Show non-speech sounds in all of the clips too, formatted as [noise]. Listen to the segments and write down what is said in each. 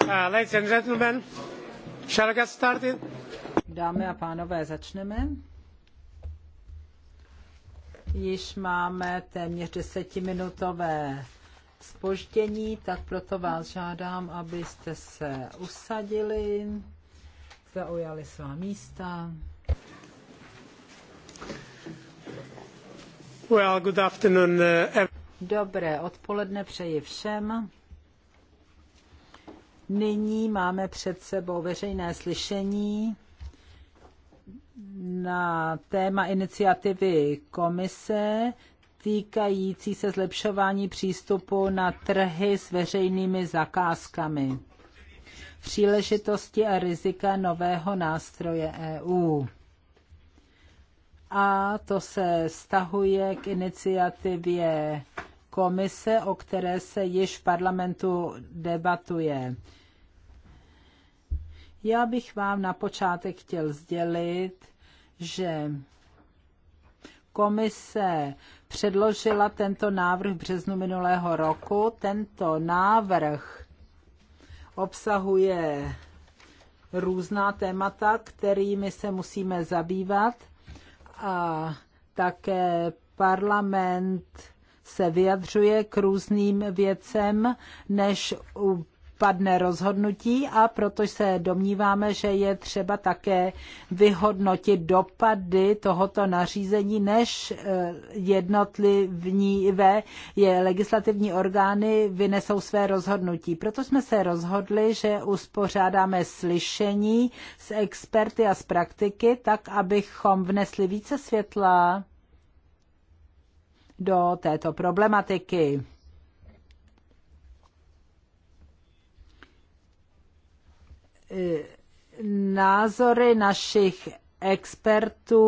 Uh, ladies and gentlemen, shall I get started? Dámy a pánové, začneme. Již máme téměř desetiminutové spoždění, tak proto vás žádám, abyste se usadili, zaujali svá místa. Well, good afternoon. Uh, Dobré odpoledne přeji všem. Nyní máme před sebou veřejné slyšení na téma iniciativy komise týkající se zlepšování přístupu na trhy s veřejnými zakázkami, příležitosti a rizika nového nástroje EU a to se stahuje k iniciativě komise, o které se již v parlamentu debatuje. Já bych vám na počátek chtěl sdělit, že komise předložila tento návrh v březnu minulého roku. Tento návrh obsahuje různá témata, kterými se musíme zabývat a také parlament se vyjadřuje k různým věcem, než u padne rozhodnutí a proto se domníváme, že je třeba také vyhodnotit dopady tohoto nařízení, než eh, jednotlivé je legislativní orgány vynesou své rozhodnutí. Proto jsme se rozhodli, že uspořádáme slyšení s experty a z praktiky, tak abychom vnesli více světla do této problematiky. názory našich expertů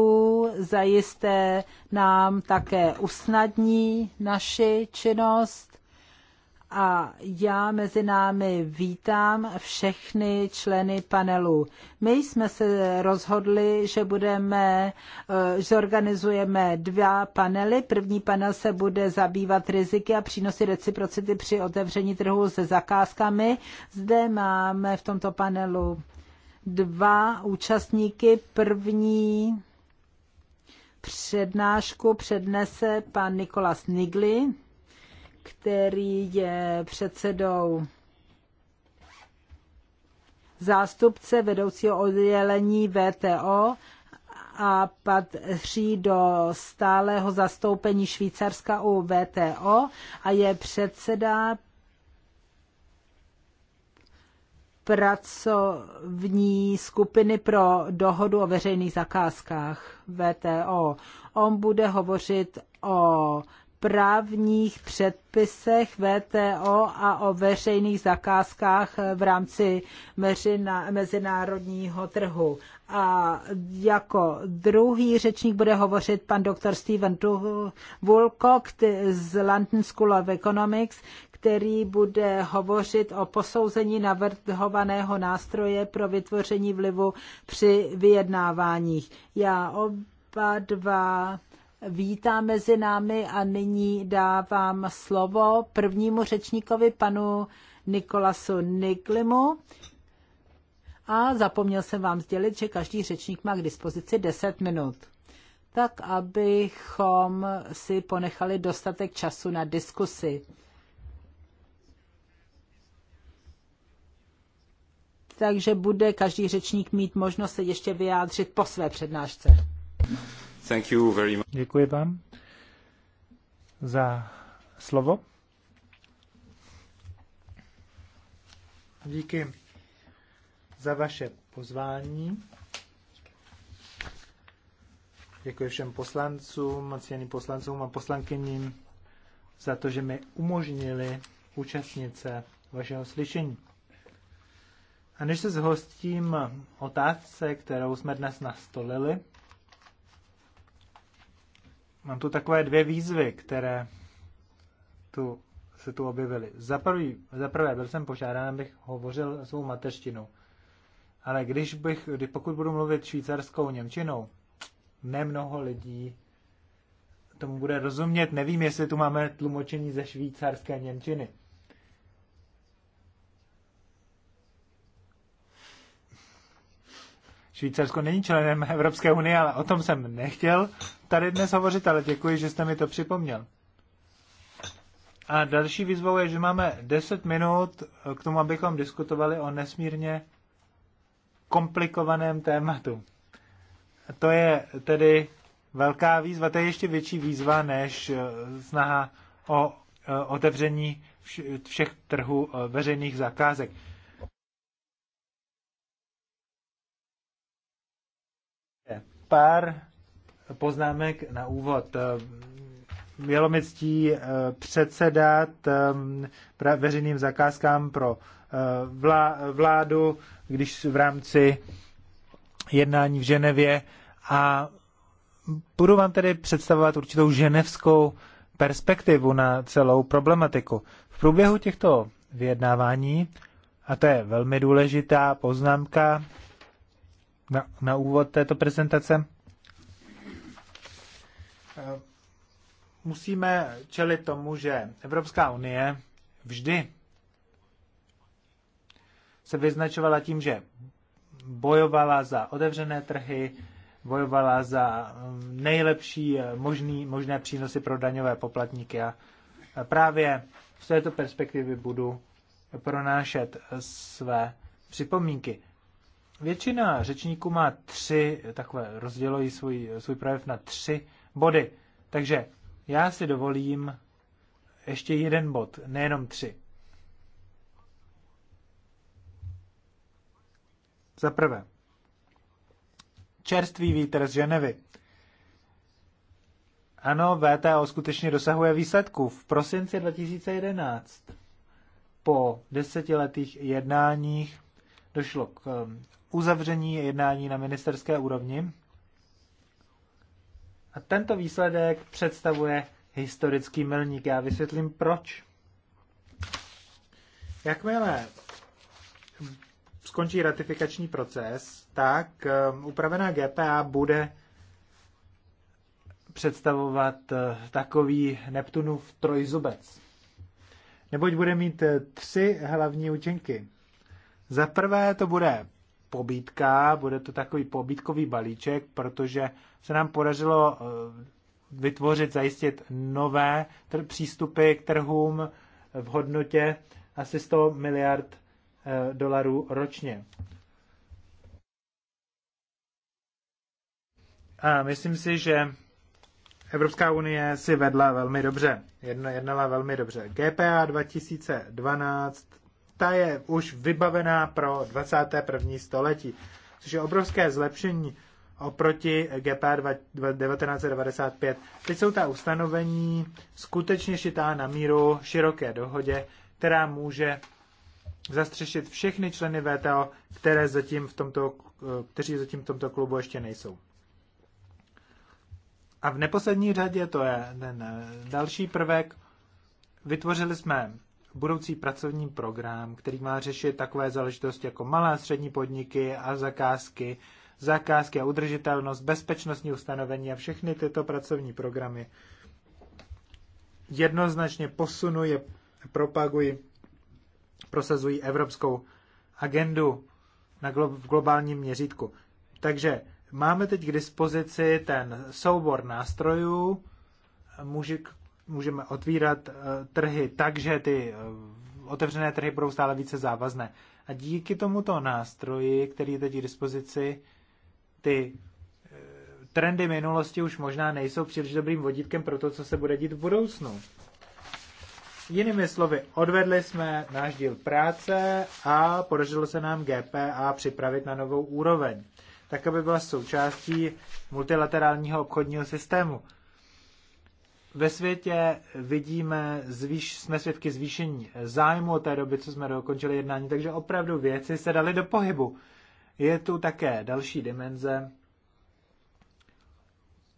zajisté nám také usnadní naši činnost a já mezi námi vítám všechny členy panelu. My jsme se rozhodli, že budeme, eh, zorganizujeme dva panely. První panel se bude zabývat riziky a přínosy reciprocity při otevření trhu se zakázkami. Zde máme v tomto panelu dva účastníky. První přednášku přednese pan Nikolas Nigli který je předsedou zástupce vedoucího oddělení VTO a patří do stálého zastoupení Švýcarska u VTO a je předseda pracovní skupiny pro dohodu o veřejných zakázkách VTO. On bude hovořit o právních předpisech VTO a o veřejných zakázkách v rámci mezinárodního trhu. A jako druhý řečník bude hovořit pan doktor Steven Woolcock z London School of Economics, který bude hovořit o posouzení navrhovaného nástroje pro vytvoření vlivu při vyjednáváních. Já oba dva vítá mezi námi a nyní dávám slovo prvnímu řečníkovi, panu Nikolasu Niklimu. A zapomněl jsem vám sdělit, že každý řečník má k dispozici 10 minut tak abychom si ponechali dostatek času na diskusi. Takže bude každý řečník mít možnost se ještě vyjádřit po své přednášce. Thank you very much. Děkuji vám za slovo. Díky za vaše pozvání. Děkuji všem poslancům, ctěným poslancům a poslankyním za to, že mi umožnili účastnit se vašeho slyšení. A než se zhostím otázce, kterou jsme dnes nastolili, mám tu takové dvě výzvy, které tu, se tu objevily. Za, prvý, za prvé byl jsem požádán, abych hovořil svou mateřštinu. Ale když bych, pokud budu mluvit švýcarskou němčinou, nemnoho lidí tomu bude rozumět. Nevím, jestli tu máme tlumočení ze švýcarské Němčiny. Švýcarsko není členem Evropské unie, ale o tom jsem nechtěl tady dnes hovořit, ale děkuji, že jste mi to připomněl. A další výzvou je, že máme 10 minut k tomu, abychom diskutovali o nesmírně komplikovaném tématu. To je tedy velká výzva, to je ještě větší výzva než eh, snaha o eh, otevření všech trhů eh, veřejných zakázek. Pár poznámek na úvod. Mělo mi ctí eh, předsedat eh, veřejným zakázkám pro eh, vládu, když v rámci jednání v Ženevě a budu vám tedy představovat určitou ženevskou perspektivu na celou problematiku. V průběhu těchto vyjednávání, a to je velmi důležitá poznámka na, na úvod této prezentace, Eh, musíme čelit tomu, že Evropská unie vždy se vyznačovala tím, že bojovala za otevřené trhy, bojovala za mm, nejlepší eh, možný, možné přínosy pro daňové poplatníky. A eh, právě z této perspektivy budu pronášet své připomínky. Většina řečníků má tři, takové rozdělují svůj, svůj projev na tři body. Takže já si dovolím ještě jeden bod, nejenom tři. Za prvé, čerstvý vítr z Ženevy. Ano, VTO skutečně dosahuje výsledků. V prosinci 2011 po desetiletých jednáních došlo k um, uzavření jednání na ministerské úrovni a tento výsledek představuje historický milník. Já vysvětlím proč. Jakmile skončí ratifikační proces, tak um, upravená GPA bude představovat uh, takový Neptunův trojzubec. Neboť bude mít eh, tři hlavní účinky. Za prvé to bude pobítka, bude to takový pobítkový balíček, protože se nám podařilo eh, vytvořit, zajistit nové přístupy k trhům v hodnotě asi 100 miliard eh, dolarů ročně. A myslím si, že Evropská unie si vedla velmi dobře, jednala velmi dobře. GPA 2012 ta je už vybavená pro 21. století, což je obrovské zlepšení oproti GPR 1995. Teď jsou ta ustanovení skutečně šitá na míru široké dohodě, která může zastřešit všechny členy VTO, které zatím v tomto, kteří zatím v tomto klubu ještě nejsou. A v neposlední řadě, to je ten další prvek, vytvořili jsme budoucí pracovní program, který má řešit takové záležitosti jako malé a střední podniky a zakázky, zakázky a udržitelnost, bezpečnostní ustanovení a všechny tyto pracovní programy jednoznačně posunuje, propagují, prosazují evropskou agendu na glo- v globálním měřítku. Takže máme teď k dispozici ten soubor nástrojů, může, můžeme otvírat eh, trhy tak, že ty eh, otevřené trhy budou stále více závazné. A díky tomuto nástroji, který je teď k dispozici, ty eh, trendy minulosti už možná nejsou příliš dobrým vodítkem pro to, co se bude dít v budoucnu. Jinými slovy, odvedli jsme náš díl práce a podařilo se nám GPA připravit na novou úroveň, tak aby byla součástí multilaterálního obchodního systému ve světě vidíme, zvýš, jsme svědky zvýšení zájmu od té doby, co jsme dokončili jednání, takže opravdu věci se daly do pohybu. Je tu také další dimenze.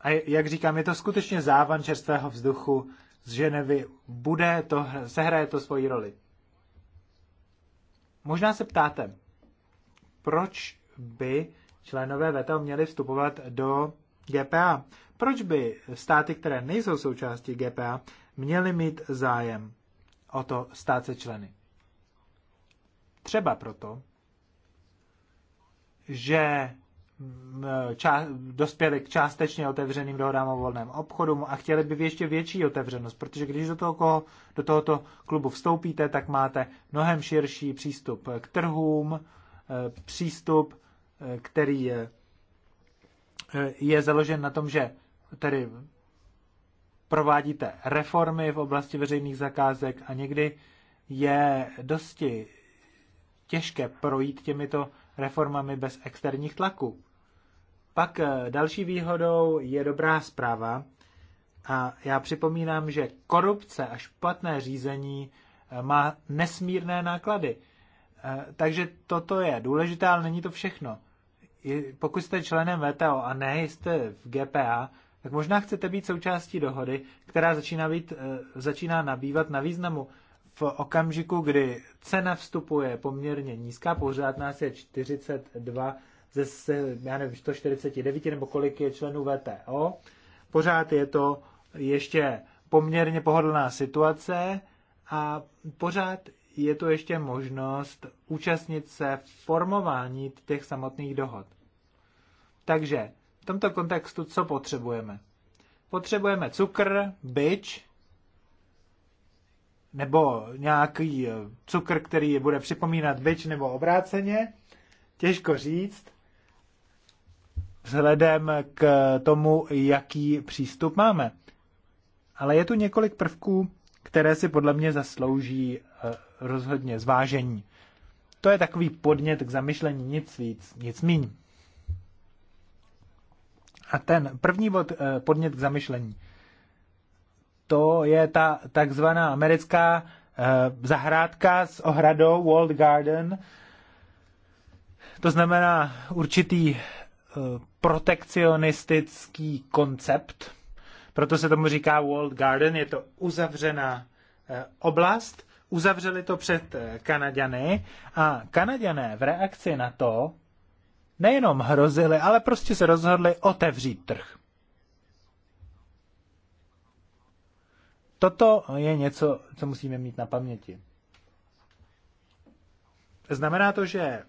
A jak říkám, je to skutečně závan čerstvého vzduchu z Ženevy. Bude to, sehraje to svoji roli. Možná se ptáte, proč by členové VTO měli vstupovat do GPA. Proč by státy, které nejsou součástí GPA, měly mít zájem o to stát se členy? Třeba proto, že dospěli k částečně otevřeným dohodám o volném obchodu a chtěli by ještě větší otevřenost, protože když do, toho, do tohoto klubu vstoupíte, tak máte mnohem širší přístup k trhům, e, přístup, e, který je je založen na tom, že tedy provádíte reformy v oblasti veřejných zakázek a někdy je dosti těžké projít těmito reformami bez externích tlaků. Pak eh, další výhodou je dobrá zpráva. A já připomínám, že korupce a špatné řízení eh, má nesmírné náklady. Eh, takže toto je důležité, ale není to všechno pokud jste členem VTO a nejste v GPA, tak možná chcete být součástí dohody, která začíná, být, eh, začíná nabývat na významu v okamžiku, kdy cena vstupuje poměrně nízká, pořád nás je 42 ze, já nevím, 149 nebo kolik je členů VTO, pořád je to ještě poměrně pohodlná situace a pořád je tu ještě možnost účastnit se v formování těch samotných dohod. Takže v tomto kontextu co potřebujeme? Potřebujeme cukr, byč, nebo nějaký eh, cukr, který bude připomínat byč nebo obráceně. Těžko říct, vzhledem k tomu, jaký přístup máme. Ale je tu několik prvků, které si podle mě zaslouží Eh, rozhodně zvážení. To je takový podnět k zamyšlení, nic víc, nic míň. A ten první bod, eh, podnět k zamyšlení, to je ta takzvaná americká eh, zahrádka s ohradou World Garden. To znamená určitý protekcionistický koncept. Proto se tomu říká World Garden. Je to uzavřená oblast, uzavřeli to před eh, Kanaďany a Kanaďané v reakci na to nejenom hrozili, ale prostě se rozhodli otevřít trh. Toto je něco, co musíme mít na paměti. Znamená to, že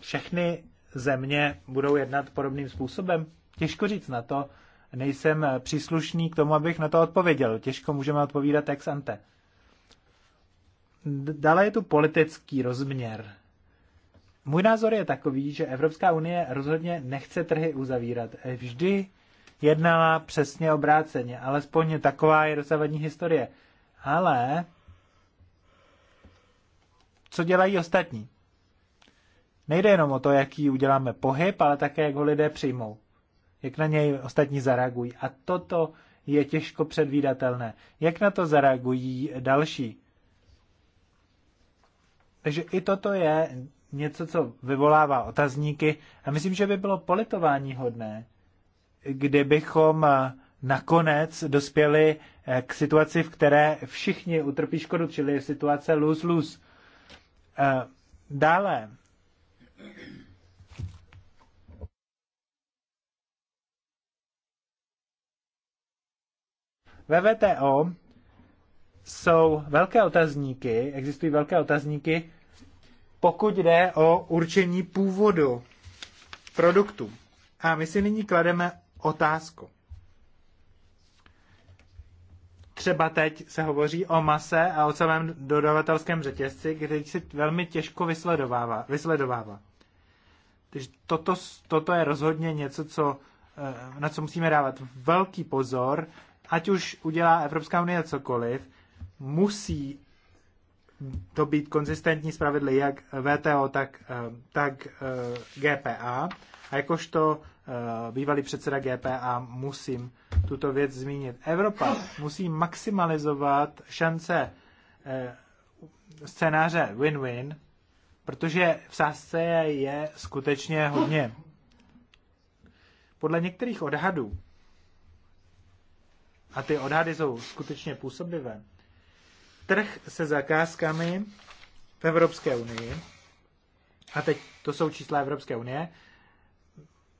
všechny země budou jednat podobným způsobem? Těžko říct na to, nejsem příslušný k tomu, abych na to odpověděl. Těžko můžeme odpovídat ex ante. Dále je tu politický rozměr. Můj názor je takový, že Evropská unie rozhodně nechce trhy uzavírat. E, vždy jednala přesně obráceně, alespoň taková je dosavadní historie. Ale co dělají ostatní? Nejde jenom o to, jaký uděláme pohyb, ale také, jak ho lidé přijmou. Jak na něj ostatní zareagují. A toto je těžko předvídatelné. Jak na to zareagují další? Takže i toto je něco, co vyvolává otazníky a myslím, že by bylo politování hodné, kdybychom eh, nakonec dospěli eh, k situaci, v které všichni utrpí škodu, čili situace lose-lose. Eh, dále. VVTO jsou velké otazníky, existují velké otazníky, pokud jde o určení původu produktu. A my si nyní klademe otázku. Třeba teď se hovoří o mase a o celém dodavatelském řetězci, který se velmi těžko vysledovává. vysledovává. Takže toto, toto je rozhodně něco, co, eh, na co musíme dávat velký pozor, ať už udělá Evropská unie cokoliv, musí to být konzistentní zpravidly jak VTO, tak, eh, tak eh, GPA. A jakožto eh, bývalý předseda GPA musím tuto věc zmínit. Evropa musí maximalizovat šance scénáře win-win, protože v sásce je skutečně hodně. Podle některých odhadů, a ty odhady jsou skutečně působivé, trh se zakázkami v Evropské unii, a teď to jsou čísla Evropské unie,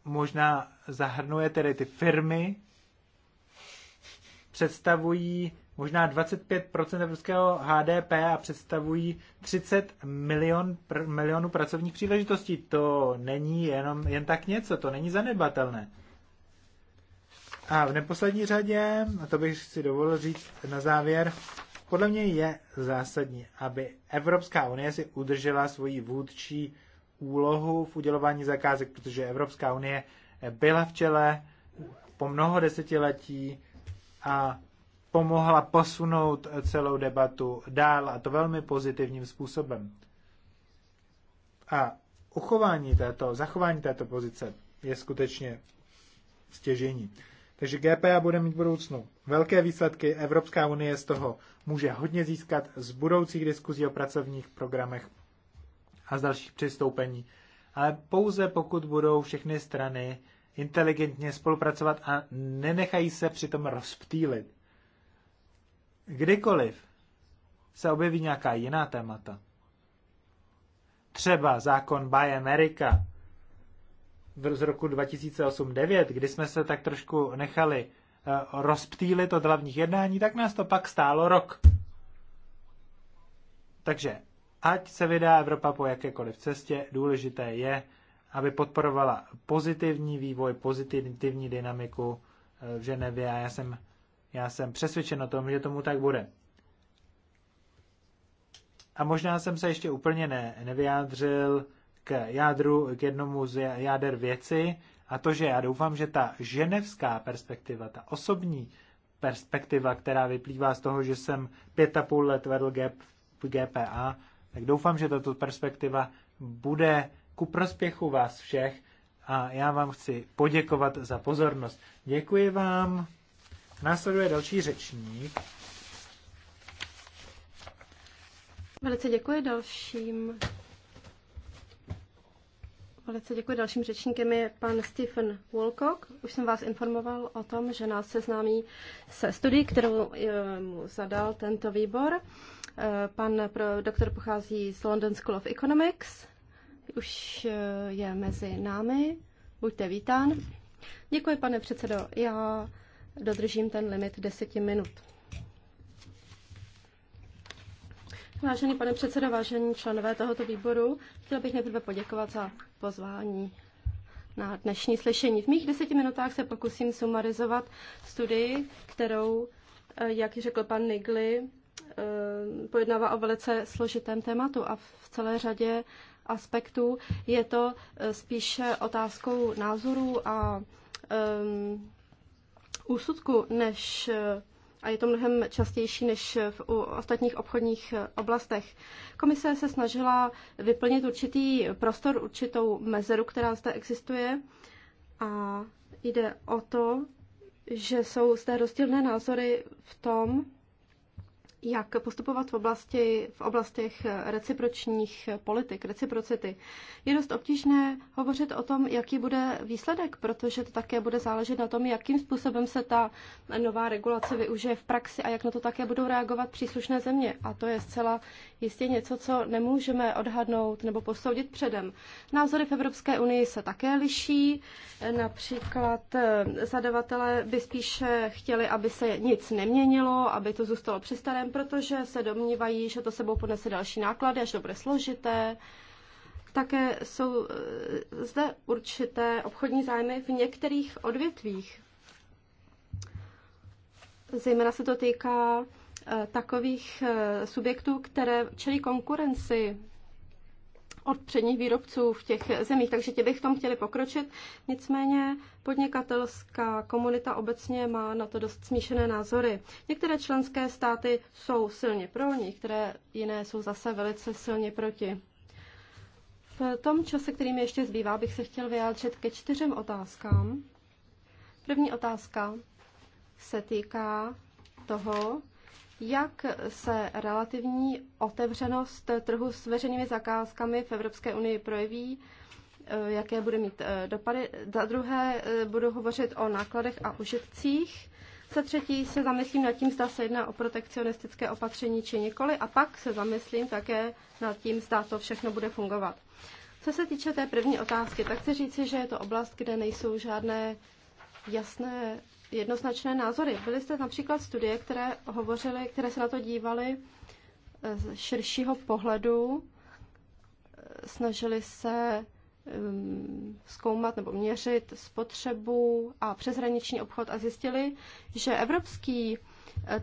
možná zahrnuje tedy ty firmy, představují možná 25% evropského HDP a představují 30 milion, pr, milionů pracovních příležitostí. To není jenom jen tak něco, to není zanedbatelné. A v neposlední řadě, a to bych si dovolil říct na závěr, podle mě je zásadní, aby Evropská unie si udržela svoji vůdčí úlohu v udělování zakázek, protože Evropská unie byla v čele po mnoho desetiletí a pomohla posunout celou debatu dál a to velmi pozitivním způsobem. A uchování této, zachování této pozice je skutečně stěžení. Takže GPA bude mít v budoucnu velké výsledky. Evropská unie z toho může hodně získat z budoucích diskuzí o pracovních programech a z dalších přistoupení. Ale pouze pokud budou všechny strany inteligentně spolupracovat a nenechají se přitom rozptýlit. Kdykoliv se objeví nějaká jiná témata, třeba zákon Buy America, z roku 2008-2009, kdy jsme se tak trošku nechali eh, rozptýlit od hlavních jednání, tak nás to pak stálo rok. Takže ať se vydá Evropa po jakékoliv cestě, důležité je, aby podporovala pozitivní vývoj, pozitivní dynamiku eh, v Ženevě a já jsem, já jsem přesvědčen o tom, že tomu tak bude. A možná jsem se ještě úplně ne, nevyjádřil k jádru, k jednomu z jáder věci a to, že já doufám, že ta ženevská perspektiva, ta osobní perspektiva, která vyplývá z toho, že jsem pět a půl let vedl GPA, tak doufám, že tato perspektiva bude ku prospěchu vás všech a já vám chci poděkovat za pozornost. Děkuji vám. Následuje další řečník. Velice děkuji dalším Velice děkuji. Dalším řečníkem je pan Stephen Wolcock. Už jsem vás informoval o tom, že nás seznámí se studií, kterou eh, mu zadal tento výbor. Eh, pan doktor pochází z London School of Economics. Už eh, je mezi námi. Buďte vítán. Děkuji, pane předsedo. Já dodržím ten limit 10 minut. Vážený pane předsedo, vážení členové tohoto výboru, chtěla bych nejprve poděkovat za pozvání na dnešní slyšení. V mých deseti minutách se pokusím sumarizovat studii, kterou, eh, jak řekl pan Nigli, eh, pojednává o velice složitém tématu a v celé řadě aspektů je to eh, spíše otázkou názorů a um, úsudku, než a je to mnohem častější než v, u ostatních obchodních eh, oblastech. Komise se snažila vyplnit určitý prostor, určitou mezeru, která zde existuje a jde o to, že jsou zde rozdílné názory v tom, jak postupovat v, oblasti, v oblastech recipročních politik, reciprocity. Je dost obtížné hovořit o tom, jaký bude výsledek, protože to také bude záležet na tom, jakým způsobem se ta nová regulace využije v praxi a jak na to také budou reagovat příslušné země. A to je zcela jistě něco, co nemůžeme odhadnout nebo posoudit předem. Názory v Evropské unii se také liší. Například eh, zadavatele by spíše chtěli, aby se nic neměnilo, aby to zůstalo při starém protože se domnívají, že to sebou ponese další náklady, až to bude složité. Také jsou eh, zde určité obchodní zájmy v některých odvětvích. Zejména se to týká eh, takových eh, subjektů, které čelí konkurenci od předních výrobců v těch zemích, takže tě bych v tom chtěli pokročit. Nicméně podnikatelská komunita obecně má na to dost smíšené názory. Některé členské státy jsou silně pro, některé jiné jsou zase velice silně proti. V tom čase, který mi ještě zbývá, bych se chtěl vyjádřit ke čtyřem otázkám. První otázka se týká toho, jak se relativní otevřenost trhu s veřejnými zakázkami v Evropské unii projeví, eh, jaké bude mít eh, dopady. Za druhé eh, budu hovořit o nákladech a užitcích. Za třetí se zamyslím nad tím, zda se jedná o protekcionistické opatření či nikoli a pak se zamyslím také nad tím, zda to všechno bude fungovat. Co se týče té první otázky, tak chci říci, že je to oblast, kde nejsou žádné jasné jednoznačné názory. Byly zde například studie, které hovořily, které se na to dívaly eh, z širšího pohledu, eh, snažili se mm, zkoumat nebo měřit spotřebu a přeshraniční obchod a zjistili, že evropský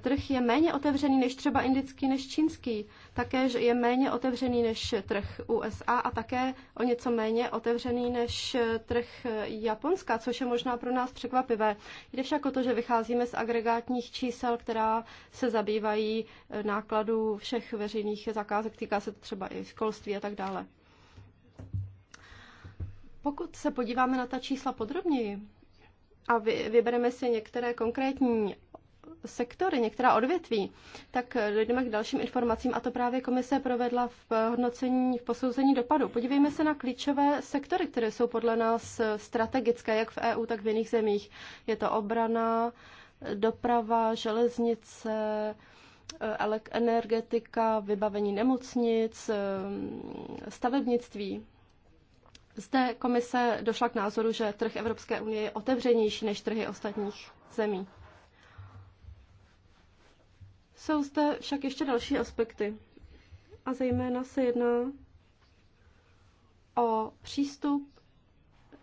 trh je méně otevřený než třeba indický, než čínský. Také je méně otevřený než trh USA a také o něco méně otevřený než trh Japonska, což je možná pro nás překvapivé. Jde však o to, že vycházíme z agregátních čísel, která se zabývají eh, nákladů všech veřejných zakázek, týká se to třeba i školství a tak dále. Pokud se podíváme na ta čísla podrobněji, a vybereme si některé konkrétní sektory, některá odvětví, tak dojdeme k dalším informacím a to právě komise provedla v hodnocení, v posouzení dopadu. Podívejme se na klíčové sektory, které jsou podle nás strategické, jak v EU, tak v jiných zemích. Je to obrana, doprava, železnice, energetika, vybavení nemocnic, stavebnictví. Zde komise došla k názoru, že trh Evropské unie je otevřenější než trhy ostatních zemí. Jsou zde však ještě další aspekty. A zejména se jedná o přístup,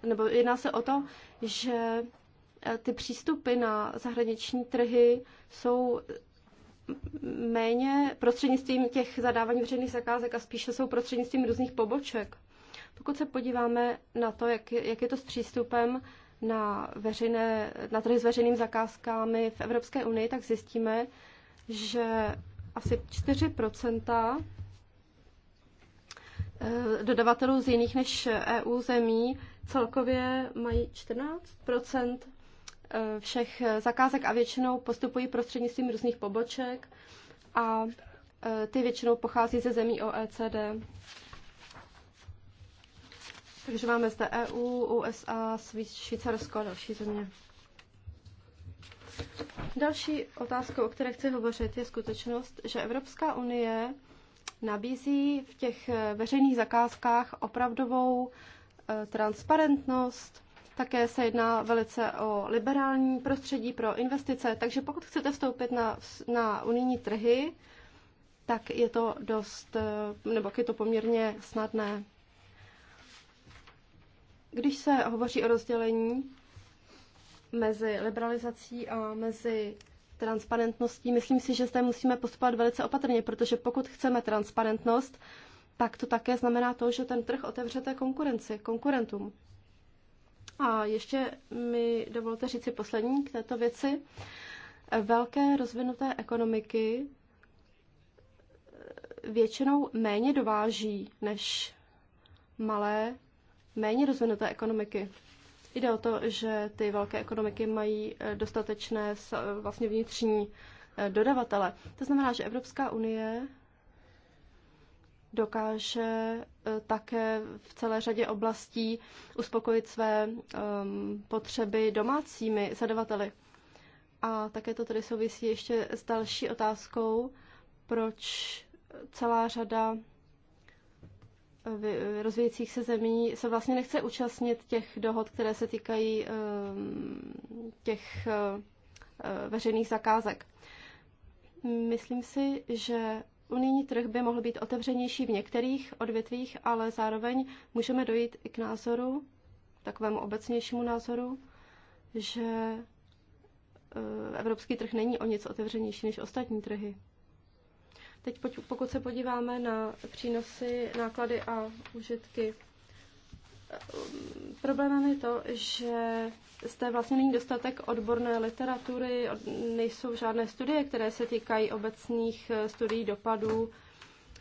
nebo jedná se o to, že eh, ty přístupy na zahraniční trhy jsou méně prostřednictvím těch zadávání veřejných zakázek a spíše jsou prostřednictvím různých poboček. Pokud se podíváme na to, jak, jak je to s přístupem na, veřejné, na trhy s veřejnými zakázkami v Evropské unii, tak zjistíme, že asi 4 eh, dodavatelů z jiných než EU zemí celkově mají 14 eh, všech zakázek a většinou postupují prostřednictvím různých poboček a eh, ty většinou pochází ze zemí OECD. Takže máme zde EU, USA, Švýcarsko a další země. Další otázkou, o které chci hovořit, je skutečnost, že Evropská unie nabízí v těch eh, veřejných zakázkách opravdovou eh, transparentnost. Také se jedná velice o liberální prostředí pro investice, takže pokud chcete vstoupit na, na unijní trhy, tak je to dost, eh, nebo je to poměrně snadné. Když se hovoří o rozdělení, mezi liberalizací a mezi transparentností. Myslím si, že zde musíme postupovat velice opatrně, protože pokud chceme transparentnost, tak to také znamená to, že ten trh otevřete konkurenci, konkurentům. A ještě mi dovolte říci poslední k této věci. Velké rozvinuté ekonomiky většinou méně dováží než malé, méně rozvinuté ekonomiky. Jde o to, že ty velké ekonomiky mají eh, dostatečné eh, vlastně vnitřní eh, dodavatele. To znamená, že Evropská unie dokáže také v celé řadě oblastí uspokojit své ehm, potřeby domácími zadavateli. A také to tedy souvisí ještě s další otázkou, proč celá řada rozvíjejících se zemí se vlastně nechce účastnit těch dohod, které se týkají ehm, těch eh, veřejných zakázek. Myslím si, že unijní trh by mohl být otevřenější v některých odvětvích, ale zároveň můžeme dojít i k názoru, takovému obecnějšímu názoru, že eh, evropský trh není o nic otevřenější než ostatní trhy. Teď pokud se podíváme na přínosy, náklady a užitky, eh, problémem je to, že zde vlastně není dostatek odborné literatury, nejsou žádné studie, které se týkají obecných eh, studií dopadů,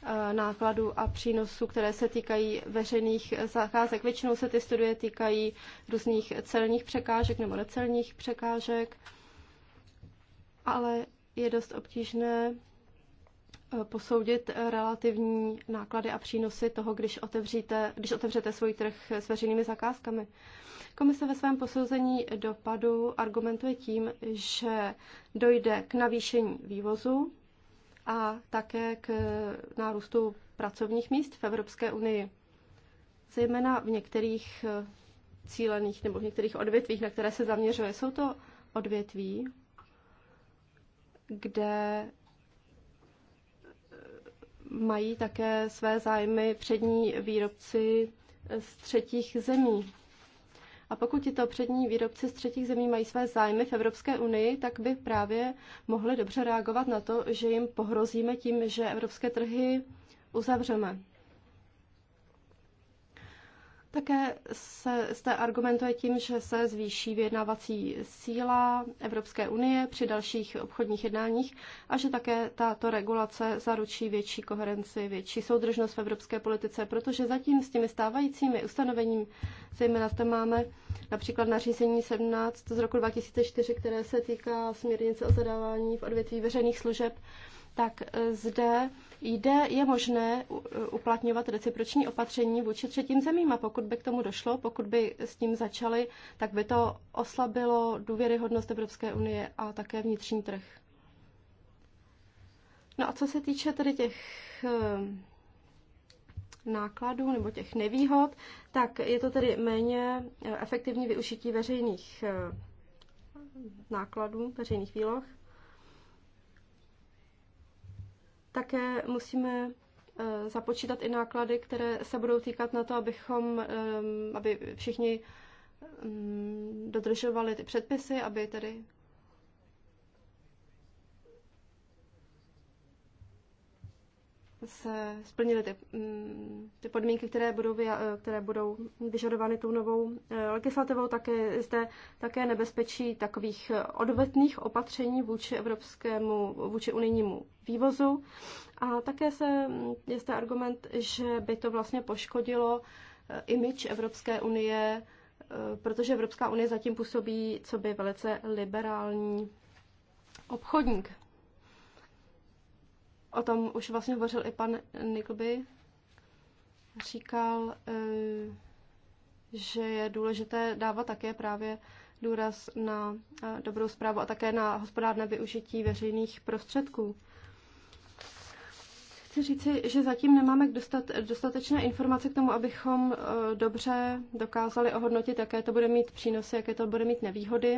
eh, nákladů a přínosů, které se týkají veřejných zakázek. Většinou se ty studie týkají různých celních překážek nebo necelních překážek, ale je dost obtížné posoudit relativní náklady a přínosy toho, když, otevříte, když otevřete svůj trh s veřejnými zakázkami. Komise ve svém posouzení dopadu argumentuje tím, že dojde k navýšení vývozu a také k nárůstu pracovních míst v Evropské unii. Zejména v některých cílených nebo v některých odvětvích, na které se zaměřuje. Jsou to odvětví, kde mají také své zájmy přední výrobci z třetích zemí. A pokud tyto přední výrobci z třetích zemí mají své zájmy v Evropské unii, tak by právě mohli dobře reagovat na to, že jim pohrozíme tím, že evropské trhy uzavřeme. Také se zde argumentuje tím, že se zvýší vyjednávací síla Evropské unie při dalších obchodních jednáních a že také tato regulace zaručí větší koherenci, větší soudržnost v evropské politice, protože zatím s těmi stávajícími ustanovením, zejména zde máme například nařízení 17 z roku 2004, které se týká směrnice o zadávání v odvětví veřejných služeb, tak eh, zde jde, je možné uplatňovat reciproční opatření vůči třetím zemím a pokud by k tomu došlo, pokud by s tím začali, tak by to oslabilo důvěryhodnost Evropské unie a také vnitřní trh. No a co se týče tedy těch eh, nákladů nebo těch nevýhod, tak je to tedy méně eh, efektivní využití veřejných eh, nákladů, veřejných výloh. Také musíme eh, započítat i náklady, které se budou týkat na to, abychom, eh, aby všichni mm, dodržovali ty předpisy, aby tedy se splnily ty, mm, ty podmínky, které budou, eh, které budou vyžadovány tou novou eh, legislativou, také zde také nebezpečí takových eh, odvetných opatření vůči evropskému, vůči unijnímu vývozu. A také se, mm, je zde argument, že by to vlastně poškodilo imič Evropské unie, protože Evropská unie zatím působí co by velice liberální obchodník o tom už vlastně hovořil i pan Nickleby, říkal, eh, že je důležité dávat také právě důraz na eh, dobrou zprávu a také na hospodárné využití veřejných prostředků. Chci říci, že zatím nemáme dostatečné informace k tomu, abychom eh, dobře dokázali ohodnotit, jaké to bude mít přínosy, jaké to bude mít nevýhody.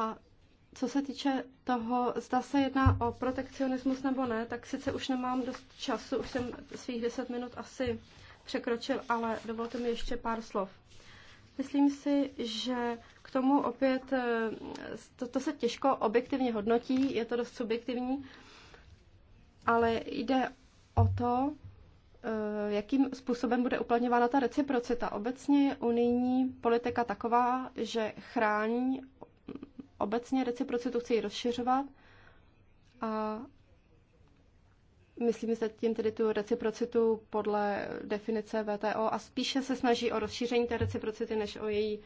A co se týče toho, zda se jedná o protekcionismus nebo ne, tak sice už nemám dost času, už jsem svých 10 minut asi překročil, ale dovolte mi ještě pár slov. Myslím si, že k tomu opět, eh, to, to se těžko objektivně hodnotí, je to dost subjektivní, ale jde o to, eh, jakým způsobem bude uplatňována ta reciprocita. Obecně je unijní politika taková, že chrání obecně reciprocitu, chci rozšiřovat a myslím, se tím tedy tu reciprocitu podle definice VTO a spíše se snaží o rozšíření té reciprocity, než o její uh,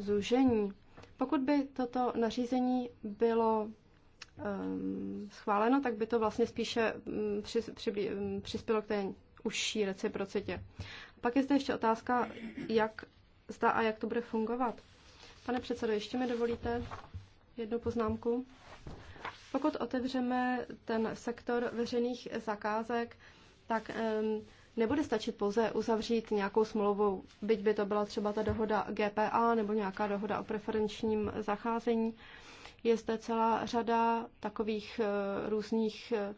zúžení. Pokud by toto nařízení bylo um, schváleno, tak by to vlastně spíše um, při, při, um, mm, přispělo k té užší reciprocitě. Pak je zde ještě otázka, jak zda a jak to bude fungovat. Pane předsedo, ještě mi dovolíte jednu poznámku. Pokud otevřeme ten sektor veřejných zakázek, tak nebude stačit pouze uzavřít nějakou smlouvu, byť by to byla třeba ta dohoda GPA nebo nějaká dohoda o preferenčním zacházení. Je zde celá řada takových eh, různých eh,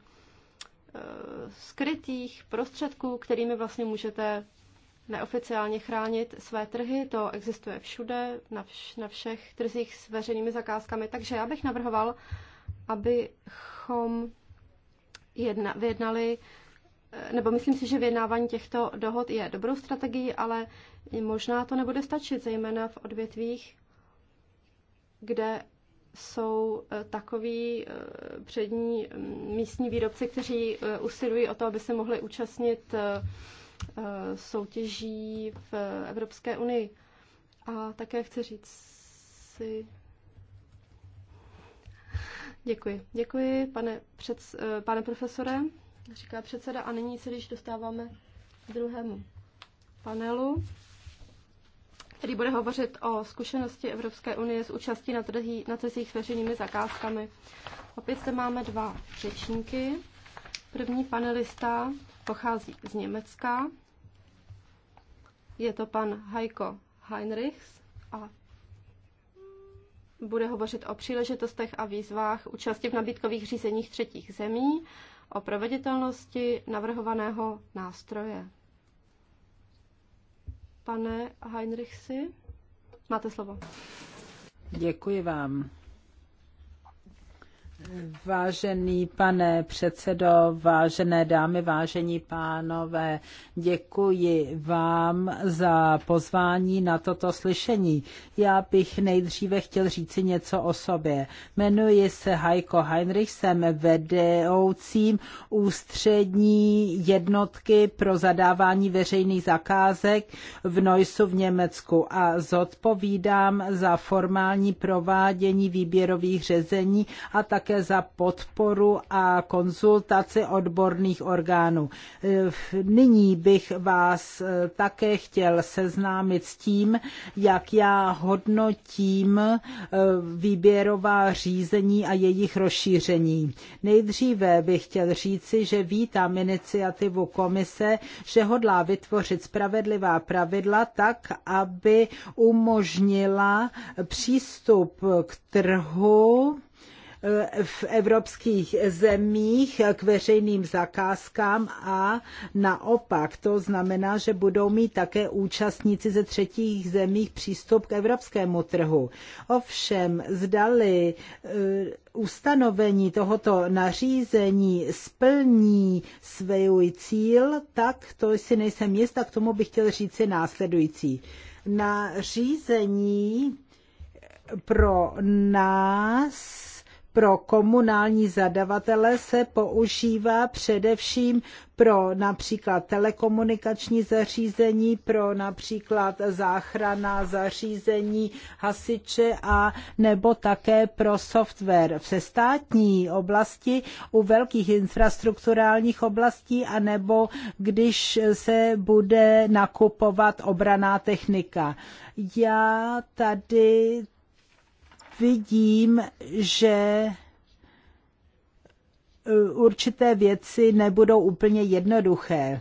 skrytých prostředků, kterými vlastně můžete neoficiálně chránit své trhy. To existuje všude, na, vš- na všech trzích s veřejnými zakázkami. Takže já bych navrhoval, abychom jedna- vyjednali, eh, nebo myslím si, že vyjednávání těchto dohod je dobrou strategií, ale možná to nebude stačit, zejména v odvětvích, kde jsou eh, takoví eh, přední mm, místní výrobci, kteří usilují o to, aby se mohli účastnit Eh, soutěží v Evropské unii. A také chci říct si. Děkuji. Děkuji, pane, před, eh, pane profesore, říká předseda. A nyní se již dostáváme k druhému panelu, který bude hovořit o zkušenosti Evropské unie s účastí na, trzí, na trzích s veřejnými zakázkami. Opět zde máme dva řečníky. První panelista pochází z Německa. Je to pan Heiko Heinrichs a bude hovořit o příležitostech a výzvách účasti v nabídkových řízeních třetích zemí, o proveditelnosti navrhovaného nástroje. Pane Heinrichsi, máte slovo. Děkuji vám. Vážený pane předsedo, vážené dámy, vážení pánové, děkuji vám za pozvání na toto slyšení. Já bych nejdříve chtěl říci něco o sobě. Jmenuji se Heiko Heinrich, jsem vedoucím ústřední jednotky pro zadávání veřejných zakázek v Neusu v Německu a zodpovídám za formální provádění výběrových řezení a také také za podporu a konzultaci odborných orgánů. Ehm, nyní bych vás eh, také chtěl seznámit s tím, jak já hodnotím eh, výběrová řízení a jejich rozšíření. Nejdříve bych chtěl říci, že vítám iniciativu komise, že hodlá vytvořit spravedlivá pravidla tak, aby umožnila přístup k trhu v evropských zemích k veřejným zakázkám a naopak to znamená, že budou mít také účastníci ze třetích zemích přístup k evropskému trhu. Ovšem, zdali eh, ustanovení tohoto nařízení splní svůj cíl, tak to si nejsem jistá, k tomu bych chtěl říci následující. Nařízení pro nás pro komunální zadavatele se používá především pro například telekomunikační zařízení, pro například záchrana zařízení hasiče a nebo také pro software. V státní oblasti, u velkých infrastrukturálních oblastí a nebo když se bude nakupovat obraná technika. Já tady vidím, že eh, určité věci nebudou úplně jednoduché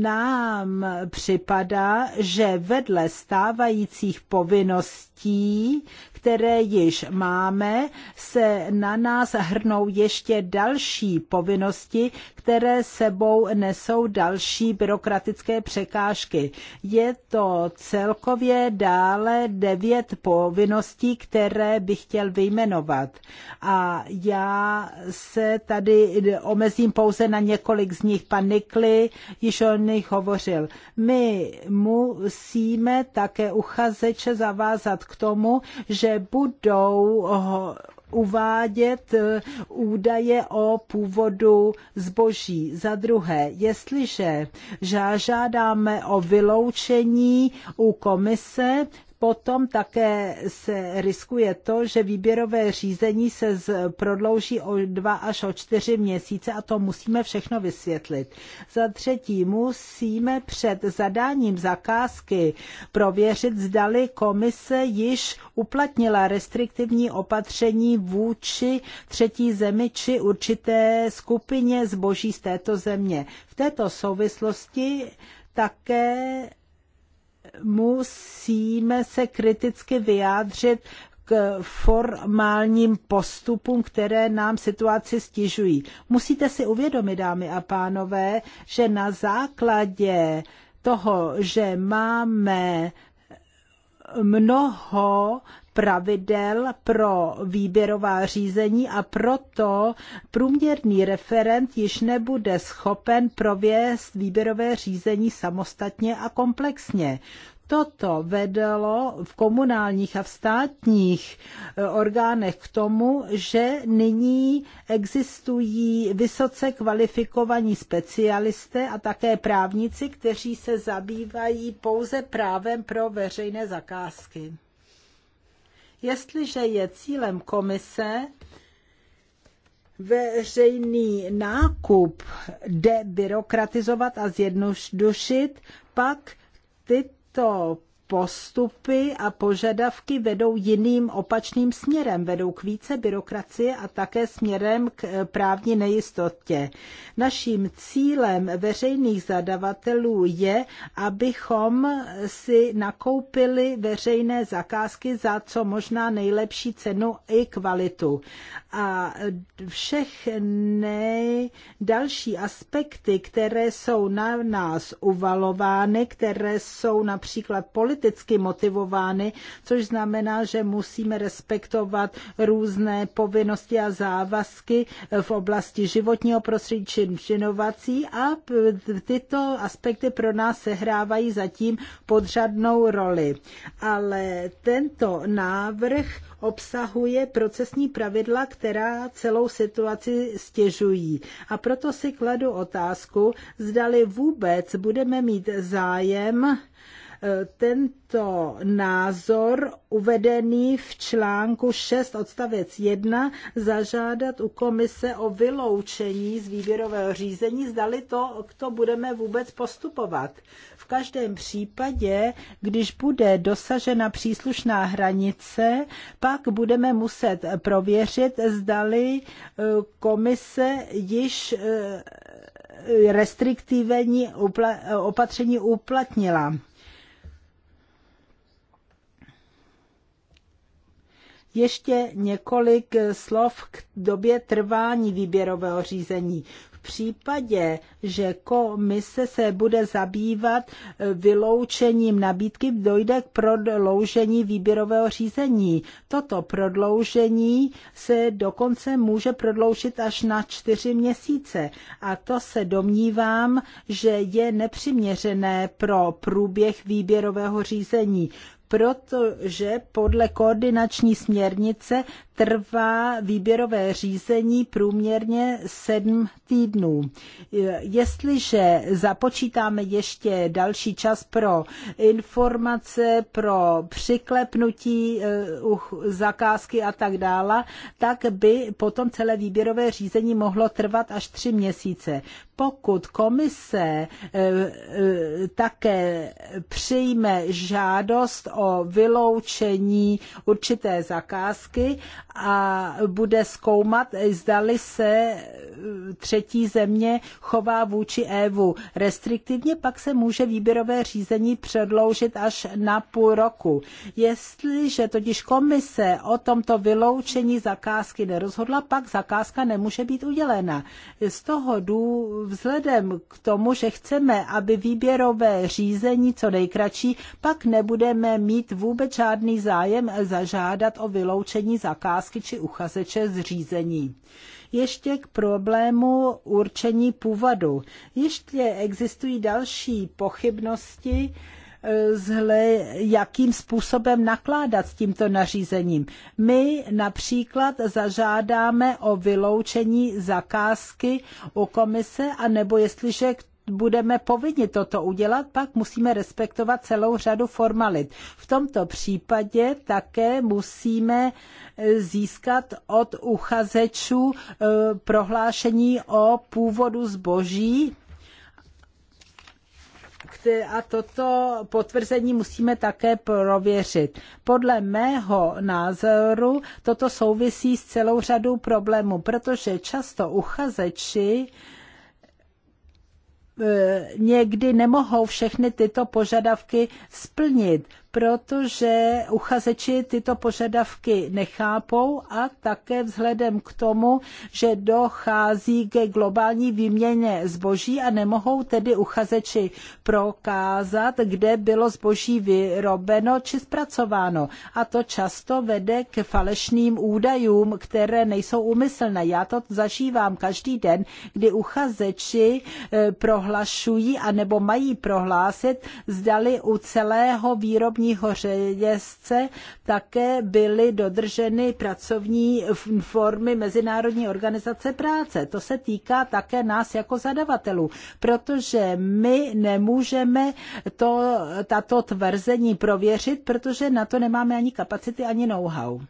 nám připadá, že vedle stávajících povinností, které již máme, se na nás hrnou ještě další povinnosti, které sebou nesou další byrokratické překážky. Je to celkově dále devět povinností, které bych chtěl vyjmenovat. A já se tady omezím pouze na několik z nich. Pan Nikli již již o nich hovořil. My musíme také uchazeče zavázat k tomu, že budou uvádět e, údaje o původu zboží. Za druhé, jestliže žádáme o vyloučení u komise, potom také se riskuje to, že výběrové řízení se prodlouží o dva až o čtyři měsíce a to musíme všechno vysvětlit. Za třetí, musíme před zadáním zakázky prověřit, zdali komise již uplatnila restriktivní opatření vůči třetí zemi či určité skupině zboží z této země. V této souvislosti také musíme se kriticky vyjádřit k formálním postupům, které nám situaci stěžují. Musíte si uvědomit, dámy a pánové, že na základě toho, že máme mnoho pravidel pro výběrová řízení a proto průměrný referent již nebude schopen provést výběrové řízení samostatně a komplexně toto vedlo v komunálních a v státních eh, orgánech k tomu, že nyní existují vysoce kvalifikovaní specialisté a také právníci, kteří se zabývají pouze právem pro veřejné zakázky. Jestliže je cílem komise veřejný nákup debirokratizovat a zjednodušit, pak tyto to postupy a požadavky vedou jiným opačným směrem, vedou k více byrokracie a také směrem k eh, právní nejistotě. Naším cílem veřejných zadavatelů je, abychom si nakoupili veřejné zakázky za co možná nejlepší cenu i kvalitu. A všechny další aspekty, které jsou na nás uvalovány, které jsou například politické, politicky motivovány, což znamená, že musíme respektovat různé povinnosti a závazky v oblasti životního prostředí či inovací a tyto aspekty pro nás sehrávají zatím podřadnou roli. Ale tento návrh obsahuje procesní pravidla, která celou situaci stěžují. A proto si kladu otázku, zdali vůbec budeme mít zájem tento názor uvedený v článku 6 odstavec 1 zažádat u komise o vyloučení z výběrového řízení, zdali to, kdo budeme vůbec postupovat. V každém případě, když bude dosažena příslušná hranice, pak budeme muset prověřit, zdali e, komise již e, restriktivní opatření uplatnila. Ještě několik eh, slov k době trvání výběrového řízení. V případě, že komise se bude zabývat eh, vyloučením nabídky, dojde k prodloužení výběrového řízení. Toto prodloužení se dokonce může prodloužit až na čtyři měsíce. A to se domnívám, že je nepřiměřené pro průběh výběrového řízení protože podle koordinační směrnice trvá výběrové řízení průměrně sedm týdnů. Jestliže započítáme ještě další čas pro informace, pro přiklepnutí eh, zakázky a tak dále, tak by potom celé výběrové řízení mohlo trvat až tři měsíce. Pokud komise eh, eh, také přijme žádost o vyloučení určité zakázky a bude zkoumat, zdali se eh, třetí země chová vůči EU. Restriktivně pak se může výběrové řízení předloužit až na půl roku. Jestliže totiž komise o tomto vyloučení zakázky nerozhodla, pak zakázka nemůže být udělena. Z toho dů vzhledem k tomu, že chceme, aby výběrové řízení co nejkratší, pak nebudeme mít vůbec žádný zájem zažádat o vyloučení zakázky otázky či uchazeče z řízení. Ještě k problému určení původu. Ještě existují další pochybnosti, eh, zhle, jakým způsobem nakládat s tímto nařízením. My například zažádáme o vyloučení zakázky u komise, anebo jestliže k budeme povinni toto udělat, pak musíme respektovat celou řadu formalit. V tomto případě také musíme eh, získat od uchazečů eh, prohlášení o původu zboží, a toto potvrzení musíme také prověřit. Podle mého názoru toto souvisí s celou řadou problémů, protože často uchazeči uh, E, někdy nemohou všechny tyto požadavky splnit protože uchazeči tyto požadavky nechápou a také vzhledem k tomu, že dochází ke globální výměně zboží a nemohou tedy uchazeči prokázat, kde bylo zboží vyrobeno či zpracováno. A to často vede k falešným údajům, které nejsou úmyslné. Já to zažívám každý den, kdy uchazeči e, prohlašují anebo mají prohlásit, zdali u celého výrobního obchodního řetězce také byly dodrženy pracovní formy Mezinárodní organizace práce. To se týká také nás jako zadavatelů, protože my nemůžeme to, tato tvrzení prověřit, protože na to nemáme ani kapacity, ani know-how.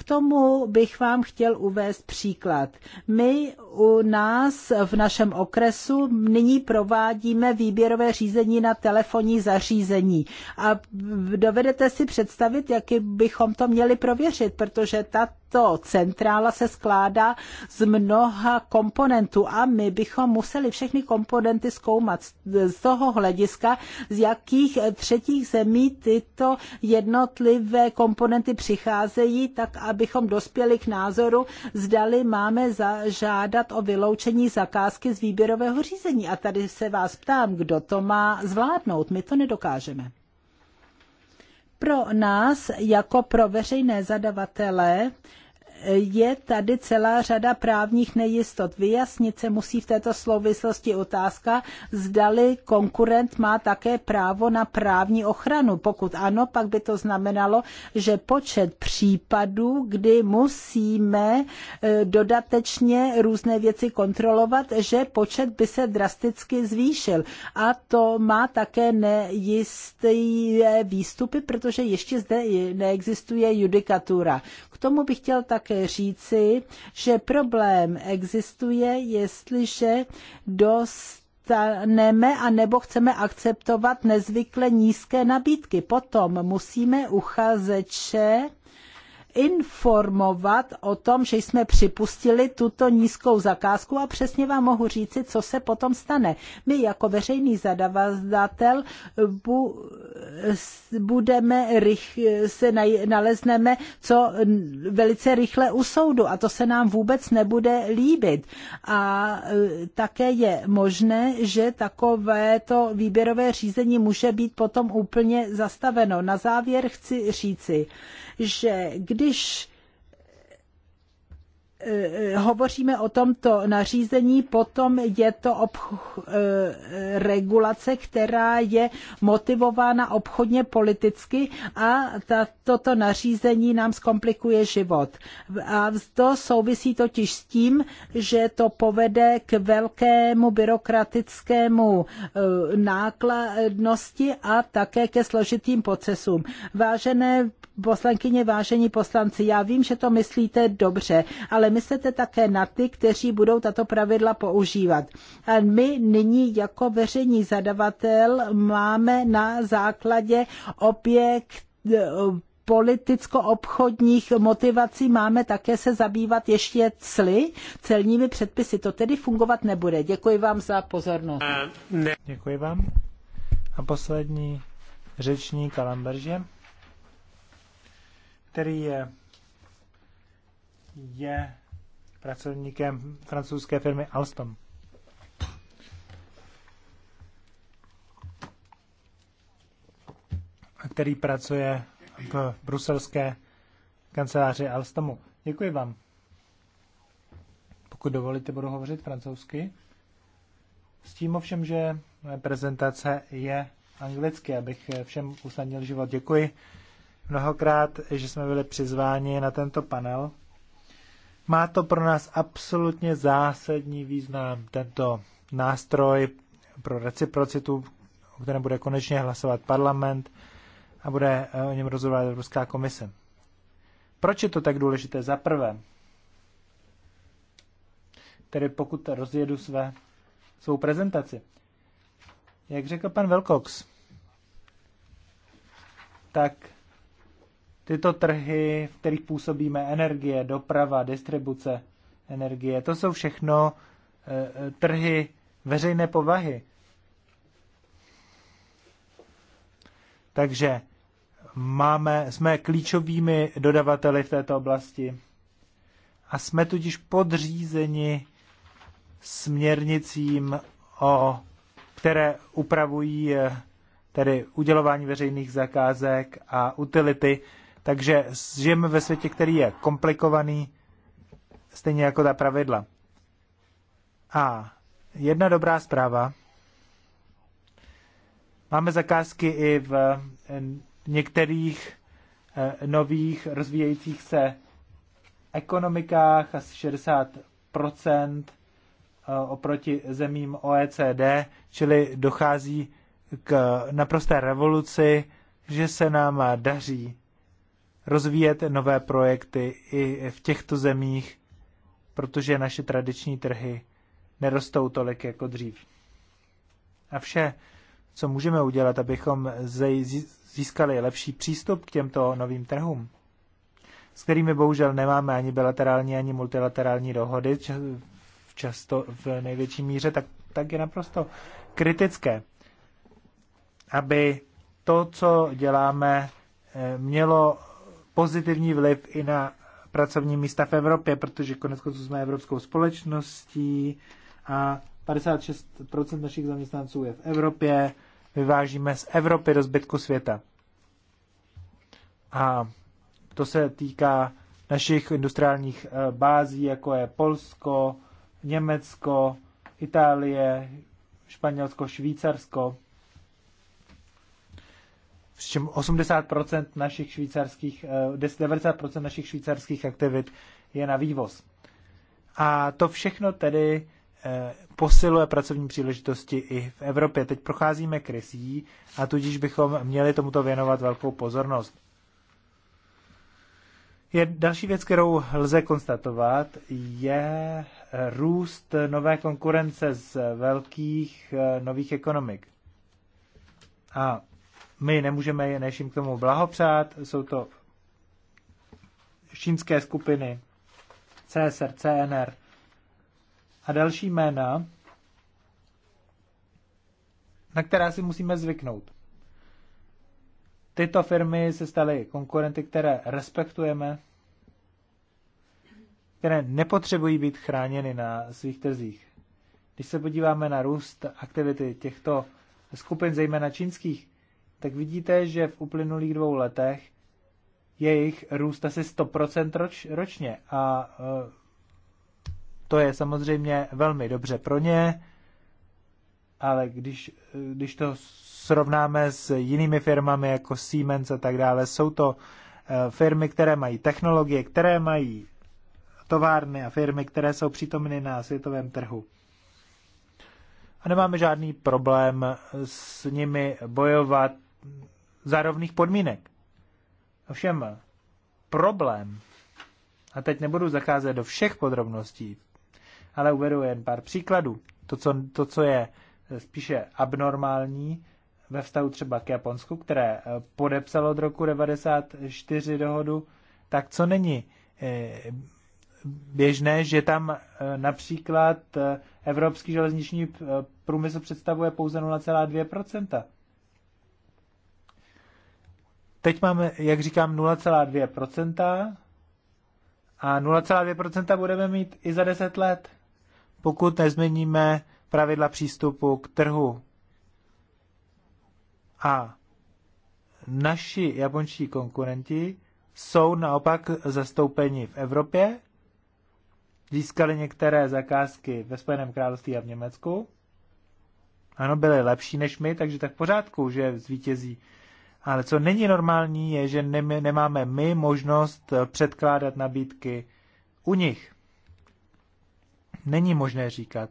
K tomu bych vám chtěl uvést příklad. My u nás v našem okresu nyní provádíme výběrové řízení na telefonní zařízení. A dovedete si představit, jak bychom to měli prověřit, protože tato centrála se skládá z mnoha komponentů a my bychom museli všechny komponenty zkoumat z toho hlediska, z jakých třetích zemí tyto jednotlivé komponenty přicházejí, tak a abychom dospěli k názoru, zdali máme zažádat o vyloučení zakázky z výběrového řízení. A tady se vás ptám, kdo to má zvládnout. My to nedokážeme. Pro nás, jako pro veřejné zadavatele, je tady celá řada právních nejistot. Vyjasnit se musí v této souvislosti otázka, zdali konkurent má také právo na právní ochranu. Pokud ano, pak by to znamenalo, že počet případů, kdy musíme e, dodatečně různé věci kontrolovat, že počet by se drasticky zvýšil. A to má také nejisté výstupy, protože ještě zde neexistuje judikatura. K tomu bych chtěl také také říci, že problém existuje, jestliže dost dostaneme a nebo chceme akceptovat nezvykle nízké nabídky. Potom musíme uchazeče informovat o tom, že jsme připustili tuto nízkou zakázku a přesně vám mohu říci, co se potom stane. My jako veřejný zadavatel bu, budeme rych, se nalezneme co velice rychle u soudu a to se nám vůbec nebude líbit. A e, také je možné, že takovéto výběrové řízení může být potom úplně zastaveno. Na závěr chci říci, že když eh, eh, hovoříme o tomto nařízení, potom je to obch, eh, regulace, která je motivována obchodně politicky a ta, toto nařízení nám zkomplikuje život. A to souvisí totiž s tím, že to povede k velkému byrokratickému nákladnosti a také ke složitým procesům. Vážené poslankyně, vážení poslanci, já vím, že to myslíte dobře, ale myslete také na ty, kteří budou tato pravidla používat. A my nyní jako veřejní zadavatel máme na základě objekt e, politicko-obchodních motivací máme také se zabývat ještě cly, celními předpisy. To tedy fungovat nebude. Děkuji vám za pozornost. Eh, Děkuji vám. A poslední řečník Alamberže který je, je pracovníkem francouzské firmy Alstom. který pracuje v bruselské kanceláři Alstomu. Děkuji vám. Pokud dovolíte, budu hovořit francouzsky. S tím ovšem, že moje prezentace je anglicky, abych všem usnadnil život. Děkuji mnohokrát, že jsme byli přizváni na tento panel. Má to pro nás absolutně zásadní význam, tento nástroj pro reciprocitu, o kterém bude konečně hlasovat parlament a bude eh, o něm rozhodovat Evropská komise. Proč je to tak důležité? Za prvé, tedy pokud rozjedu své, svou prezentaci, jak řekl pan Velkox, tak Tyto trhy, v kterých působíme energie, doprava, distribuce energie, to jsou všechno eh, eh, trhy veřejné povahy. Takže máme, jsme klíčovými dodavateli v této oblasti a jsme tudíž podřízeni směrnicím, o, které upravují eh, tedy udělování veřejných zakázek a utility takže žijeme ve světě, který je komplikovaný, stejně jako ta pravidla. A jedna dobrá zpráva. Máme zakázky i v eh, některých eh, nových rozvíjejících se ekonomikách, asi 60 eh, oproti zemím OECD, čili dochází k naprosté revoluci, že se nám daří rozvíjet nové projekty i v těchto zemích, protože naše tradiční trhy nerostou tolik jako dřív. A vše, co můžeme udělat, abychom získali lepší přístup k těmto novým trhům, s kterými bohužel nemáme ani bilaterální, ani multilaterální dohody, často v největší míře, tak, tak je naprosto kritické, aby to, co děláme, eh, mělo pozitivní vliv i na pracovní místa v Evropě, protože konec konců jsme evropskou společností a 56% našich zaměstnanců je v Evropě, vyvážíme z Evropy do zbytku světa. A to se týká našich industriálních eh, bází, jako je Polsko, Německo, Itálie, Španělsko, Švýcarsko přičem 80% našich švýcarských, 90% eh, našich švýcarských aktivit je na vývoz. A to všechno tedy eh, posiluje pracovní příležitosti i v Evropě. Teď procházíme krysí a tudíž bychom měli tomuto věnovat velkou pozornost. Je další věc, kterou lze konstatovat, je eh, růst nové konkurence z velkých nových ekonomik. A my nemůžeme je než jim k tomu blahopřát. Jsou to čínské skupiny CSR, CNR a další jména, na která si musíme zvyknout. Tyto firmy se staly konkurenty, které respektujeme, které nepotřebují být chráněny na svých trzích. Když se podíváme na růst aktivity těchto skupin, zejména čínských, tak vidíte, že v uplynulých dvou letech jejich růst asi 100% roč, ročně. A e, to je samozřejmě velmi dobře pro ně, ale když, e, když to srovnáme s jinými firmami jako Siemens a tak dále, jsou to e, firmy, které mají technologie, které mají továrny a firmy, které jsou přítomny na světovém trhu. A nemáme žádný problém s nimi bojovat za rovných podmínek. Ovšem, problém, a teď nebudu zacházet do všech podrobností, ale uvedu jen pár příkladů. To, co, to, co je spíše abnormální ve vztahu třeba k Japonsku, které podepsalo od roku 1994 dohodu, tak co není eh, běžné, že tam eh, například eh, evropský železniční průmysl představuje pouze 0,2%. Teď máme, jak říkám, 0,2% a 0,2% budeme mít i za 10 let, pokud nezměníme pravidla přístupu k trhu. A naši japonští konkurenti jsou naopak zastoupeni v Evropě, získali některé zakázky ve Spojeném království a v Německu. Ano, byly lepší než my, takže tak v pořádku, že zvítězí ale co není normální, je, že nemáme my možnost eh, předkládat nabídky u nich. Není možné říkat,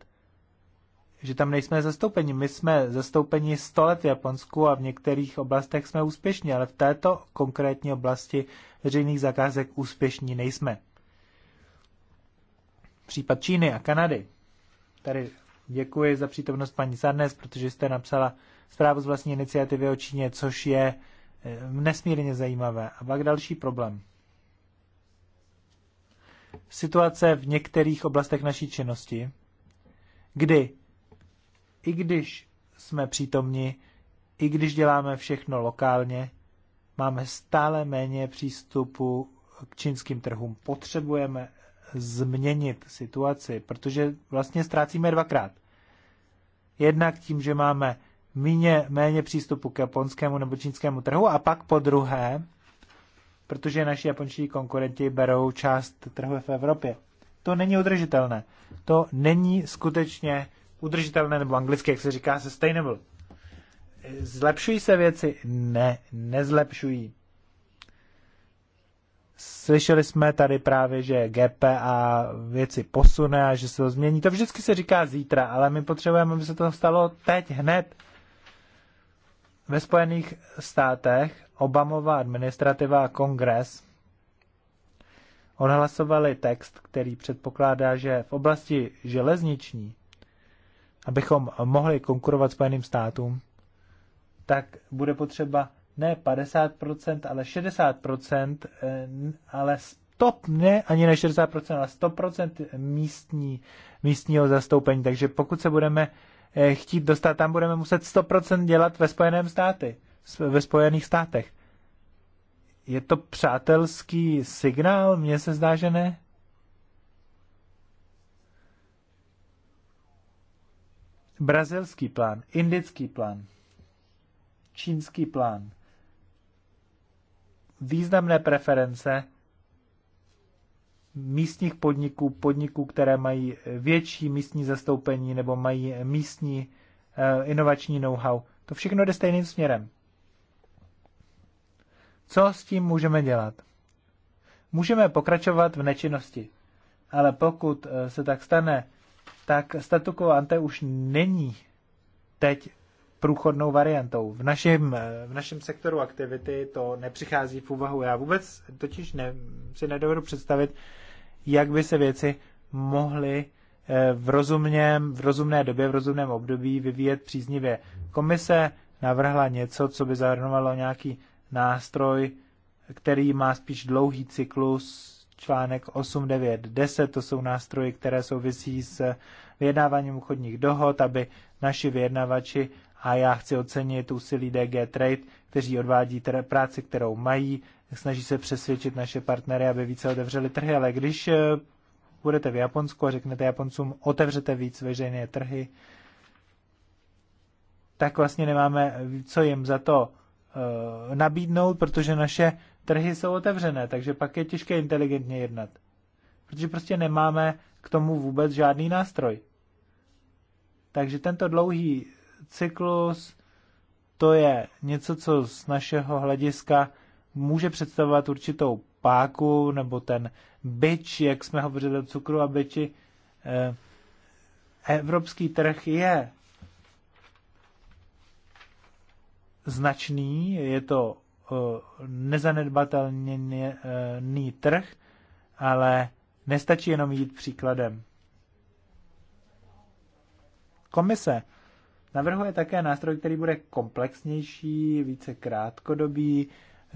že tam nejsme zastoupeni. My jsme zastoupeni 100 let v Japonsku a v některých oblastech jsme úspěšní, ale v této konkrétní oblasti veřejných zakázek úspěšní nejsme. Případ Číny a Kanady. Tady Děkuji za přítomnost paní Sarnes, protože jste napsala zprávu z vlastní iniciativy o Číně, což je eh, nesmírně zajímavé. A pak další problém. Situace v některých oblastech naší činnosti, kdy i když jsme přítomni, i když děláme všechno lokálně, máme stále méně přístupu k čínským trhům. Potřebujeme změnit situaci, protože vlastně ztrácíme dvakrát. Jednak tím, že máme méně, méně přístupu k japonskému nebo čínskému trhu a pak po druhé, protože naši japonští konkurenti berou část trhu v Evropě. To není udržitelné. To není skutečně udržitelné, nebo anglicky, jak se říká, sustainable. Zlepšují se věci? Ne, nezlepšují. Slyšeli jsme tady právě, že GPA věci posune a že se to změní. To vždycky se říká zítra, ale my potřebujeme, aby se to stalo teď, hned. Ve Spojených státech Obamová administrativa a kongres odhlasovali text, který předpokládá, že v oblasti železniční, abychom mohli konkurovat Spojeným státům, tak bude potřeba ne 50%, ale 60%, eh, ale stop, ne ani ne 60%, ale 100% místní, místního zastoupení. Takže pokud se budeme eh, chtít dostat tam, budeme muset 100% dělat ve Spojeném státy, ve Spojených státech. Je to přátelský signál? Mně se zdá, že ne. Brazilský plán, indický plán, čínský plán významné preference místních podniků, podniků, které mají větší místní zastoupení nebo mají místní eh, inovační know-how. To všechno jde stejným směrem. Co s tím můžeme dělat? Můžeme pokračovat v nečinnosti, ale pokud eh, se tak stane, tak statu quo ante už není teď průchodnou variantou. V našem, v našem sektoru aktivity to nepřichází v úvahu. Já vůbec totiž ne, si nedovedu představit, jak by se věci mohly eh, v, rozumném, v rozumné době, v rozumném období vyvíjet příznivě. Komise navrhla něco, co by zahrnovalo nějaký nástroj, který má spíš dlouhý cyklus, článek 8, 9, 10, to jsou nástroje, které souvisí s vyjednáváním obchodních dohod, aby naši vyjednavači a já chci ocenit úsilí DG Trade, kteří odvádí práci, kterou mají, snaží se přesvědčit naše partnery, aby více otevřeli trhy, ale když budete eh, v Japonsku a řeknete Japoncům, otevřete víc veřejné trhy, tak vlastně nemáme eh, co jim za to e, nabídnout, protože naše trhy jsou otevřené, takže pak je těžké inteligentně jednat. Protože prostě nemáme k tomu vůbec žádný nástroj. Takže tento dlouhý cyklus, to je něco, co z našeho hlediska může představovat určitou páku nebo ten byč, jak jsme hovořili o cukru a byči. Eh, evropský trh je značný, je to eh, nezanedbatelný eh, trh, ale nestačí jenom jít příkladem. Komise Navrhuje také nástroj, který bude komplexnější, více krátkodobý,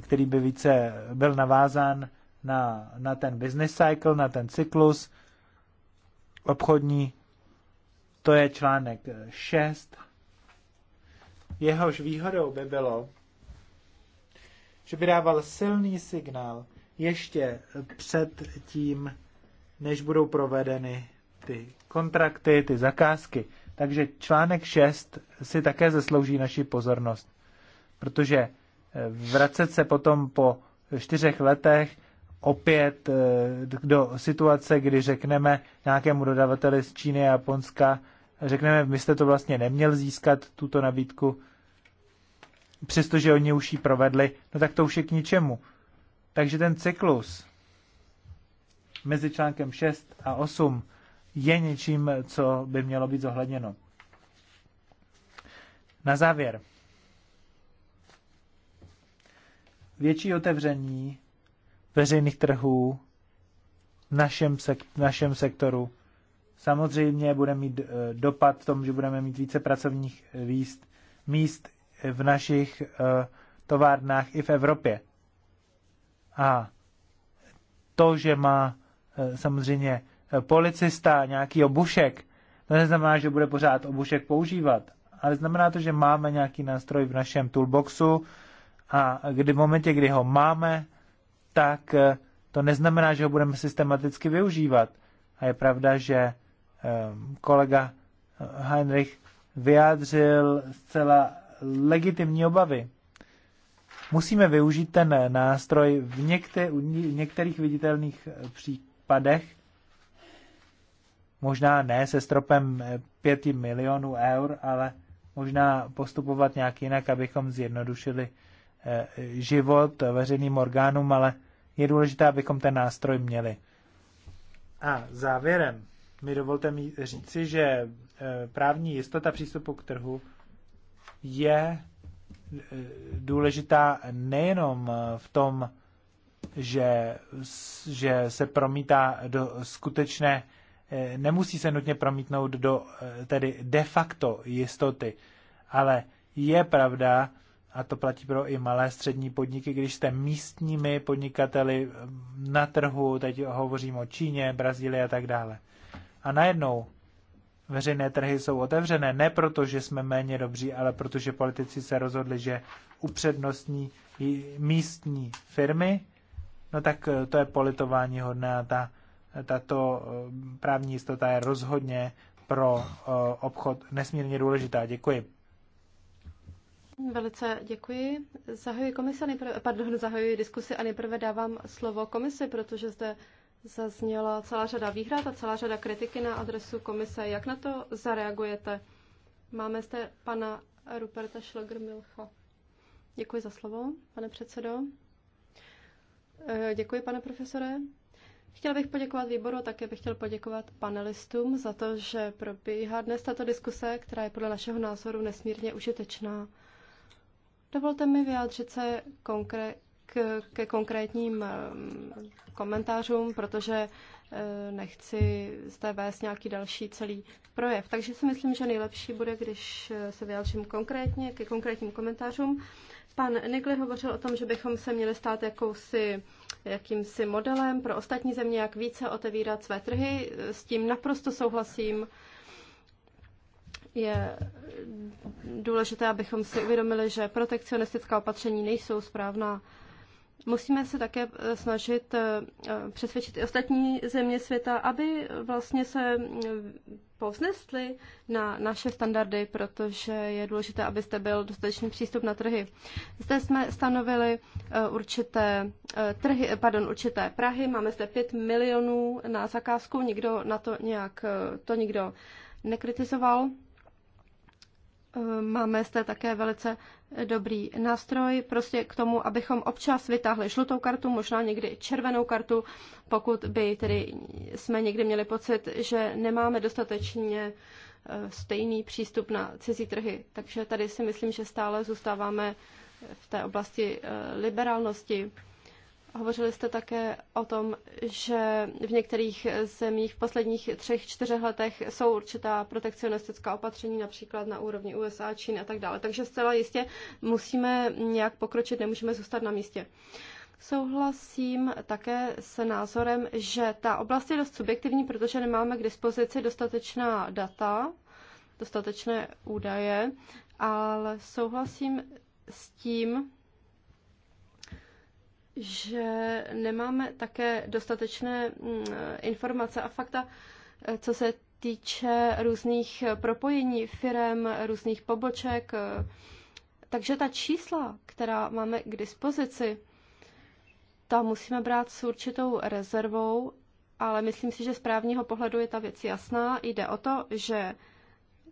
který by více byl navázán na, na ten business cycle, na ten cyklus obchodní. To je článek 6. Jehož výhodou by bylo, že by dával silný signál ještě před tím, než budou provedeny ty kontrakty, ty zakázky. Takže článek 6 si také zaslouží naši pozornost, protože eh, vracet se potom po čtyřech letech opět eh, do situace, kdy řekneme nějakému dodavateli z Číny a Japonska, řekneme, my jste to vlastně neměl získat, tuto nabídku, přestože oni už ji provedli, no tak to už je k ničemu. Takže ten cyklus mezi článkem 6 a 8 je něčím, co by mělo být zohledněno. Na závěr. Větší otevření veřejných trhů v našem, sek- v našem sektoru samozřejmě bude mít eh, dopad v tom, že budeme mít více pracovních eh, výst, míst v našich eh, továrnách i v Evropě. A to, že má samozřejmě policista, nějaký obušek. To neznamená, že bude pořád obušek používat, ale znamená to, že máme nějaký nástroj v našem toolboxu a kdy v momentě, kdy ho máme, tak eh, to neznamená, že ho budeme systematicky využívat. A je pravda, že ehm, kolega eh, Heinrich vyjádřil zcela legitimní obavy. Musíme využít ten nástroj v, některých viditelných eh, případech, možná ne se stropem 5 eh, milionů eur, ale možná postupovat nějak jinak, abychom zjednodušili eh, život veřejným orgánům, ale je důležité, abychom ten nástroj měli. A závěrem mi dovolte mi říci, že eh, právní jistota přístupu k trhu je důležitá nejenom v tom, že, že se promítá do skutečné Eh, nemusí se nutně promítnout do eh, tedy de facto jistoty, ale je pravda, a to platí pro i malé střední podniky, když jste místními podnikateli eh, na trhu, teď hovořím o Číně, Brazílii a tak dále. A najednou veřejné trhy jsou otevřené, ne proto, že jsme méně dobří, ale protože politici se rozhodli, že upřednostní místní firmy, no tak to je politování hodné a ta tato eh, právní jistota je rozhodně pro eh, obchod nesmírně důležitá. Děkuji. Velice děkuji. Zahajuji komise, nejprve, pardon, zahajuji diskusi a nejprve dávám slovo komisi, protože zde zazněla celá řada výhrad a celá řada kritiky na adresu komise. Jak na to zareagujete? Máme zde pana Ruperta Schlegermilcha. Děkuji za slovo, pane předsedo. Eh, děkuji, pane profesore. Chtěla bych poděkovat výboru, také bych chtěl poděkovat panelistům za to, že probíhá dnes tato diskuse, která je podle našeho názoru nesmírně užitečná. Dovolte mi vyjádřit se konkré- k, ke konkrétním eh, komentářům, protože eh, nechci zde vést nějaký další celý projev. Takže si myslím, že nejlepší bude, když eh, se vyjádřím konkrétně ke konkrétním komentářům. Pan Nikli hovořil o tom, že bychom se měli stát jakousi jakýmsi modelem pro ostatní země, jak více otevírat své trhy. S tím naprosto souhlasím. Je důležité, abychom si uvědomili, že protekcionistická opatření nejsou správná Musíme se také eh, snažit eh, eh, přesvědčit i ostatní země světa, aby vlastně se mm, povznesly na naše standardy, protože je důležité, abyste byl dostatečný přístup na trhy. Zde jsme stanovili určité, trhy, pardon, určité Prahy, máme zde 5 milionů na zakázku, nikdo na to nějak, to nikdo nekritizoval. Máme zde také velice dobrý nástroj prostě k tomu, abychom občas vytáhli žlutou kartu, možná někdy červenou kartu, pokud by tedy jsme někdy měli pocit, že nemáme dostatečně e, stejný přístup na cizí trhy. Takže tady si myslím, že stále zůstáváme v té oblasti e, liberálnosti. Hovořili jste také o tom, že v některých zemích v posledních třech, čtyřech letech jsou určitá protekcionistická opatření, například na úrovni USA, Čín a tak dále. Takže zcela jistě musíme nějak pokročit, nemůžeme zůstat na místě. Souhlasím také s názorem, že ta oblast je dost subjektivní, protože nemáme k dispozici dostatečná data, dostatečné údaje, ale souhlasím s tím, že nemáme také dostatečné mm, informace a fakta, eh, co se týče různých propojení firem, různých poboček. Eh, takže ta čísla, která máme k dispozici, ta musíme brát s určitou rezervou, ale myslím si, že z právního pohledu je ta věc jasná. Jde o to, že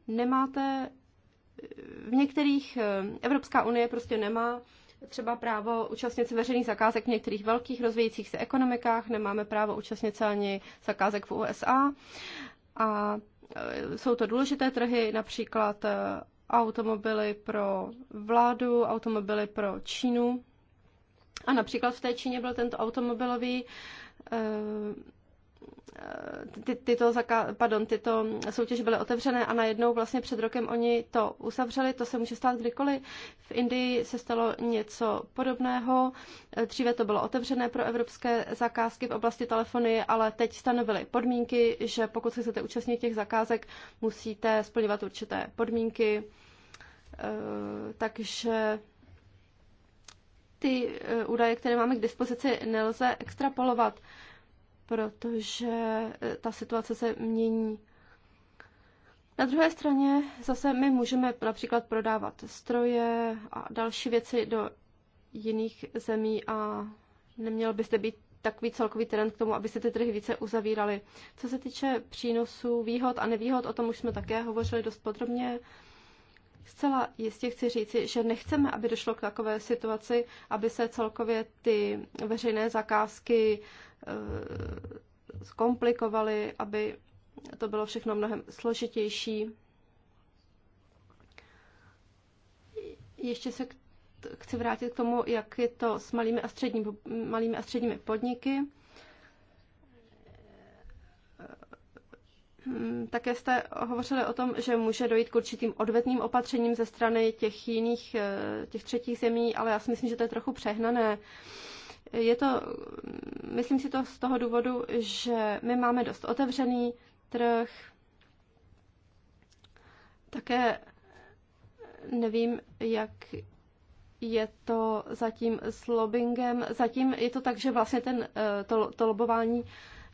nemáte eh, v některých Evropská unie prostě nemá třeba právo účastnit se veřejných zakázek v některých velkých rozvíjících se ekonomikách, nemáme právo účastnit se ani zakázek v USA. A e, jsou to důležité trhy, například e, automobily pro vládu, automobily pro Čínu. A například v té Číně byl tento automobilový e, ty, tyto, zaka, pardon, tyto soutěže byly otevřené a najednou vlastně před rokem oni to usavřeli, to se může stát kdykoliv. V Indii se stalo něco podobného, dříve to bylo otevřené pro evropské zakázky v oblasti telefonie, ale teď stanovily podmínky, že pokud se chcete účastnit těch zakázek, musíte splňovat určité podmínky, e, takže ty e, údaje, které máme k dispozici, nelze extrapolovat protože e, ta situace se mění. Na druhé straně zase my můžeme například prodávat stroje a další věci do jiných zemí a neměl byste být takový celkový trend k tomu, aby se ty trhy více uzavíraly. Co se týče přínosů, výhod a nevýhod, o tom už jsme také hovořili dost podrobně. Zcela jistě chci říci, že nechceme, aby došlo k takové situaci, aby se celkově ty veřejné zakázky Eh, zkomplikovali, aby to bylo všechno mnohem složitější. Ještě se chci vrátit k tomu, jak je to s malými a, středními malými a středními podniky. Také jste hovořili o tom, že může dojít k určitým odvetným opatřením ze strany těch jiných, eh, těch třetích zemí, ale já si myslím, že to je trochu přehnané. Je to, myslím si to z toho důvodu, že my máme dost otevřený trh, také nevím, jak je to zatím s lobbyingem. Zatím je to tak, že vlastně ten, eh, to, to lobování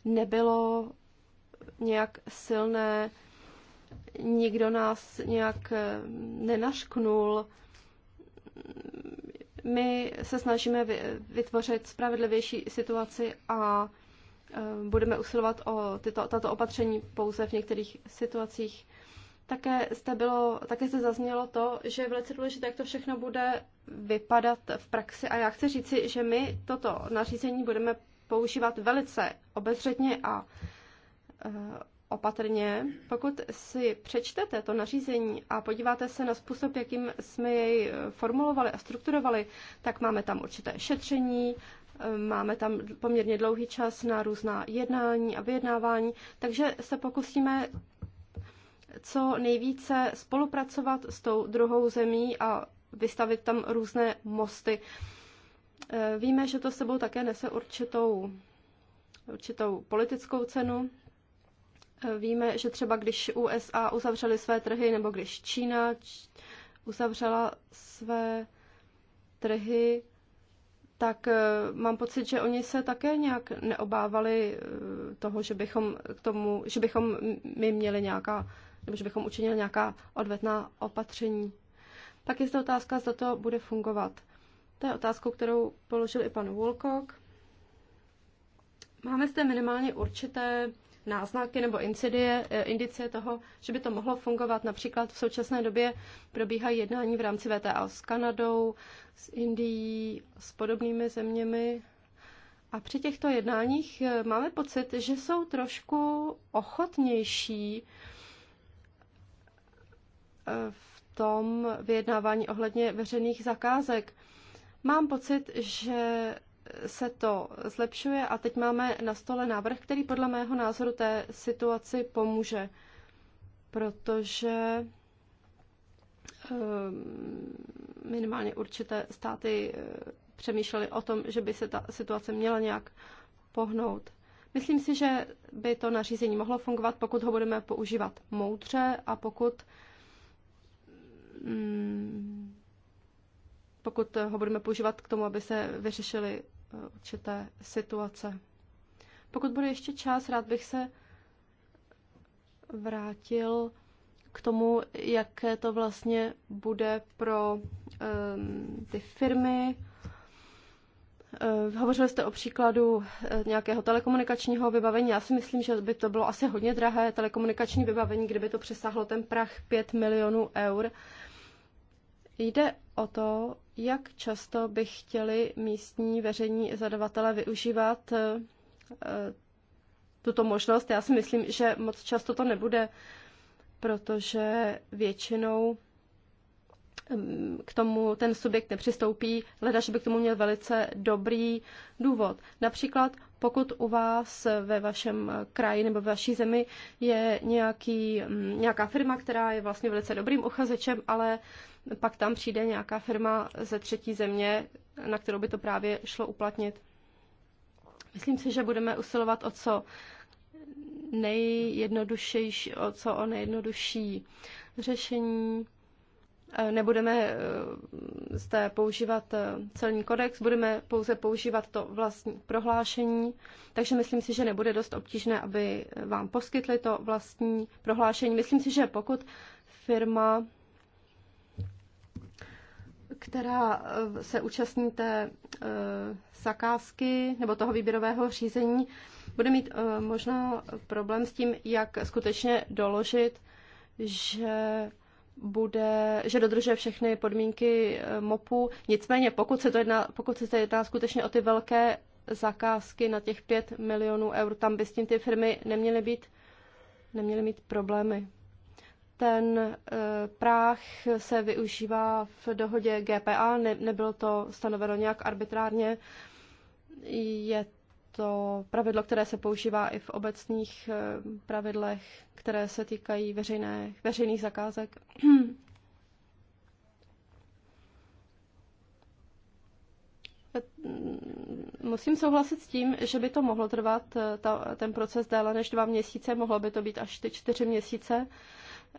nebylo nějak silné, nikdo nás nějak eh, nenašknul. My se snažíme vytvořit spravedlivější situaci a e, budeme usilovat o tyto, tato opatření pouze v některých situacích. Také jste bylo, také se zaznělo to, že je velice důležité, jak to všechno bude vypadat v praxi. A já chci říci, že my toto nařízení budeme používat velice obezřetně a e, opatrně. Pokud si přečtete to nařízení a podíváte se na způsob, jakým jsme jej eh, formulovali a strukturovali, tak máme tam určité šetření, eh, máme tam poměrně dlouhý čas na různá jednání a vyjednávání, takže se pokusíme co nejvíce spolupracovat s tou druhou zemí a vystavit tam různé mosty. Eh, víme, že to sebou také nese určitou, určitou politickou cenu, Víme, že třeba když USA uzavřely své trhy, nebo když Čína uzavřela své trhy, tak eh, mám pocit, že oni se také nějak neobávali eh, toho, že bychom k tomu, že bychom my měli nějaká, nebo že bychom učinili nějaká odvetná opatření. Pak je zde otázka, zda to bude fungovat. To je otázka, kterou položil i pan Woolcock. Máme zde minimálně určité náznaky nebo incidie, eh, indicie toho, že by to mohlo fungovat. Například v současné době probíhají jednání v rámci VTA s Kanadou, s Indií, s podobnými zeměmi. A při těchto jednáních eh, máme pocit, že jsou trošku ochotnější eh, v tom vyjednávání ohledně veřejných zakázek. Mám pocit, že se to zlepšuje a teď máme na stole návrh, který podle mého názoru té situaci pomůže, protože eh, minimálně určité státy eh, přemýšleli o tom, že by se ta situace měla nějak pohnout. Myslím si, že by to nařízení mohlo fungovat, pokud ho budeme používat moudře a pokud, mm, pokud ho budeme používat k tomu, aby se vyřešily určité situace. Pokud bude ještě čas, rád bych se vrátil k tomu, jaké to vlastně bude pro um, ty firmy. Uh, hovořili jste o příkladu uh, nějakého telekomunikačního vybavení. Já si myslím, že by to bylo asi hodně drahé telekomunikační vybavení, kdyby to přesáhlo ten prach 5 milionů eur. Jde o to, jak často by chtěli místní veřejní zadavatele využívat eh, tuto možnost? Já si myslím, že moc často to nebude, protože většinou mm, k tomu ten subjekt nepřistoupí, leda, že by k tomu měl velice dobrý důvod. Například pokud u vás ve vašem kraji nebo ve vaší zemi je nějaký, mm, nějaká firma, která je vlastně velice dobrým uchazečem, ale pak tam přijde nějaká firma ze třetí země, na kterou by to právě šlo uplatnit. Myslím si, že budeme usilovat o co nejjednodušejší, o co o nejjednodušší řešení Eh, nebudeme eh, zde používat eh, celní kodex, budeme pouze používat to vlastní prohlášení, takže myslím si, že nebude dost obtížné, aby vám poskytli to vlastní prohlášení. Myslím si, že pokud firma, která se účastní té zakázky nebo toho výběrového řízení, bude mít možná problém s tím, jak skutečně doložit, že bude, že dodržuje všechny podmínky eh, MOPu. Nicméně, pokud se, to jedná, pokud se to jedná skutečně o ty velké zakázky na těch 5 milionů eur, tam by s tím ty firmy neměly, být, neměly mít problémy. Ten eh, práh se využívá v dohodě GPA, ne, nebylo to stanoveno nějak arbitrárně. Je to pravidlo, které se používá i v obecných eh, pravidlech, které se týkají veřejné, veřejných zakázek. Eh, musím souhlasit s tím, že by to mohlo trvat eh, ta, ten proces déle než dva měsíce, mohlo by to být až ty čtyři měsíce.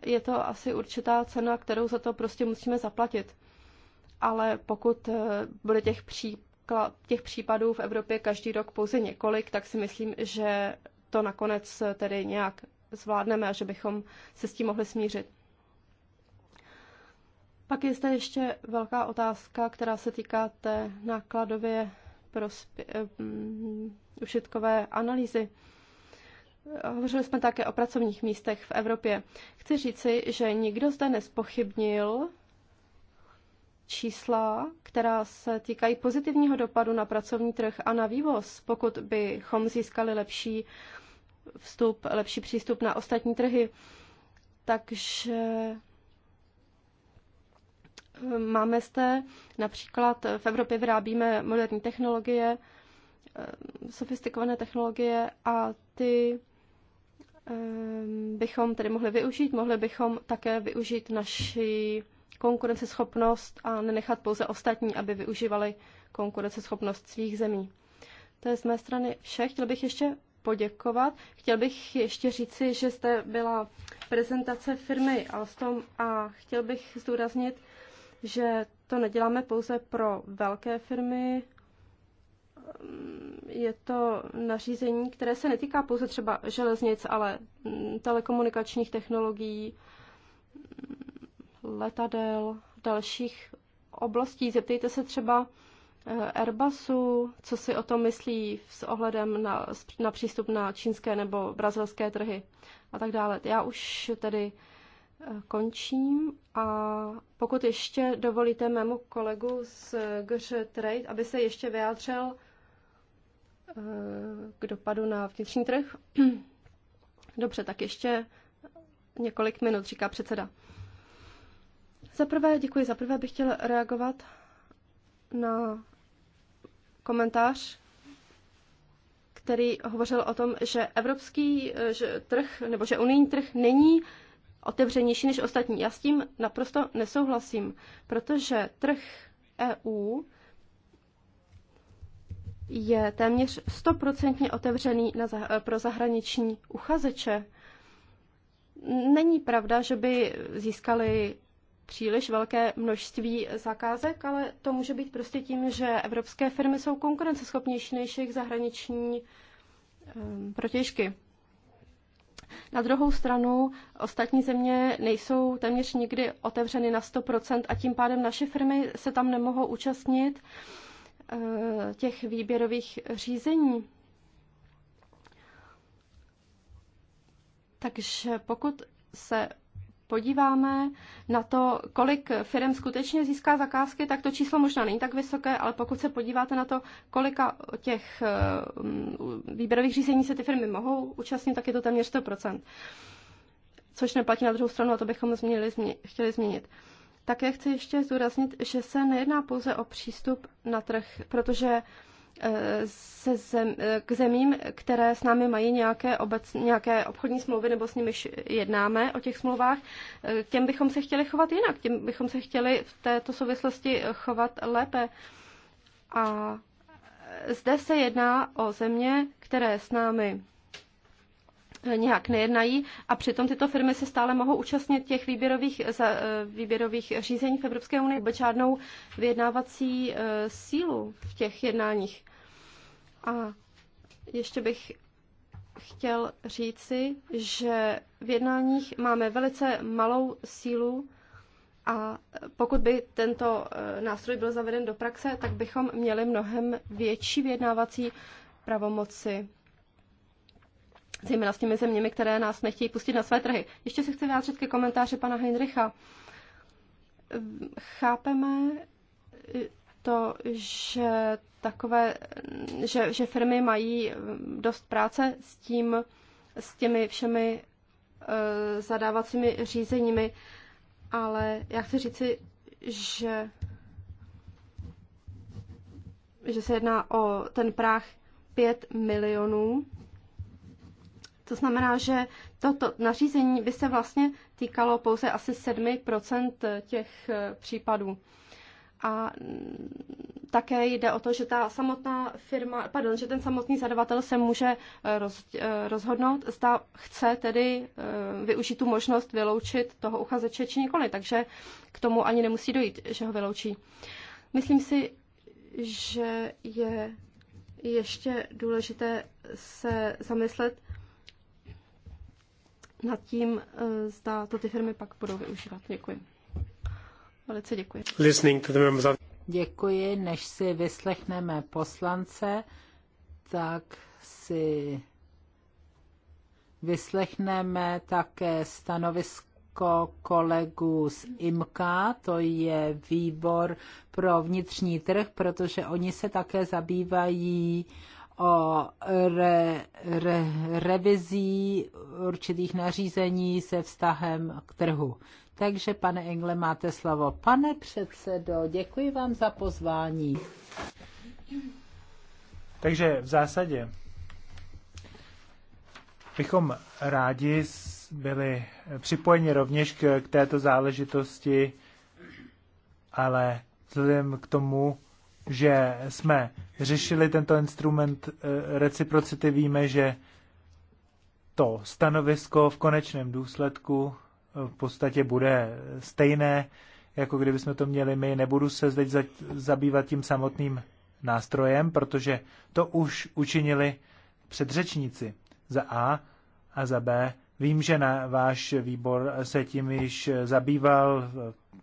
Je to asi určitá cena, kterou za to prostě musíme zaplatit. Ale pokud bude těch pří, těch případů v Evropě každý rok pouze několik, tak si myslím, že to nakonec eh, tedy nějak zvládneme a že bychom se s tím mohli smířit. Pak je zde ještě velká otázka, která se týká té nákladově prospě- eh, mm, ušitkové analýzy. Hovořili jsme také o pracovních místech v Evropě. Chci říci, že nikdo zde nespochybnil čísla, která se týkají pozitivního dopadu na pracovní trh a na vývoz, pokud bychom získali lepší vstup, lepší přístup na ostatní trhy. Takže eh, máme zde například v Evropě vyrábíme moderní technologie, eh, sofistikované technologie a ty eh, bychom tedy mohli využít. Mohli bychom také využít naši konkurenceschopnost a nenechat pouze ostatní, aby využívali konkurenceschopnost svých zemí. To je z mé strany vše. Chtěl bych ještě poděkovat. Chtěl bych ještě říci, že zde byla prezentace firmy Alstom a chtěl bych zdůraznit, že to neděláme pouze pro velké firmy. Je to nařízení, které se netýká pouze třeba železnic, ale telekomunikačních technologií, letadel, dalších oblastí. Zeptejte se třeba eh, Airbusu, co si o tom myslí s ohledem na, na přístup na čínské nebo brazilské trhy a tak dále. Já už tedy eh, končím a pokud ještě dovolíte mému kolegu z GŘ Trade, aby se ještě vyjádřil eh, k dopadu na vnitřní trh. [clears throat] Dobře, tak ještě několik minut, říká předseda. Za prvé, děkuji, za prvé bych chtěla reagovat na komentář, který hovořil o tom, že evropský že trh nebo že unijní trh není otevřenější než ostatní. Já s tím naprosto nesouhlasím, protože trh EU je téměř stoprocentně otevřený na, pro zahraniční uchazeče. Není pravda, že by získali příliš velké množství zakázek, ale to může být prostě tím, že evropské firmy jsou konkurenceschopnější než jejich zahraniční um, protěžky. Na druhou stranu ostatní země nejsou téměř nikdy otevřeny na 100% a tím pádem naše firmy se tam nemohou účastnit eh, těch výběrových řízení. Takže pokud se podíváme na to, kolik firm skutečně získá zakázky, tak to číslo možná není tak vysoké, ale pokud se podíváte na to, kolika těch mm, výběrových řízení se ty firmy mohou účastnit, tak je to téměř 100%. Což neplatí na druhou stranu, a to bychom změnili, chtěli změnit. Také chci ještě zdůraznit, že se nejedná pouze o přístup na trh, protože uh, se zem, k zemím, které s námi mají nějaké, obec, nějaké obchodní smlouvy nebo s nimi jednáme o těch smlouvách, těm bychom se chtěli chovat jinak, těm bychom se chtěli v této souvislosti chovat lépe. A zde se jedná o země, které s námi nějak nejednají a přitom tyto firmy se stále mohou účastnit těch výběrových, eh, výběrových řízení v Evropské unii vůbec žádnou vyjednávací eh, sílu v těch jednáních. A ještě bych chtěl říci, že v jednáních máme velice malou sílu a pokud by tento eh, nástroj byl zaveden do praxe, tak bychom měli mnohem větší vyjednávací pravomoci zejména s těmi zeměmi, které nás nechtějí pustit na své trhy. Ještě se chci vyjádřit ke komentáři pana Heinricha. Chápeme to, že takové, že, že firmy mají dost práce s tím, s těmi všemi uh, zadávacími řízeními, ale já chci říci, že že se jedná o ten práh 5 milionů to znamená, že toto nařízení by se vlastně týkalo pouze asi 7 těch eh, případů. A mm, také jde o to, že ta samotná firma, pardon, že ten samotný zadavatel se může eh, roz, eh, rozhodnout, zda chce tedy využít tu možnost vyloučit toho uchazeče či nikoli, takže k tomu ani nemusí dojít, že ho vyloučí. Myslím si, že je ještě důležité se zamyslet nad tím, eh, zda to ty firmy pak budou využívat. Děkuji. Velice děkuji. Listening to the Děkuji, než si vyslechneme poslance, tak si vyslechneme také stanovisko kolegů z IMKA, to je výbor pro vnitřní trh, protože oni se také zabývají uh, o re, re, revizí určitých nařízení se vztahem k trhu. Takže, pane Engle, máte slovo. Pane předsedo, děkuji vám za pozvání. Takže v zásadě bychom rádi byli připojeni rovněž k, k této záležitosti, ale vzhledem k tomu, že jsme řešili tento instrument eh, reciprocity, víme, že to stanovisko v konečném důsledku v podstatě bude stejné, jako kdyby jsme to měli my. Nebudu se zde zabývat tím samotným nástrojem, protože to už učinili předřečníci za A a za B. Vím, že na váš výbor se tím již zabýval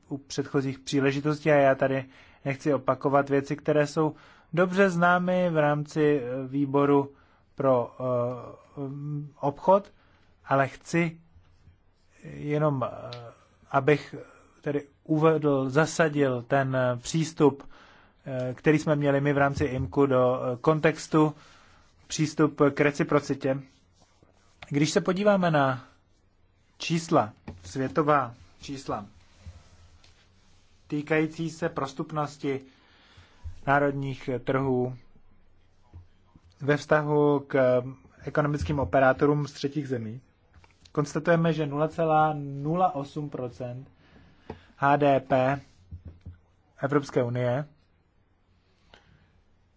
u předchozích příležitostí a já tady nechci opakovat věci, které jsou dobře známy v rámci eh, výboru pro eh, obchod, ale chci jenom, eh, abych tedy uvedl, zasadil ten přístup, který jsme měli my v rámci IMKU do kontextu přístup k reciprocitě. Když se podíváme na čísla, světová čísla, týkající se prostupnosti národních trhů ve vztahu k ekonomickým operátorům z třetích zemí. Konstatujeme, že 0,08 HDP Evropské unie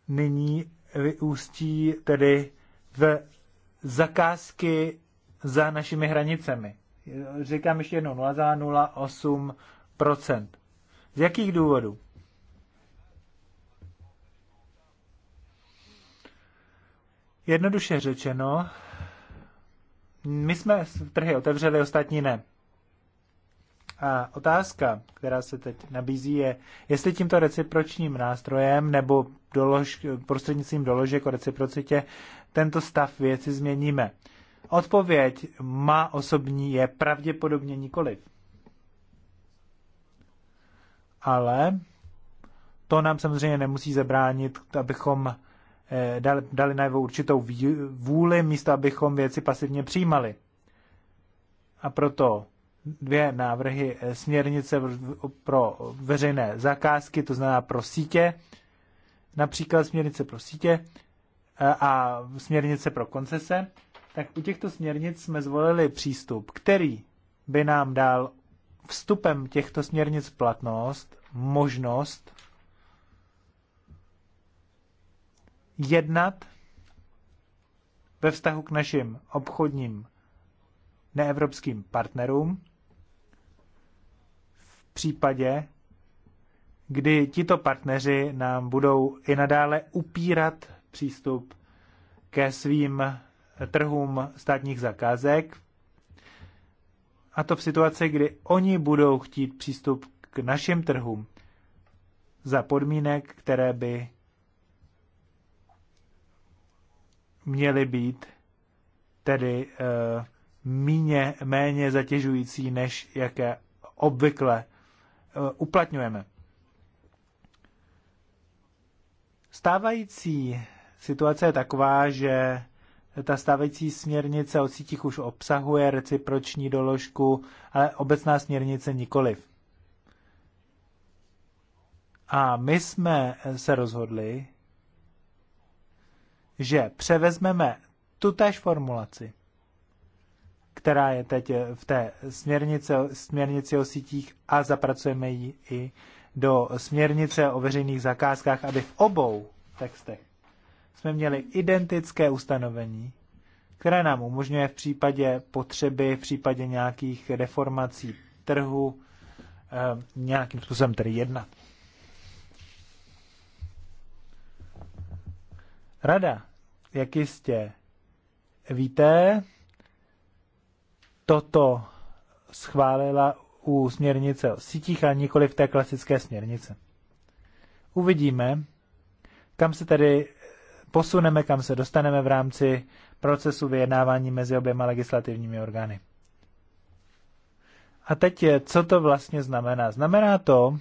nyní vyústí tedy v zakázky za našimi hranicemi. Říkám ještě jednou 0,08 z jakých důvodů? Jednoduše řečeno, my jsme trhy otevřeli, ostatní ne. A otázka, která se teď nabízí, je, jestli tímto recipročním nástrojem nebo dolož, prostřednictvím doložek o reciprocitě tento stav věci změníme. Odpověď má osobní je pravděpodobně nikoliv ale to nám samozřejmě nemusí zabránit, abychom eh, dali, dali najevo určitou vůli, místo abychom věci pasivně přijímali. A proto dvě návrhy eh, směrnice pro veřejné zakázky, to znamená pro sítě, například směrnice pro sítě eh, a směrnice pro koncese, tak u těchto směrnic jsme zvolili přístup, který by nám dal vstupem těchto směrnic platnost možnost jednat ve vztahu k našim obchodním neevropským partnerům v případě, kdy tito partneři nám budou i nadále upírat přístup ke svým trhům státních zakázek a to v situaci, kdy oni budou chtít přístup k našim trhům za podmínek, které by měly být tedy uh, míně, méně zatěžující, než jaké obvykle uh, uplatňujeme. Stávající situace je taková, že ta stávající směrnice o sítích už obsahuje reciproční doložku, ale obecná směrnice nikoliv. A my jsme se rozhodli, že převezmeme tutéž formulaci, která je teď v té směrnice, směrnici o sítích a zapracujeme ji i do směrnice o veřejných zakázkách, aby v obou textech jsme měli identické ustanovení, které nám umožňuje v případě potřeby, v případě nějakých deformací trhu eh, nějakým způsobem tedy jednat. Rada, jak jistě víte, toto schválila u směrnice o sítích a nikoli v té klasické směrnice. Uvidíme, kam se tedy posuneme, kam se dostaneme v rámci procesu vyjednávání mezi oběma legislativními orgány. A teď, je, co to vlastně znamená? Znamená to,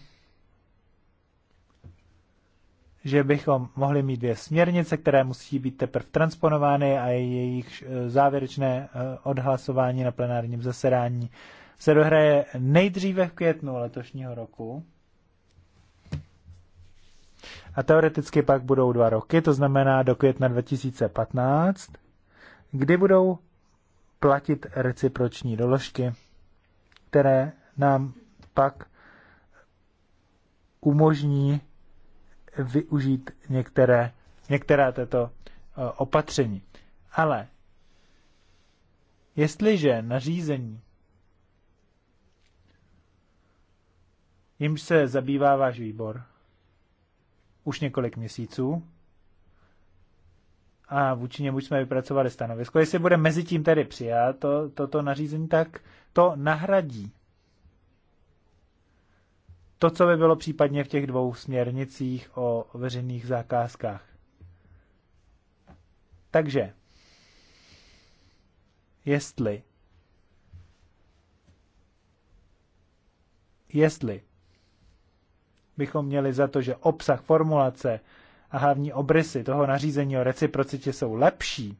že bychom mohli mít dvě směrnice, které musí být teprve transponovány a jejich eh, závěrečné eh, odhlasování na plenárním zasedání se dohraje nejdříve v květnu letošního roku a teoreticky pak budou dva roky, to znamená do května 2015, kdy budou platit reciproční doložky, které nám pak umožní využít některé, některá této eh, opatření. Ale jestliže nařízení, jimž se zabývá váš výbor, už několik měsíců a vůči němu jsme vypracovali stanovisko. Jestli bude mezi tím tedy přijat to, toto nařízení, tak to nahradí to, co by bylo případně v těch dvou směrnicích o veřejných zakázkách. Takže, jestli jestli bychom měli za to, že obsah formulace a hlavní obrysy toho nařízení o reciprocitě jsou lepší,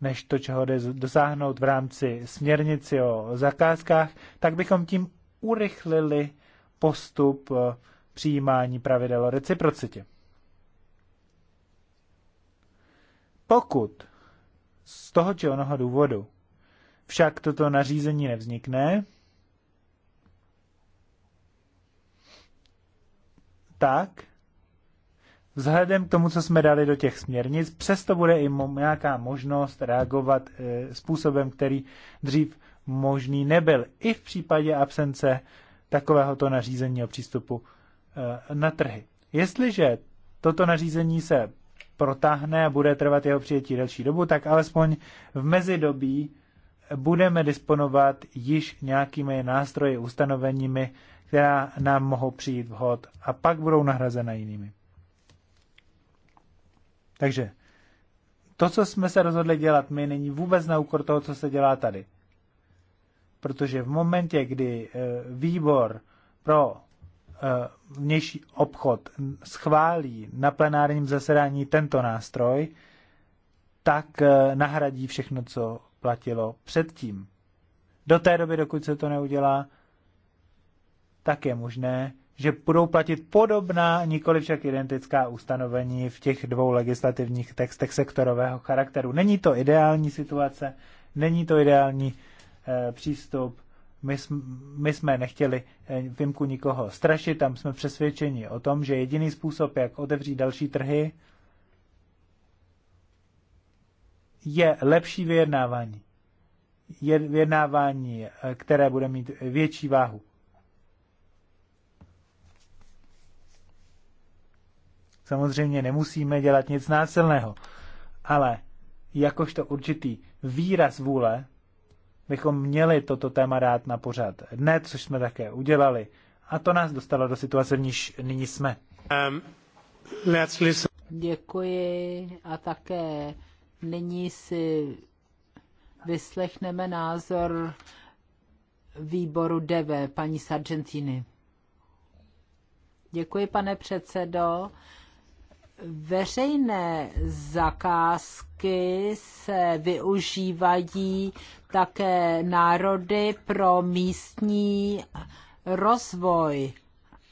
než to, čeho jde dosáhnout v rámci směrnici o zakázkách, tak bychom tím urychlili postup eh, přijímání pravidel o reciprocitě. Pokud z toho či onoho důvodu však toto nařízení nevznikne, tak, vzhledem k tomu, co jsme dali do těch směrnic, přesto bude i nějaká možnost reagovat eh, způsobem, který dřív možný nebyl, i v případě absence takovéhoto nařízení o přístupu eh, na trhy. Jestliže toto nařízení se protáhne a bude trvat jeho přijetí delší dobu, tak alespoň v mezidobí budeme disponovat již nějakými nástroji, ustanoveními, která nám mohou přijít vhod a pak budou nahrazena jinými. Takže to, co jsme se rozhodli dělat my, není vůbec na úkor toho, co se dělá tady. Protože v momentě, kdy eh, výbor pro eh, vnější obchod schválí na plenárním zasedání tento nástroj, tak eh, nahradí všechno, co platilo předtím. Do té doby, dokud se to neudělá, tak je možné, že budou platit podobná, nikoli však identická ustanovení v těch dvou legislativních textech sektorového charakteru. Není to ideální situace, není to ideální e, přístup. My, jsme, my jsme nechtěli eh, výjimku nikoho strašit, tam jsme přesvědčeni o tom, že jediný způsob, jak otevřít další trhy, je lepší vyjednávání. Je vyjednávání, eh, které bude mít větší váhu. Samozřejmě nemusíme dělat nic násilného, ale jakožto určitý výraz vůle bychom měli toto téma dát na pořád dne, což jsme také udělali. A to nás dostalo do situace, v níž nyní jsme. Um, let's listen. Děkuji a také nyní si vyslechneme názor výboru DV, paní Sargentiny. Děkuji, pane předsedo veřejné zakázky se využívají také národy pro místní rozvoj.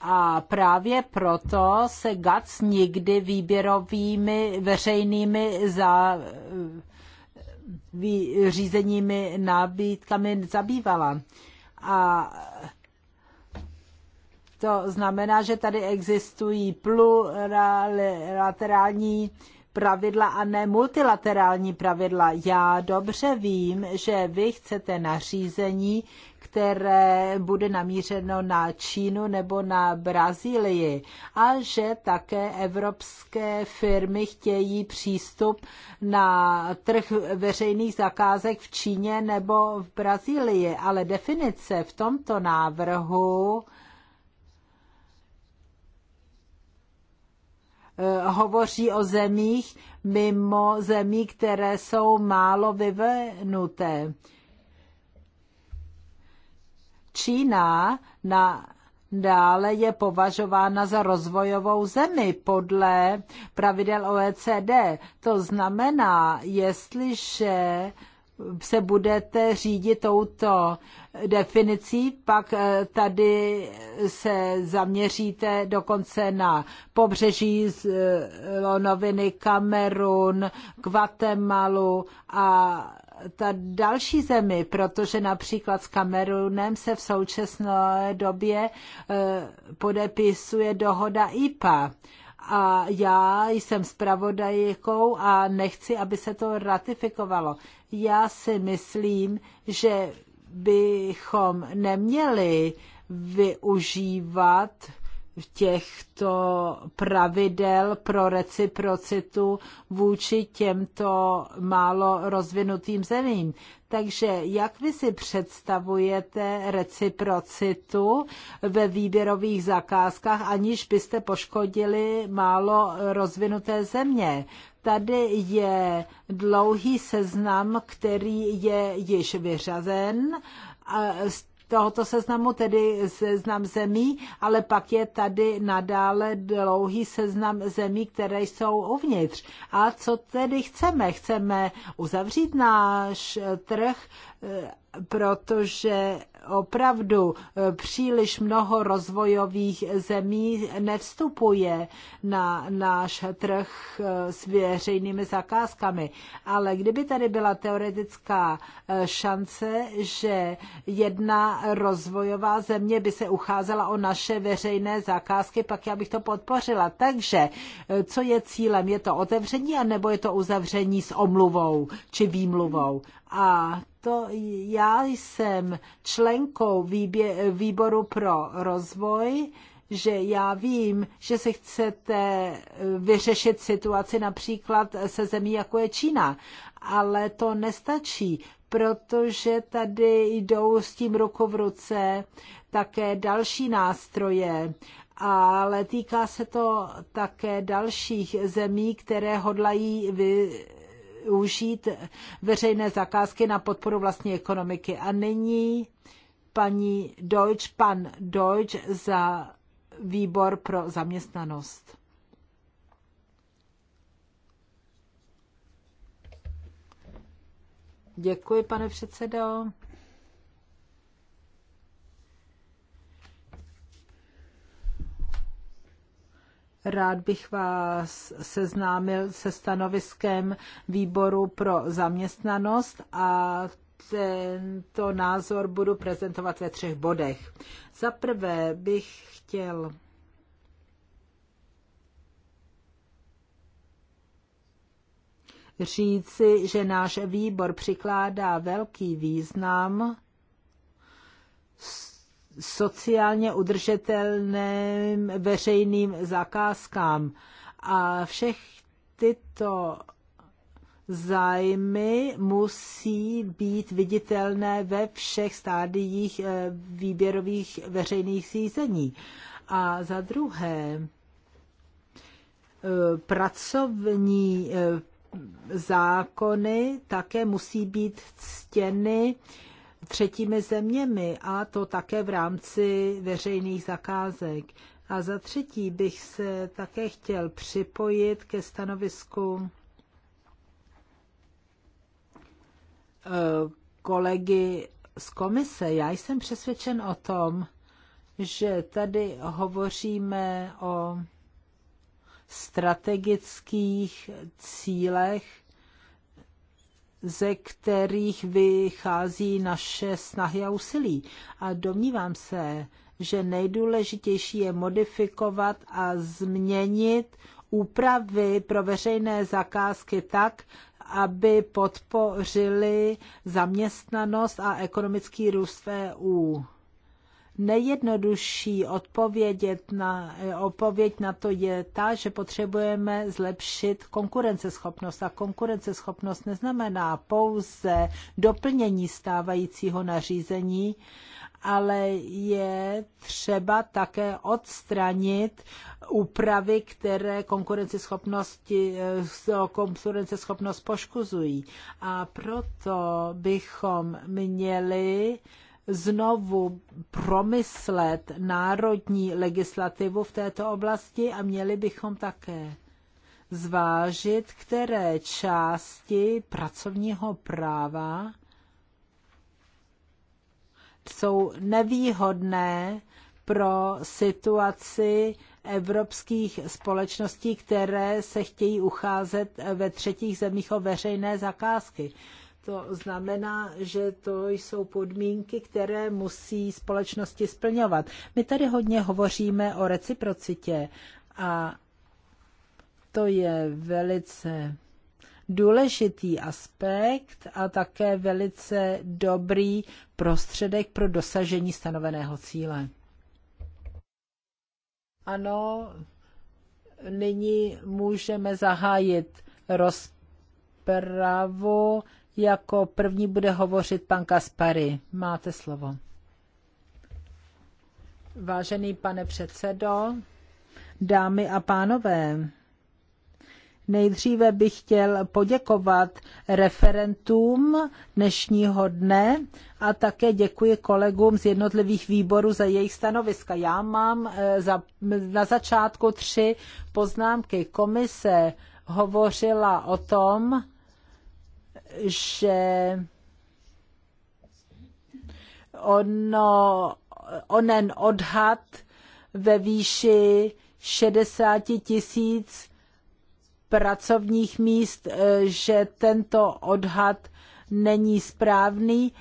A právě proto se GAC nikdy výběrovými veřejnými za, vý, řízeními nabídkami zabývala. A to znamená, že tady existují plurilaterální pravidla a ne multilaterální pravidla. Já dobře vím, že vy chcete nařízení, které bude namířeno na Čínu nebo na Brazílii a že také evropské firmy chtějí přístup na trh veřejných zakázek v Číně nebo v Brazílii, ale definice v tomto návrhu Eh, hovoří o zemích mimo zemí, které jsou málo vyvinuté. Čína na Dále je považována za rozvojovou zemi podle pravidel OECD. To znamená, jestliže se budete řídit touto definicí, pak eh, tady se zaměříte dokonce na pobřeží z eh, Lonoviny, Kamerun, Guatemalu a ta další zemi, protože například s Kamerunem se v současné době eh, podepisuje dohoda IPA a já jsem zpravodajkou a nechci, aby se to ratifikovalo. Já si myslím, že bychom neměli využívat těchto pravidel pro reciprocitu vůči těmto málo rozvinutým zemím. Takže jak vy si představujete reciprocitu ve výběrových zakázkách, aniž byste poškodili málo rozvinuté země? Tady je dlouhý seznam, který je již vyřazen. Z tohoto seznamu, tedy seznam zemí, ale pak je tady nadále dlouhý seznam zemí, které jsou uvnitř. A co tedy chceme? Chceme uzavřít náš trh, eh, protože opravdu eh, příliš mnoho rozvojových zemí nevstupuje na náš trh eh, s veřejnými zakázkami. Ale kdyby tady byla teoretická eh, šance, že jedna rozvojová země by se ucházela o naše veřejné zakázky, pak já bych to podpořila. Takže co je cílem? Je to otevření anebo je to uzavření s omluvou či výmluvou? A to já jsem členkou výbě, výboru pro rozvoj, že já vím, že se chcete eh, vyřešit situaci například se zemí, jako je Čína, ale to nestačí, protože tady jdou s tím ruku v ruce také další nástroje, ale týká se to také dalších zemí, které hodlají vy, využít veřejné zakázky na podporu vlastní ekonomiky. A nyní paní Deutsch, pan Deutsch za výbor pro zaměstnanost. Děkuji, pane předsedo. Rád bych vás seznámil se stanoviskem výboru pro zaměstnanost a tento názor budu prezentovat ve třech bodech. Za prvé bych chtěl říci, že náš výbor přikládá velký význam s sociálně udržitelným veřejným zakázkám. A všech tyto zájmy musí být viditelné ve všech stádiích eh, výběrových veřejných řízení. A za druhé, eh, pracovní eh, zákony také musí být ctěny třetími zeměmi a to také v rámci veřejných zakázek. A za třetí bych se také chtěl připojit ke stanovisku eh, kolegy z komise. Já jsem přesvědčen o tom, že tady hovoříme o strategických cílech ze kterých vychází naše snahy a úsilí. A domnívám se, že nejdůležitější je modifikovat a změnit úpravy pro veřejné zakázky tak, aby podpořili zaměstnanost a ekonomický růst v EU. Nejjednodušší odpovědět na, odpověď na to je ta, že potřebujeme zlepšit konkurenceschopnost. A konkurenceschopnost neznamená pouze doplnění stávajícího nařízení, ale je třeba také odstranit úpravy, které konkurenceschopnosti, eh, konkurenceschopnost poškozují. A proto bychom měli znovu promyslet národní legislativu v této oblasti a měli bychom také zvážit, které části pracovního práva jsou nevýhodné pro situaci evropských společností, které se chtějí ucházet ve třetích zemích o veřejné zakázky. To znamená, že to jsou podmínky, které musí společnosti splňovat. My tady hodně hovoříme o reciprocitě a to je velice důležitý aspekt a také velice dobrý prostředek pro dosažení stanoveného cíle. Ano, nyní můžeme zahájit rozpravu. Jako první bude hovořit pan Kaspary. Máte slovo. Vážený pane předsedo, dámy a pánové, nejdříve bych chtěl poděkovat referentům dnešního dne a také děkuji kolegům z jednotlivých výborů za jejich stanoviska. Já mám eh, na začátku tři poznámky. Komise hovořila o tom, že ono, onen odhad ve výši 60 tisíc pracovních míst, eh, že tento odhad není správný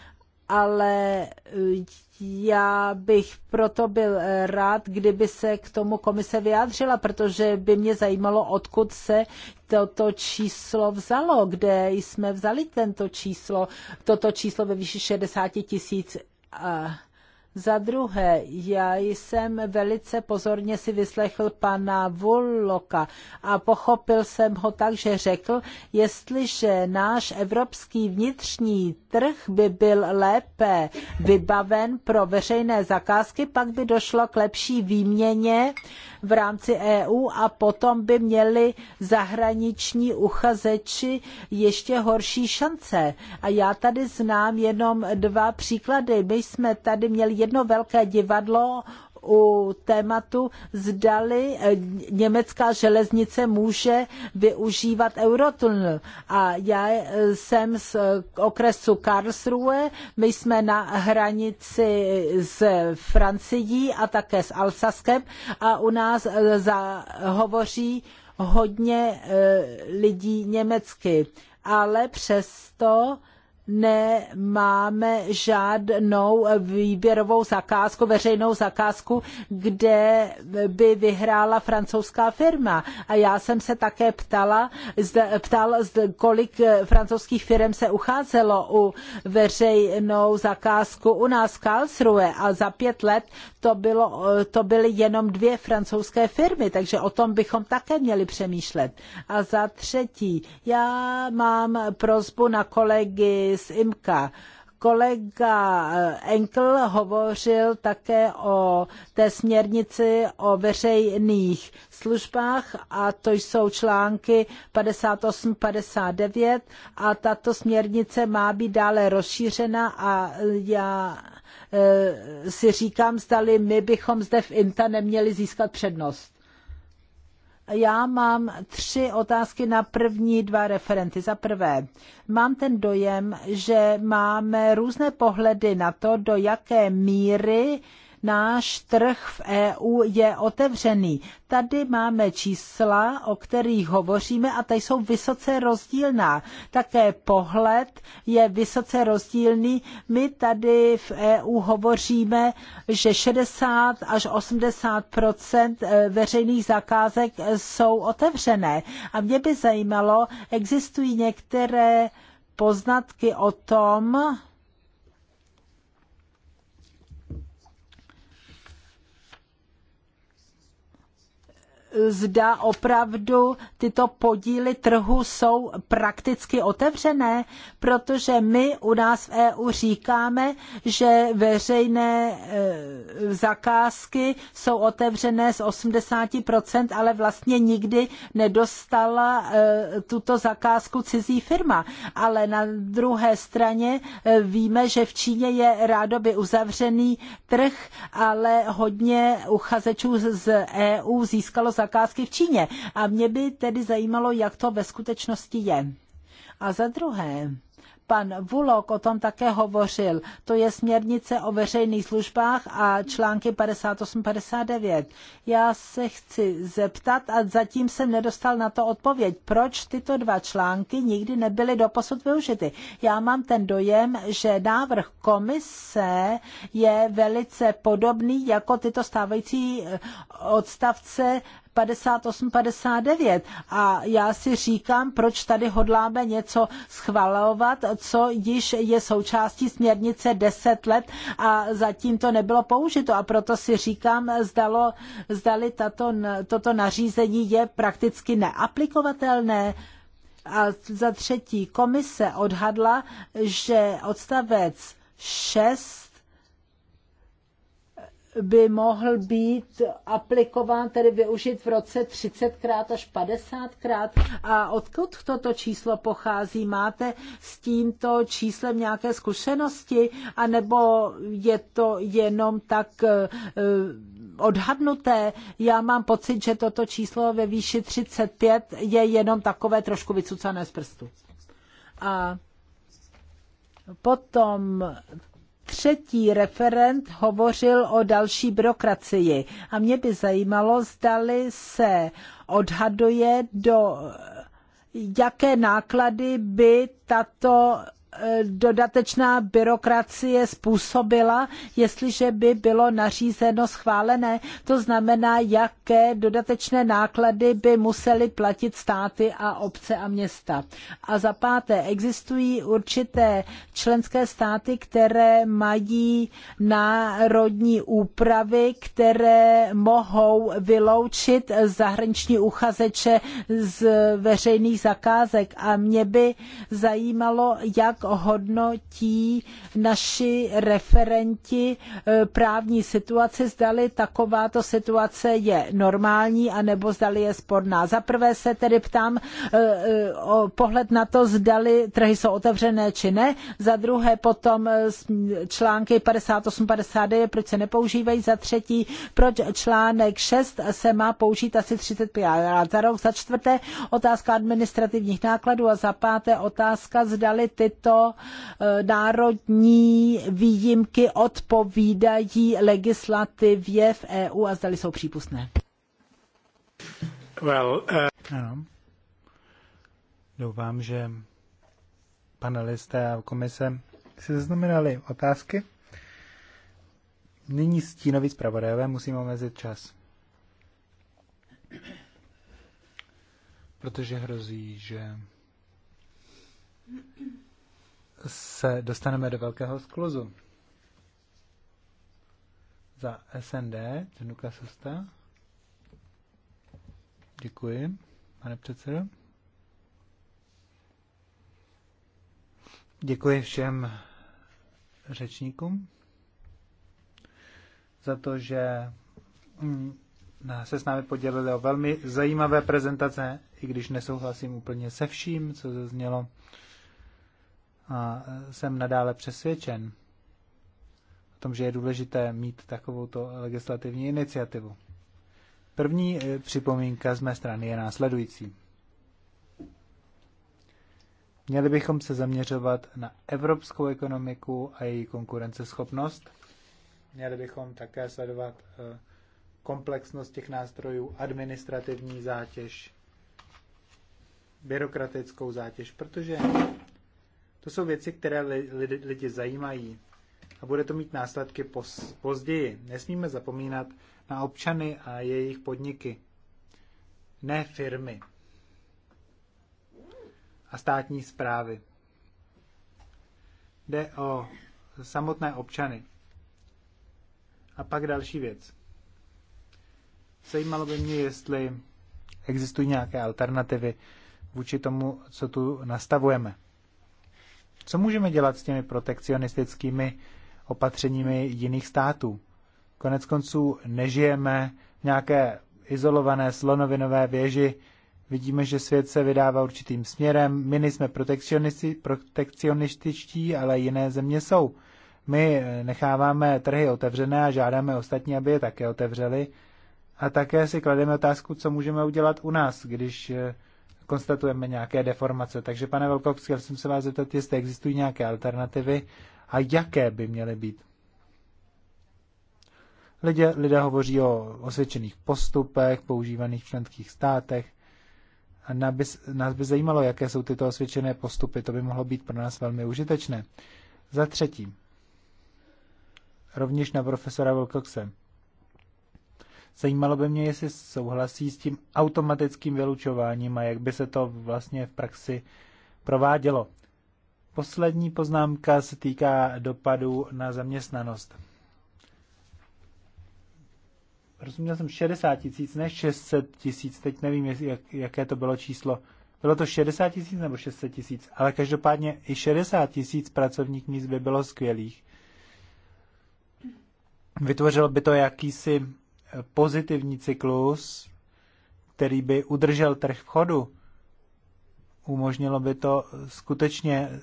ale eh, já bych proto byl eh, rád, kdyby se k tomu komise vyjádřila, protože by mě zajímalo, odkud se toto číslo vzalo, kde jsme vzali tento číslo, toto číslo ve výši 60 tisíc. Eh, za druhé, já jsem velice pozorně si vyslechl pana Vulloka a pochopil jsem ho tak, že řekl, jestliže náš evropský vnitřní trh by byl lépe vybaven pro veřejné zakázky, pak by došlo k lepší výměně v rámci EU a potom by měli zahraniční uchazeči ještě horší šance. A já tady znám jenom dva příklady. My jsme tady měli jedno velké divadlo u tématu, zdali eh, německá železnice může využívat Eurotunnel. A já eh, jsem z eh, okresu Karlsruhe, my jsme na hranici s Francií a také s Alsaskem a u nás hovoří hodně lidí německy. Ale přesto nemáme žádnou výběrovou zakázku, veřejnou zakázku, kde by vyhrála francouzská firma. A já jsem se také ptala, ptal, kolik francouzských firm se ucházelo u veřejnou zakázku u nás v Karlsruhe a za pět let to, bylo, to byly jenom dvě francouzské firmy, takže o tom bychom také měli přemýšlet. A za třetí, já mám prozbu na kolegy z IMKA. Kolega eh, Enkel hovořil také o té směrnici o veřejných službách a to jsou články 58-59 a tato směrnice má být dále rozšířena a já eh, si říkám, zdali my bychom zde v INTA neměli získat přednost. Já mám tři otázky na první dva referenty. Za prvé, mám ten dojem, že máme různé pohledy na to, do jaké míry náš trh v EU je otevřený. Tady máme čísla, o kterých hovoříme a ty jsou vysoce rozdílná. Také pohled je vysoce rozdílný. My tady v EU hovoříme, že 60 až 80 eh, veřejných zakázek eh, jsou otevřené. A mě by zajímalo, existují některé poznatky o tom, zda opravdu tyto podíly trhu jsou prakticky otevřené, protože my u nás v EU říkáme, že veřejné e, zakázky jsou otevřené z 80%, ale vlastně nikdy nedostala e, tuto zakázku cizí firma. Ale na druhé straně e, víme, že v Číně je rádoby uzavřený trh, ale hodně uchazečů z EU získalo zakázky v Číně. A mě by tedy zajímalo, jak to ve skutečnosti je. A za druhé, Pan Vulok o tom také hovořil. To je směrnice o veřejných službách a články 58-59. Já se chci zeptat a zatím jsem nedostal na to odpověď, proč tyto dva články nikdy nebyly doposud využity. Já mám ten dojem, že návrh komise je velice podobný jako tyto stávající eh, odstavce 58-59 a já si říkám, proč tady hodláme něco schvalovat, příklad, co již je součástí směrnice 10 let a zatím to nebylo použito a proto si říkám, zdalo, zdali tato, toto nařízení je prakticky neaplikovatelné. A za třetí, komise odhadla, že odstavec 6 by mohl být aplikován, tedy využit v roce 30krát až 50krát. A odkud toto číslo pochází? Máte s tímto číslem nějaké zkušenosti? A nebo je to jenom tak eh, odhadnuté? Já mám pocit, že toto číslo ve výši 35 je jenom takové trošku vycucané z prstu. A potom třetí referent hovořil o další byrokracii. A mě by zajímalo, zdali se odhaduje do jaké náklady by tato Eh, dodatečná byrokracie způsobila, jestliže by bylo nařízeno schválené. To znamená, jaké dodatečné náklady by museli platit státy a obce a města. A za páté, existují určité členské státy, které mají národní úpravy, které mohou vyloučit zahraniční uchazeče z veřejných zakázek. A mě by zajímalo, jak jak hodnotí naši referenti eh, právní situaci, zdali takováto situace je normální, anebo zdali je sporná. Za prvé se tedy ptám eh, eh, o pohled na to, zdali trhy jsou otevřené či ne. Za druhé potom články 58-59, proč se nepoužívají. Za třetí, proč článek 6 se má použít asi 35 za rok. Za čtvrté, otázka administrativních nákladů a za páté otázka, zdali tyto tyto eh, národní výjimky odpovídají legislativě v EU a zdali jsou přípustné. Well, uh... Ano. Doufám, že panelisté a komise si zaznamenali otázky. Nyní stínový zpravodajové, musíme omezit čas. Protože hrozí, že se dostaneme do velkého skluzu. Za SND, Nuka Sosta. Děkuji, pane předsedo. Děkuji všem řečníkům za to, že mm, se s námi podělili o velmi zajímavé prezentace, i když nesouhlasím úplně se vším, co zaznělo. Se a e, jsem nadále přesvědčen o tom, že je důležité mít takovouto legislativní iniciativu. První e, připomínka z mé strany je následující. Měli bychom se zaměřovat na evropskou ekonomiku a její konkurenceschopnost. Měli bychom také sledovat e, komplexnost těch nástrojů, administrativní zátěž, byrokratickou zátěž, protože to jsou věci, které lidi, lidi zajímají a bude to mít následky poz, později. Nesmíme zapomínat na občany a jejich podniky, ne firmy a státní zprávy. Jde o samotné občany. A pak další věc. Zajímalo by mě, jestli existují nějaké alternativy vůči tomu, co tu nastavujeme. Co můžeme dělat s těmi protekcionistickými opatřeními jiných států? Konec konců nežijeme v nějaké izolované slonovinové věži, vidíme, že svět se vydává určitým směrem. My nejsme protekcionističtí, ale jiné země jsou. My eh, necháváme trhy otevřené a žádáme ostatní, aby je také otevřeli. A také si klademe otázku, co můžeme udělat u nás, když eh, konstatujeme nějaké deformace. Takže, pane Velkovský, jsem se vás zeptat, jestli existují nějaké alternativy a jaké by měly být. Lidé, lidé hovoří o osvědčených postupech, používaných v členských státech. A nás by, nás by zajímalo, jaké jsou tyto osvědčené postupy. To by mohlo být pro nás velmi užitečné. Za třetí, rovněž na profesora Wilcoxe. Zajímalo by mě, jestli souhlasí s tím automatickým vylučováním a jak by se to vlastně v praxi provádělo. Poslední poznámka se týká dopadu na zaměstnanost. Rozuměl jsem 60 tisíc, ne 600 tisíc, teď nevím, jak, jaké to bylo číslo. Bylo to 60 tisíc nebo 600 tisíc, ale každopádně i 60 tisíc pracovních míst by bylo skvělých. Vytvořilo by to jakýsi pozitivní cyklus, který by udržel trh v chodu. Umožnilo by to skutečně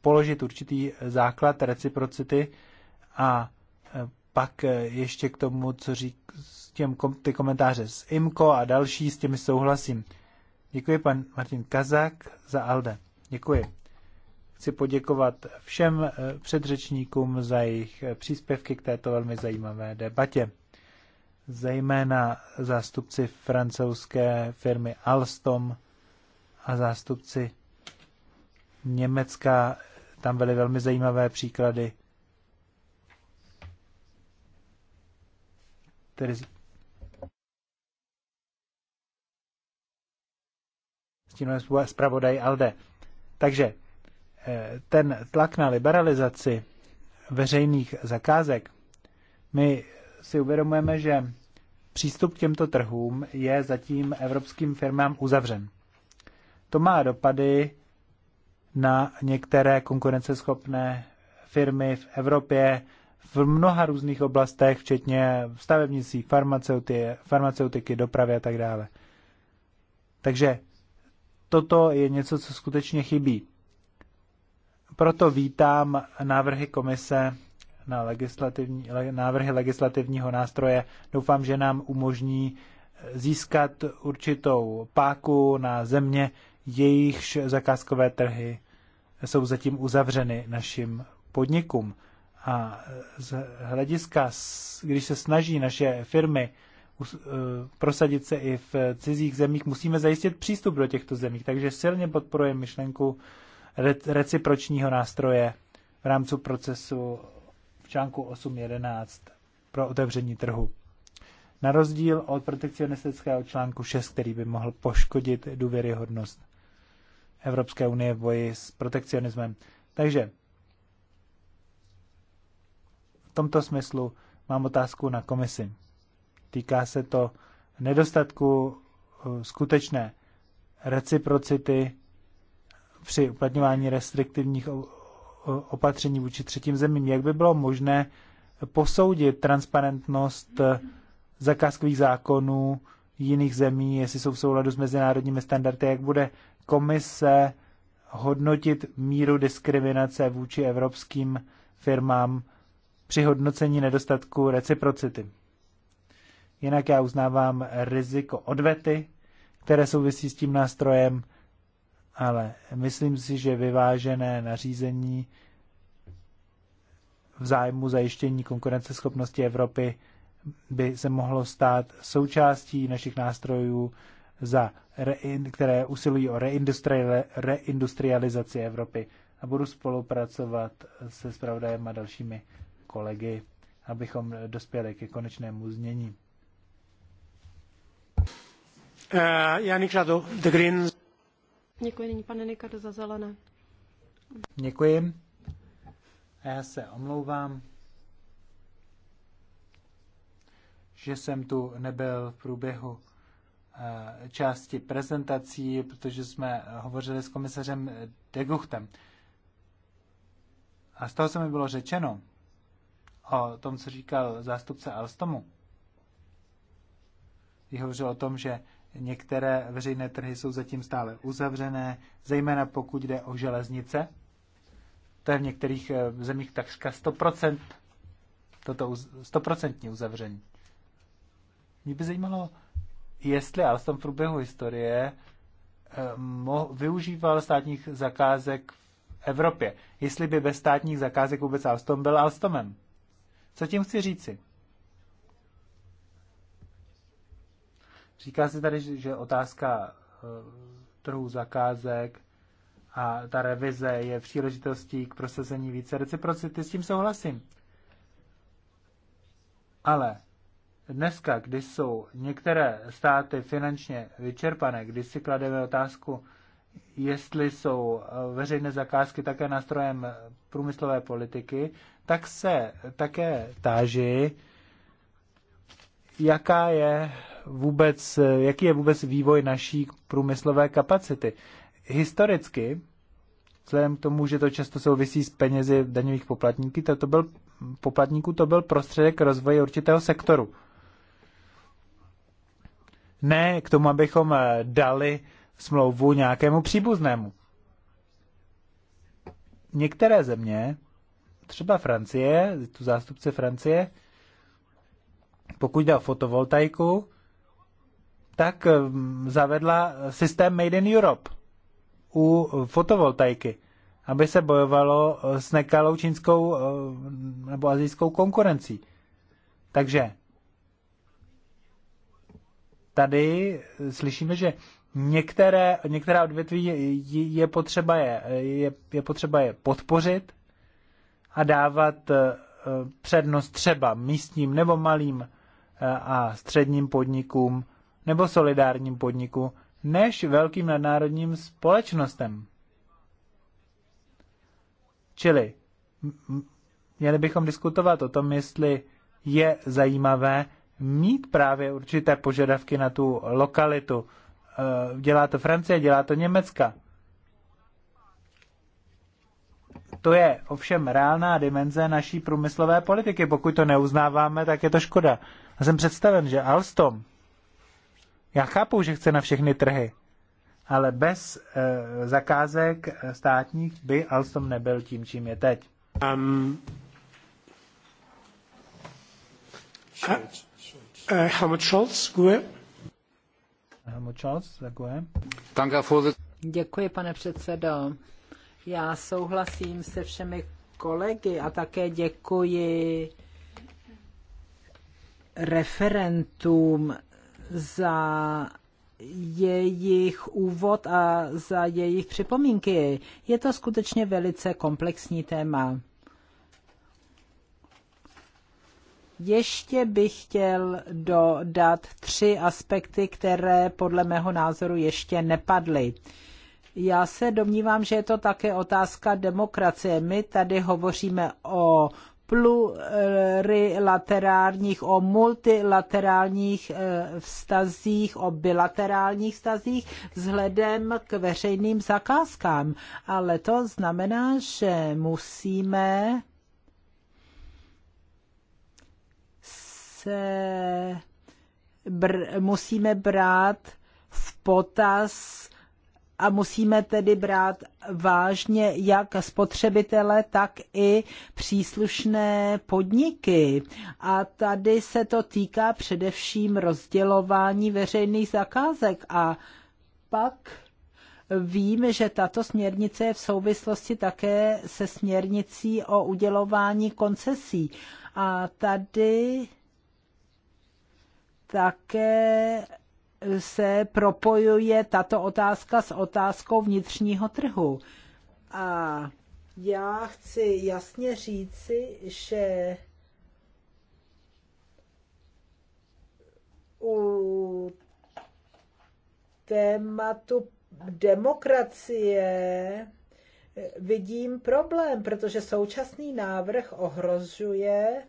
položit určitý základ reciprocity a e, pak e, ještě k tomu, co řík, s těm kom, ty komentáře z IMKO a další, s těmi souhlasím. Děkuji pan Martin Kazak za ALDE. Děkuji. Chci poděkovat všem eh, předřečníkům za jejich eh, příspěvky k této velmi zajímavé debatě. Zejména zástupci francouzské firmy Alstom a zástupci Německa, tam byly velmi zajímavé příklady. Tedy stínuje zpravodaj Alde. Takže ten tlak na liberalizaci veřejných zakázek, my si uvědomujeme, že přístup k těmto trhům je zatím evropským firmám uzavřen. To má dopady na některé konkurenceschopné firmy v Evropě v mnoha různých oblastech, včetně stavebnictví, farmaceutiky, dopravy a tak dále. Takže toto je něco, co skutečně chybí. Proto vítám návrhy komise na legislativní, návrhy legislativního nástroje. Doufám, že nám umožní získat určitou páku na země, jejichž zakázkové trhy jsou zatím uzavřeny našim podnikům. A z hlediska, když se snaží naše firmy eh, prosadit se i v cizích zemích, musíme zajistit přístup do těchto zemí. Takže silně podporuji myšlenku recipročního nástroje v rámci procesu v článku 8.11 pro otevření trhu. Na rozdíl od protekcionistického článku 6, který by mohl poškodit důvěryhodnost Evropské unie v boji s protekcionismem. Takže v tomto smyslu mám otázku na komisi. Týká se to nedostatku eh, skutečné reciprocity při uplatňování restriktivních opatření vůči třetím zemím, jak by bylo možné posoudit transparentnost zakázkových zákonů jiných zemí, jestli jsou v souladu s mezinárodními standardy, jak bude komise hodnotit míru diskriminace vůči evropským firmám při hodnocení nedostatku reciprocity. Jinak já uznávám riziko odvety, které souvisí s tím nástrojem, ale myslím si, že vyvážené nařízení v zájmu zajištění konkurenceschopnosti Evropy by se mohlo stát součástí našich nástrojů, za které usilují o reindustrializaci Evropy. A budu spolupracovat se zpravodajem a dalšími kolegy, abychom dospěli ke konečnému znění. Uh, eh, Janik Žado, The Greens. Děkuji, nyní pane Nikado za zelené. Děkuji. A já se omlouvám, že jsem tu nebyl v průběhu eh, části prezentací, protože jsme hovořili s komisařem Deguchtem. A z toho se mi bylo řečeno o tom, co říkal zástupce Alstomu. Hovořil o tom, že Některé veřejné trhy jsou zatím stále uzavřené, zejména pokud jde o železnice. To je v některých eh, zemích takřka 100%, toto 100% uzavření. Mě by zajímalo, jestli Alstom v průběhu historie eh, mo, využíval státních zakázek v Evropě. Jestli by bez státních zakázek vůbec Alstom byl Alstomem. Co tím chci říci? Říká se tady, že otázka eh, trhu zakázek a ta revize je příležitostí k prosazení více reciprocity. S tím souhlasím. Ale dneska, když jsou některé státy finančně vyčerpané, když si klademe otázku, jestli jsou eh, veřejné zakázky také nástrojem průmyslové politiky, tak se také táží, jaká je vůbec, jaký je vůbec vývoj naší průmyslové kapacity. Historicky, vzhledem k tomu, že to často souvisí s penězi daňových poplatníků, to, to byl, poplatníků, to byl prostředek rozvoje určitého sektoru. Ne k tomu, abychom eh, dali smlouvu nějakému příbuznému. Některé země, třeba Francie, tu zástupce Francie, pokud jde o fotovoltaiku, tak eh, zavedla systém Made in Europe u fotovoltaiky, aby se bojovalo eh, s nekalou čínskou eh, nebo azijskou konkurencí. Takže tady slyšíme, že některé, některá odvětví je, potřeba je, je, je potřeba je podpořit a dávat přednost třeba místním nebo malým a středním podnikům nebo solidárním podniku než velkým nadnárodním společnostem. Čili měli bychom diskutovat o tom, jestli je zajímavé mít právě určité požadavky na tu lokalitu. E, dělá to Francie, dělá to Německa. To je ovšem reálná dimenze naší průmyslové politiky. Pokud to neuznáváme, tak je to škoda. A jsem představen, že Alstom, já chápu, že chce na všechny trhy, ale bez e, zakázek státních by Alstom nebyl tím, čím je teď. Um, uh, uh, Helmut Scholz, GUE. Helmut Scholz, GUE. Děkuji, pane předsedo. Já souhlasím se všemi kolegy a také děkuji referentům za jejich úvod a za jejich připomínky. Je to skutečně velice komplexní téma. Ještě bych chtěl dodat tři aspekty, které podle mého názoru ještě nepadly. Já se domnívám, že je to také otázka demokracie. My tady hovoříme o plurilaterálních, o multilaterálních e, vztazích, o bilaterálních vztazích vzhledem k veřejným zakázkám. Ale to znamená, že musíme se br- musíme brát v potaz a musíme tedy brát vážně jak spotřebitele, tak i příslušné podniky. A tady se to týká především rozdělování veřejných zakázek. A pak Vím, že tato směrnice je v souvislosti také se směrnicí o udělování koncesí. A tady také se propojuje tato otázka s otázkou vnitřního trhu. A já chci jasně říci, že u tématu demokracie vidím problém, protože současný návrh ohrožuje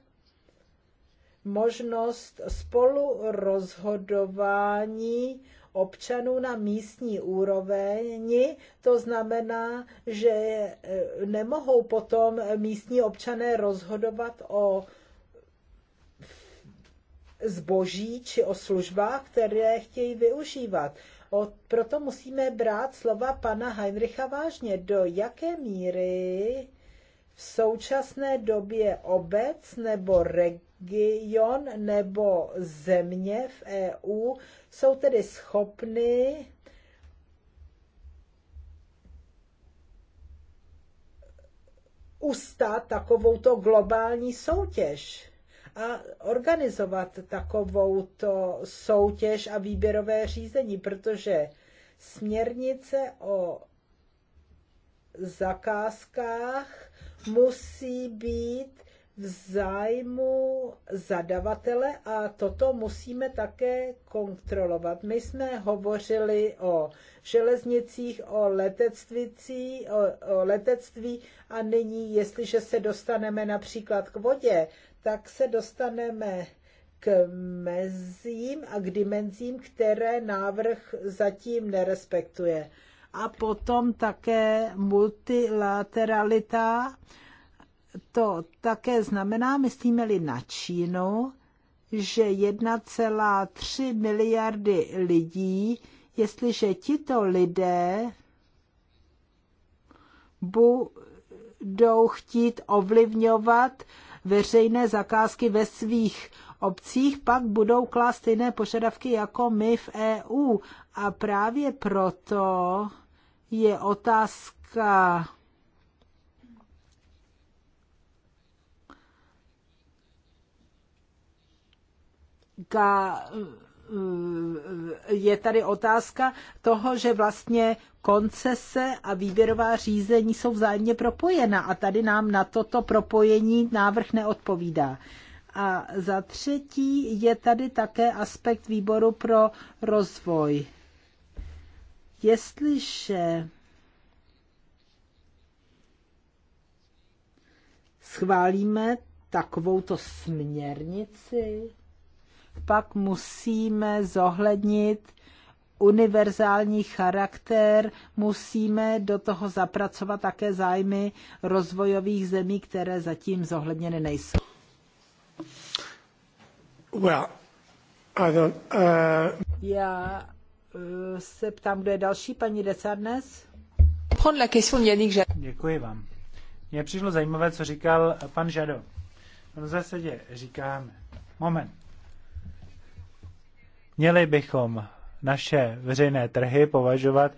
možnost spolurozhodování občanů na místní úrovni. To znamená, že eh, nemohou potom místní občané rozhodovat o zboží či o službách, které chtějí využívat. O, proto musíme brát slova pana Heinricha vážně. Do jaké míry v současné době obec nebo regi- region nebo země v EU jsou tedy schopny ustat takovouto globální soutěž a organizovat takovouto soutěž a výběrové řízení, protože směrnice o zakázkách musí být v zájmu zadavatele a toto musíme také kontrolovat. My jsme hovořili o železnicích, o letectví, o, o letectví a nyní, jestliže se dostaneme například k vodě, tak se dostaneme k mezím a k dimenzím, které návrh zatím nerespektuje. A potom také multilateralita, to také znamená, myslíme-li na Čínu, že 1,3 miliardy lidí, jestliže tito lidé budou chtít ovlivňovat veřejné zakázky ve svých obcích, pak budou klást stejné požadavky jako my v EU. A právě proto je otázka Eh, eh, je tady otázka toho, že vlastně koncese a výběrová řízení jsou vzájemně propojena a tady nám na toto propojení návrh neodpovídá. A za třetí je tady také aspekt výboru pro rozvoj. Jestliže schválíme takovouto směrnici, pak musíme zohlednit univerzální charakter, musíme do toho zapracovat také zájmy rozvojových zemí, které zatím zohledněny nejsou. Well, I don't, uh... Já uh, se ptám, kdo je další, paní Desarnes? Děkuji vám. Mně přišlo zajímavé, co říkal pan Žado. On no, v zásadě říká, moment, Měli bychom naše veřejné trhy považovat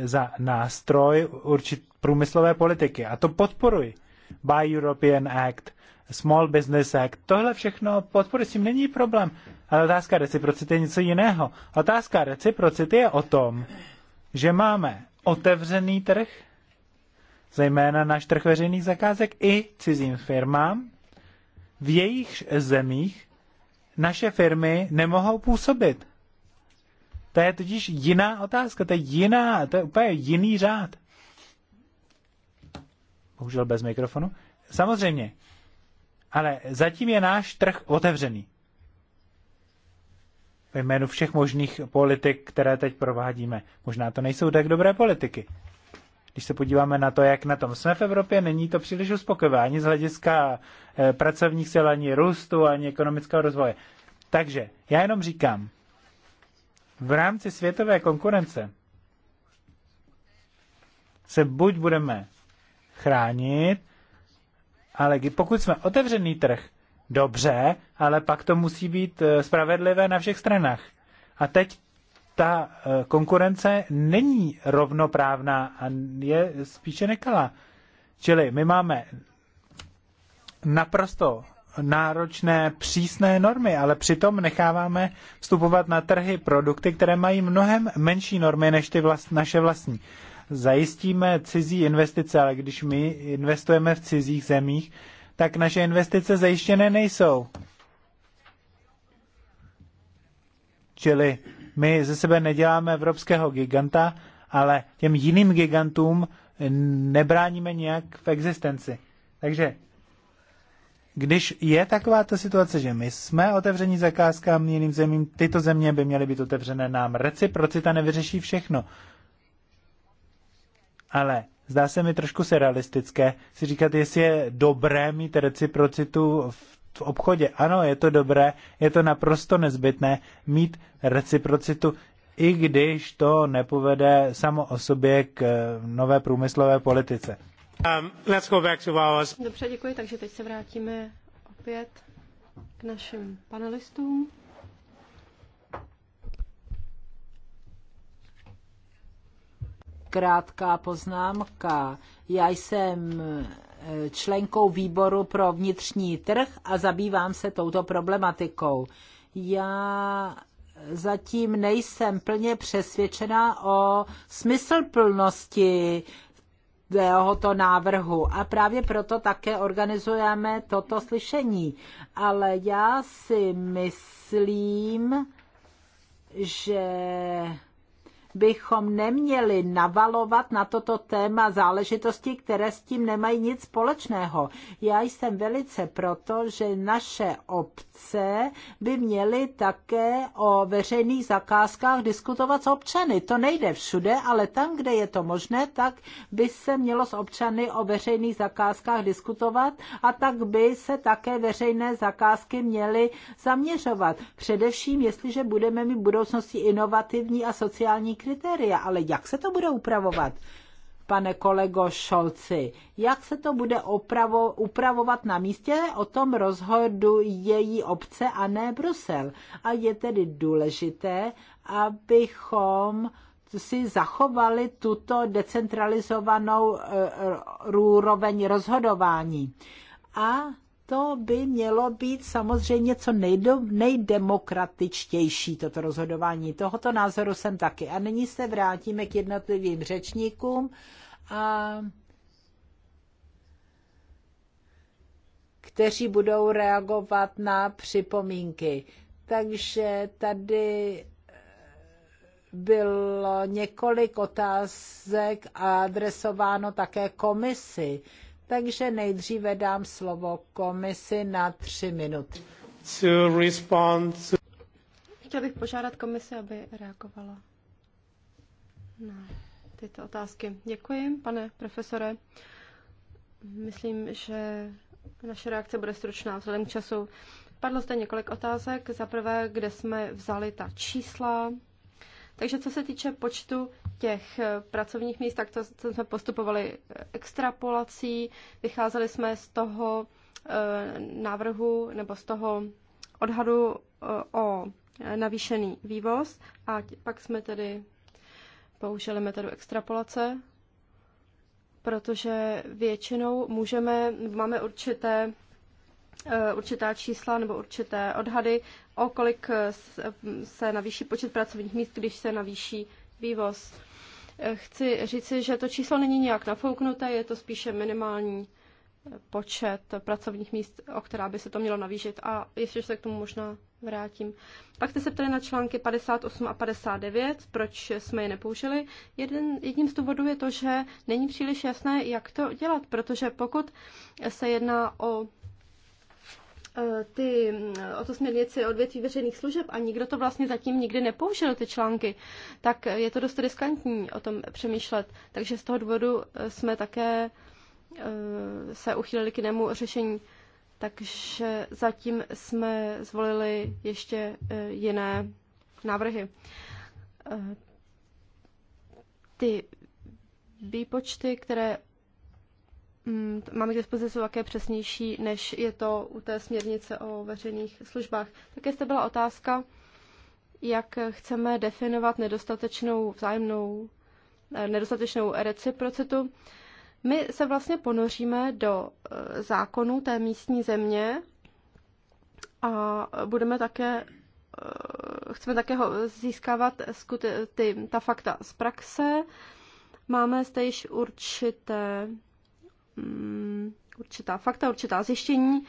za nástroj určit průmyslové politiky. A to podporuji. Buy European Act, Small Business Act, tohle všechno podporuji, s tím není problém. Ale otázka reciprocity je něco jiného. Otázka reciprocity je o tom, že máme otevřený trh, zejména náš trh veřejných zakázek, i cizím firmám v jejich zemích, naše firmy nemohou působit. To je totiž jiná otázka, to je jiná, to je úplně jiný řád. Bohužel bez mikrofonu. Samozřejmě. Ale zatím je náš trh otevřený. Ve jménu všech možných politik, které teď provádíme. Možná to nejsou tak dobré politiky když se podíváme na to, jak na tom jsme v Evropě, není to příliš uspokojivé ani z hlediska eh, pracovních sil, ani růstu, ani ekonomického rozvoje. Takže já jenom říkám, v rámci světové konkurence se buď budeme chránit, ale pokud jsme otevřený trh, dobře, ale pak to musí být eh, spravedlivé na všech stranách. A teď ta eh, konkurence není rovnoprávná a je spíše nekalá. Čili my máme naprosto náročné, přísné normy, ale přitom necháváme vstupovat na trhy produkty, které mají mnohem menší normy než ty vlast, naše vlastní. Zajistíme cizí investice, ale když my investujeme v cizích zemích, tak naše investice zajištěné nejsou. Čili my ze sebe neděláme evropského giganta, ale těm jiným gigantům nebráníme nějak v existenci. Takže když je taková ta situace, že my jsme otevření zakázkám jiným zemím, tyto země by měly být otevřené nám. Reciprocita nevyřeší všechno. Ale zdá se mi trošku surrealistické si říkat, jestli je dobré mít reciprocitu v v obchodě. Ano, je to dobré, je to naprosto nezbytné mít reciprocitu, i když to nepovede samo o sobě k eh, nové průmyslové politice. Um, let's go back to our... Dobře, děkuji, takže teď se vrátíme opět k našim panelistům. Krátká poznámka. Já jsem členkou výboru pro vnitřní trh a zabývám se touto problematikou. Já zatím nejsem plně přesvědčena o smyslplnosti tohoto návrhu. A právě proto také organizujeme toto slyšení. Ale já si myslím, že bychom neměli navalovat na toto téma záležitosti, které s tím nemají nic společného. Já jsem velice proto, že naše obce by měly také o veřejných zakázkách diskutovat s občany. To nejde všude, ale tam, kde je to možné, tak by se mělo s občany o veřejných zakázkách diskutovat a tak by se také veřejné zakázky měly zaměřovat. Především, jestliže budeme mít v budoucnosti inovativní a sociální kritéria, ale jak se to bude upravovat? Pane kolego Šolci, jak se to bude opravo, upravovat na místě, o tom rozhodu její obce a ne Brusel. A je tedy důležité, abychom si zachovali tuto decentralizovanou úroveň eh, rozhodování. A to by mělo být samozřejmě co nejdo, nejdemokratičtější toto rozhodování. Tohoto názoru jsem taky. A nyní se vrátíme k jednotlivým řečníkům a kteří budou reagovat na připomínky. Takže tady eh, bylo několik otázek adresováno také komisi. Takže nejdříve dám slovo komisi na tři minuty. To to... Chtěl bych požádat komisi, aby reagovala na tyto otázky. Děkuji, pane profesore. Myslím, že naše reakce bude stručná vzhledem k času. Padlo zde několik otázek. Za prvé, kde jsme vzali ta čísla. Takže co se týče počtu těch eh, pracovních míst, tak to, to jsme postupovali extrapolací, vycházeli jsme z toho eh, návrhu nebo z toho odhadu eh, o navýšený vývoz a pak jsme tedy použili metodu extrapolace, protože většinou můžeme, máme určité určitá čísla nebo určité odhady, o kolik se navýší počet pracovních míst, když se navýší vývoz. Chci říci, že to číslo není nijak nafouknuté, je to spíše minimální počet pracovních míst, o která by se to mělo navýšit a ještě se k tomu možná vrátím. Pak jste se ptali na články 58 a 59, proč jsme je nepoužili. Jeden, jedním z důvodů je to, že není příliš jasné, jak to dělat, protože pokud se jedná o Eh, ty, eh, o tu směrnici odvětví veřejných služeb a nikdo to vlastně zatím nikdy nepoužil, ty články, tak je to dost riskantní o tom přemýšlet. Takže z toho důvodu eh, jsme také se uchýlili k jinému řešení. Takže zatím jsme zvolili ještě jiné návrhy. Ty výpočty, které Mm, máme k dispozici také přesnější, než je to u té směrnice o veřejných službách. Také jste byla otázka, jak chceme definovat nedostatečnou vzájemnou, eh, nedostatečnou reciprocitu. My se vlastně ponoříme do eh, zákonu té místní země a budeme také, eh, chceme také získávat ty, ta fakta z praxe. Máme zde již určité Mm, určitá fakta, určitá zjištění,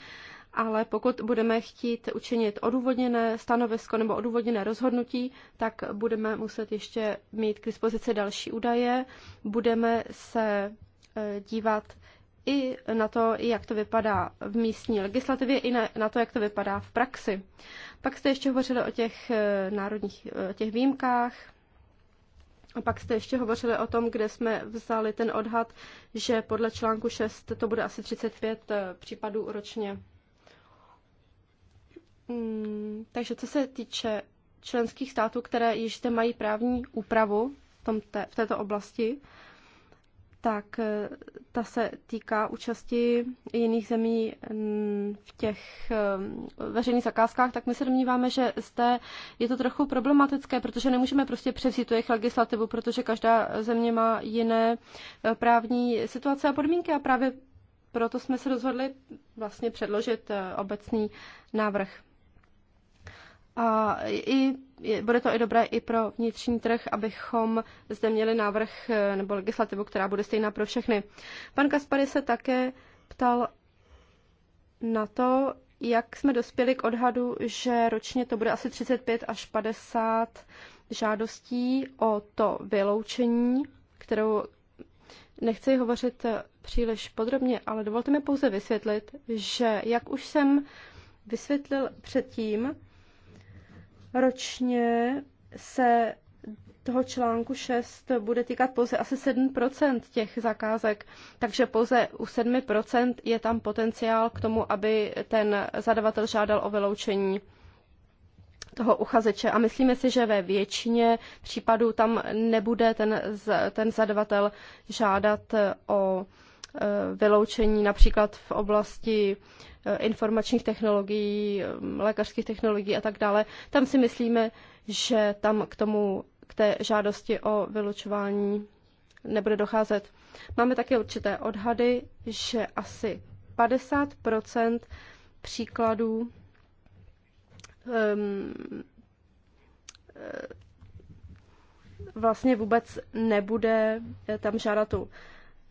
ale pokud budeme chtít učinit odůvodněné stanovisko nebo odůvodněné rozhodnutí, tak budeme muset ještě mít k dispozici další údaje, budeme se e, dívat i na to, jak to vypadá v místní legislativě, i na, to, jak to vypadá v praxi. Pak jste ještě hovořili o těch e, národních e, těch výjimkách. A pak jste ještě hovořili o tom, kde jsme vzali ten odhad, že podle článku 6 to bude asi 35 eh, případů ročně. Hmm, takže co se týče členských států, které již zde mají právní úpravu v, tomte, v této oblasti, tak eh, ta se týká účasti jiných zemí mm, v těch eh, veřejných zakázkách, tak my se domníváme, že zde je to trochu problematické, protože nemůžeme prostě převzít tu jejich legislativu, protože každá země má jiné eh, právní situace a podmínky a právě proto jsme se rozhodli vlastně předložit obecný návrh. A i bude to i dobré i pro vnitřní trh, abychom zde měli návrh eh, nebo legislativu, která bude stejná pro všechny. Pan Kaspary se také ptal na to, jak jsme dospěli k odhadu, že ročně to bude asi 35 až 50 žádostí o to vyloučení, kterou nechci hovořit eh, příliš podrobně, ale dovolte mi pouze vysvětlit, že jak už jsem vysvětlil předtím, Ročně se toho článku 6 bude týkat pouze asi 7% těch zakázek, takže pouze u 7% je tam potenciál k tomu, aby ten zadavatel žádal o vyloučení toho uchazeče. A myslíme si, že ve většině případů tam nebude ten, ten zadavatel žádat o e, vyloučení například v oblasti Eh, informačních technologií, eh, lékařských technologií a tak dále. Tam si myslíme, že tam k tomu, k té žádosti o vylučování nebude docházet. Máme také určité odhady, že asi 50 příkladů um, vlastně vůbec nebude tam žádat tu um,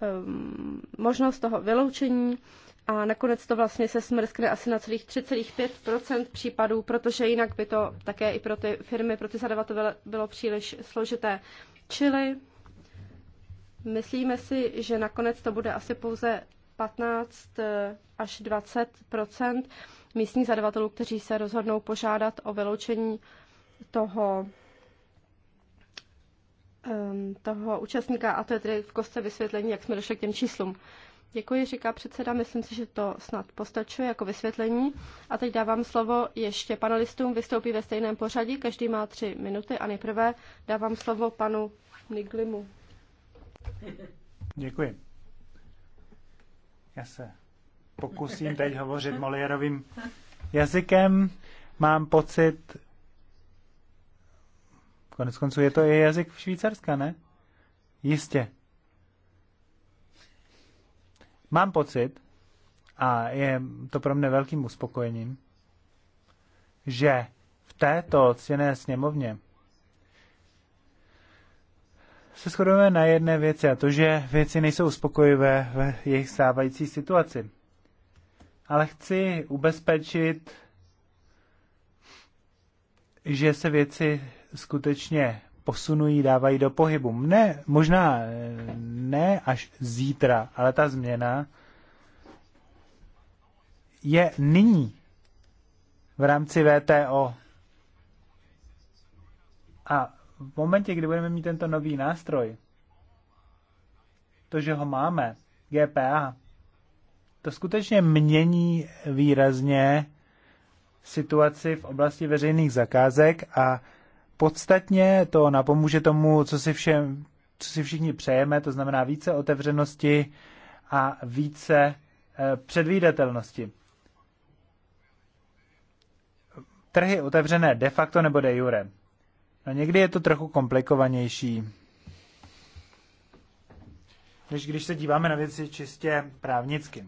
ehm, možnost toho vyloučení a nakonec to vlastně se smrskne asi na celých 3,5 případů, protože jinak by to také i pro ty firmy, pro ty zadavatele bylo příliš složité. Čili myslíme si, že nakonec to bude asi pouze 15 eh, až 20 místních zadavatelů, kteří se rozhodnou požádat o vyloučení toho ehm, toho účastníka a to je tedy v kostce vysvětlení, jak jsme došli k těm číslům. Děkuji, říká předseda. Myslím si, že to snad postačuje jako vysvětlení. A teď dávám slovo ještě panelistům. Vystoupí ve stejném pořadí. Každý má tři minuty a nejprve dávám slovo panu Niglimu. Děkuji. Já se pokusím teď hovořit Molierovým jazykem. Mám pocit, konec konců je to i jazyk Švýcarska, ne? Jistě. Mám pocit, a je to pro mě velkým uspokojením, že v této ctěné sněmovně se shodujeme na jedné věci, a to, že věci nejsou uspokojivé v jejich stávající situaci. Ale chci ubezpečit, že se věci skutečně posunují, dávají do pohybu. Ne, možná eh, ne až zítra, ale ta změna je nyní v rámci VTO. A v momentě, kdy budeme mít tento nový nástroj, to, že ho máme, GPA, to skutečně mění výrazně situaci v oblasti veřejných zakázek a podstatně to napomůže tomu, co si, všem, co si všichni přejeme, to znamená více otevřenosti a více eh, předvídatelnosti. Trhy otevřené de facto nebo de jure. No někdy je to trochu komplikovanější. Než když se díváme na věci čistě právnicky.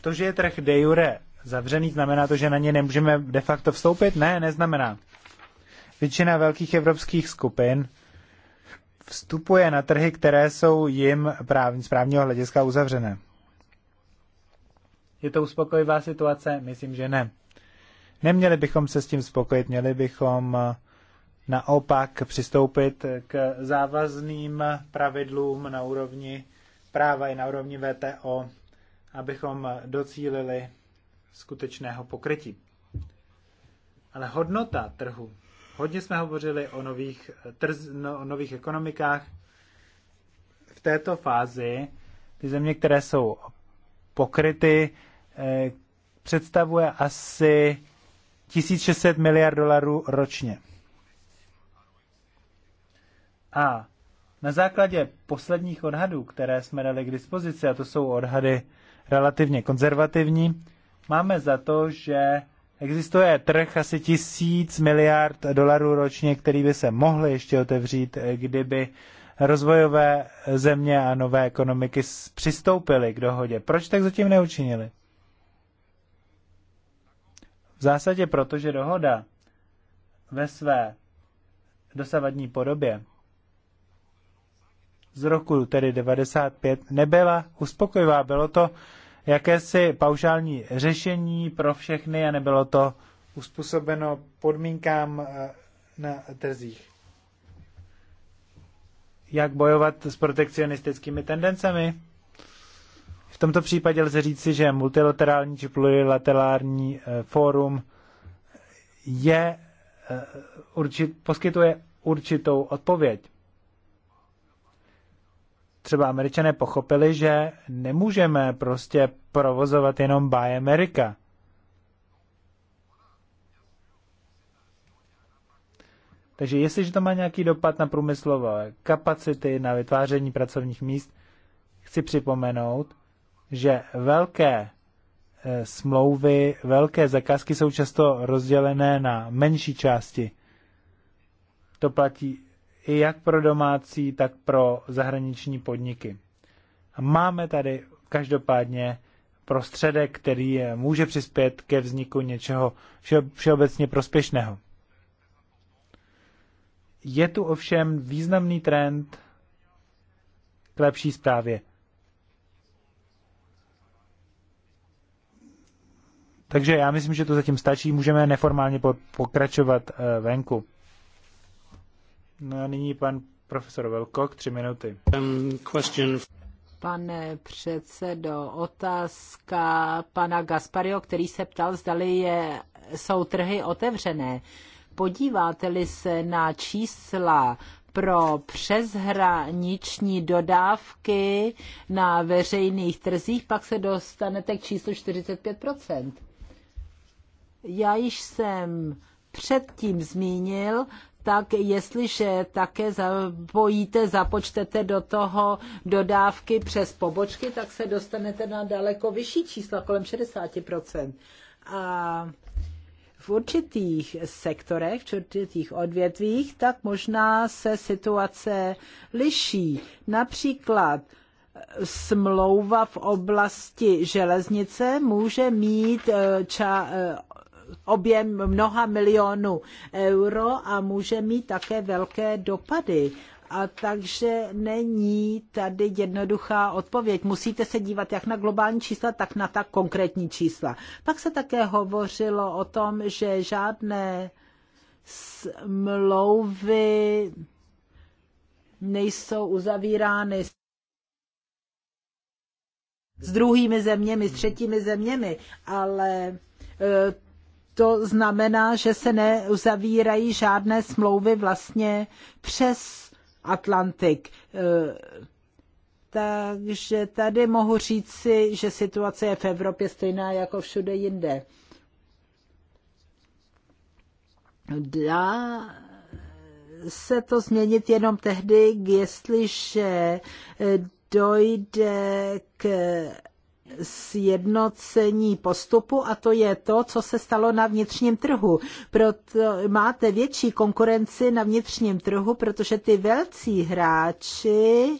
To, že je trh de jure zavřený, znamená to, že na ně nemůžeme de facto vstoupit? Ne, neznamená. Většina velkých evropských skupin vstupuje na trhy, které jsou jim právní, z právního hlediska uzavřené. Je to uspokojivá situace? Myslím, že ne. Neměli bychom se s tím spokojit, měli bychom eh, naopak přistoupit k závazným pravidlům na úrovni práva i na úrovni VTO, abychom docílili skutečného pokrytí. Ale hodnota trhu. Hodně jsme hovořili o nových, trz, no, o nových ekonomikách. V této fázi ty země, které jsou pokryty, eh, představuje asi 1600 miliard dolarů ročně. A na základě posledních odhadů, které jsme dali k dispozici, a to jsou odhady relativně konzervativní, máme za to, že existuje trh asi tisíc miliard dolarů ročně, který by se mohl ještě otevřít, kdyby rozvojové země a nové ekonomiky přistoupily k dohodě. Proč tak zatím neučinili? V zásadě proto, že dohoda ve své dosavadní podobě z roku tedy 95 nebyla uspokojivá. Bylo to jakési paušální řešení pro všechny a nebylo to uspůsobeno podmínkám eh, na trzích. Jak bojovat s protekcionistickými tendencemi? V tomto případě lze říci, že multilaterální či plurilaterální eh, fórum je, eh, určit, poskytuje určitou odpověď třeba američané pochopili, že nemůžeme prostě provozovat jenom Buy America. Takže jestliže to má nějaký dopad na průmyslové kapacity, na vytváření pracovních míst, chci připomenout, že velké e, smlouvy, velké zakázky jsou často rozdělené na menší části. To platí i jak pro domácí, tak pro zahraniční podniky. A máme tady každopádně prostředek, který může přispět ke vzniku něčeho všeobecně prospěšného. Je tu ovšem významný trend k lepší zprávě. Takže já myslím, že to zatím stačí, můžeme neformálně pokračovat eh, venku. No a nyní pan profesor Velkok, tři minuty. Um, question. Pane předsedo, otázka pana Gaspario, který se ptal, zdali je, jsou trhy otevřené. Podíváte-li se na čísla pro přeshraniční dodávky na veřejných trzích, pak se dostanete k číslu 45 Já již jsem předtím zmínil, tak jestliže také zapojíte, započtete do toho dodávky přes pobočky, tak se dostanete na daleko vyšší čísla, kolem 60%. A v určitých sektorech, v určitých odvětvích, tak možná se situace liší. Například eh, smlouva v oblasti železnice může mít eh, ča, eh, objem mnoha milionů euro a může mít také velké dopady a takže není tady jednoduchá odpověď. Musíte se dívat jak na globální čísla, tak na ta konkrétní čísla. Pak se také hovořilo o tom, že žádné smlouvy nejsou uzavírány s druhými zeměmi, s třetími zeměmi, ale e, to znamená, že se neuzavírají žádné smlouvy vlastně přes Atlantik. E, takže tady mohu říci, že situace je v Evropě stejná jako všude jinde. Dá se to změnit jenom tehdy, jestliže dojde k sjednocení postupu a to je to, co se stalo na vnitřním trhu. Proto máte větší konkurenci na vnitřním trhu, protože ty velcí hráči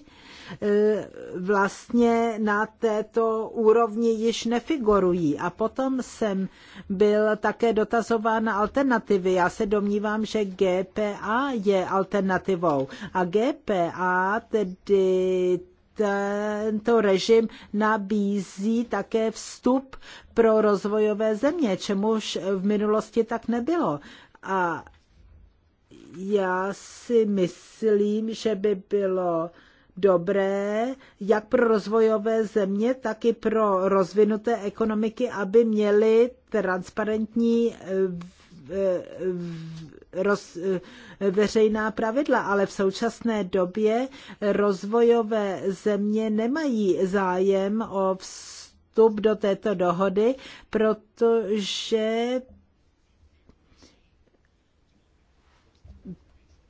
eh, vlastně na této úrovni již nefigurují. A potom jsem byl také dotazován na alternativy. Já se domnívám, že GPA je alternativou. A GPA tedy tento režim nabízí také vstup pro rozvojové země, čemuž v minulosti tak nebylo. A já si myslím, že by bylo dobré jak pro rozvojové země, tak i pro rozvinuté ekonomiky, aby měly transparentní eh, roz, veřejná pravidla, ale v současné době rozvojové země nemají zájem o vstup do této dohody, protože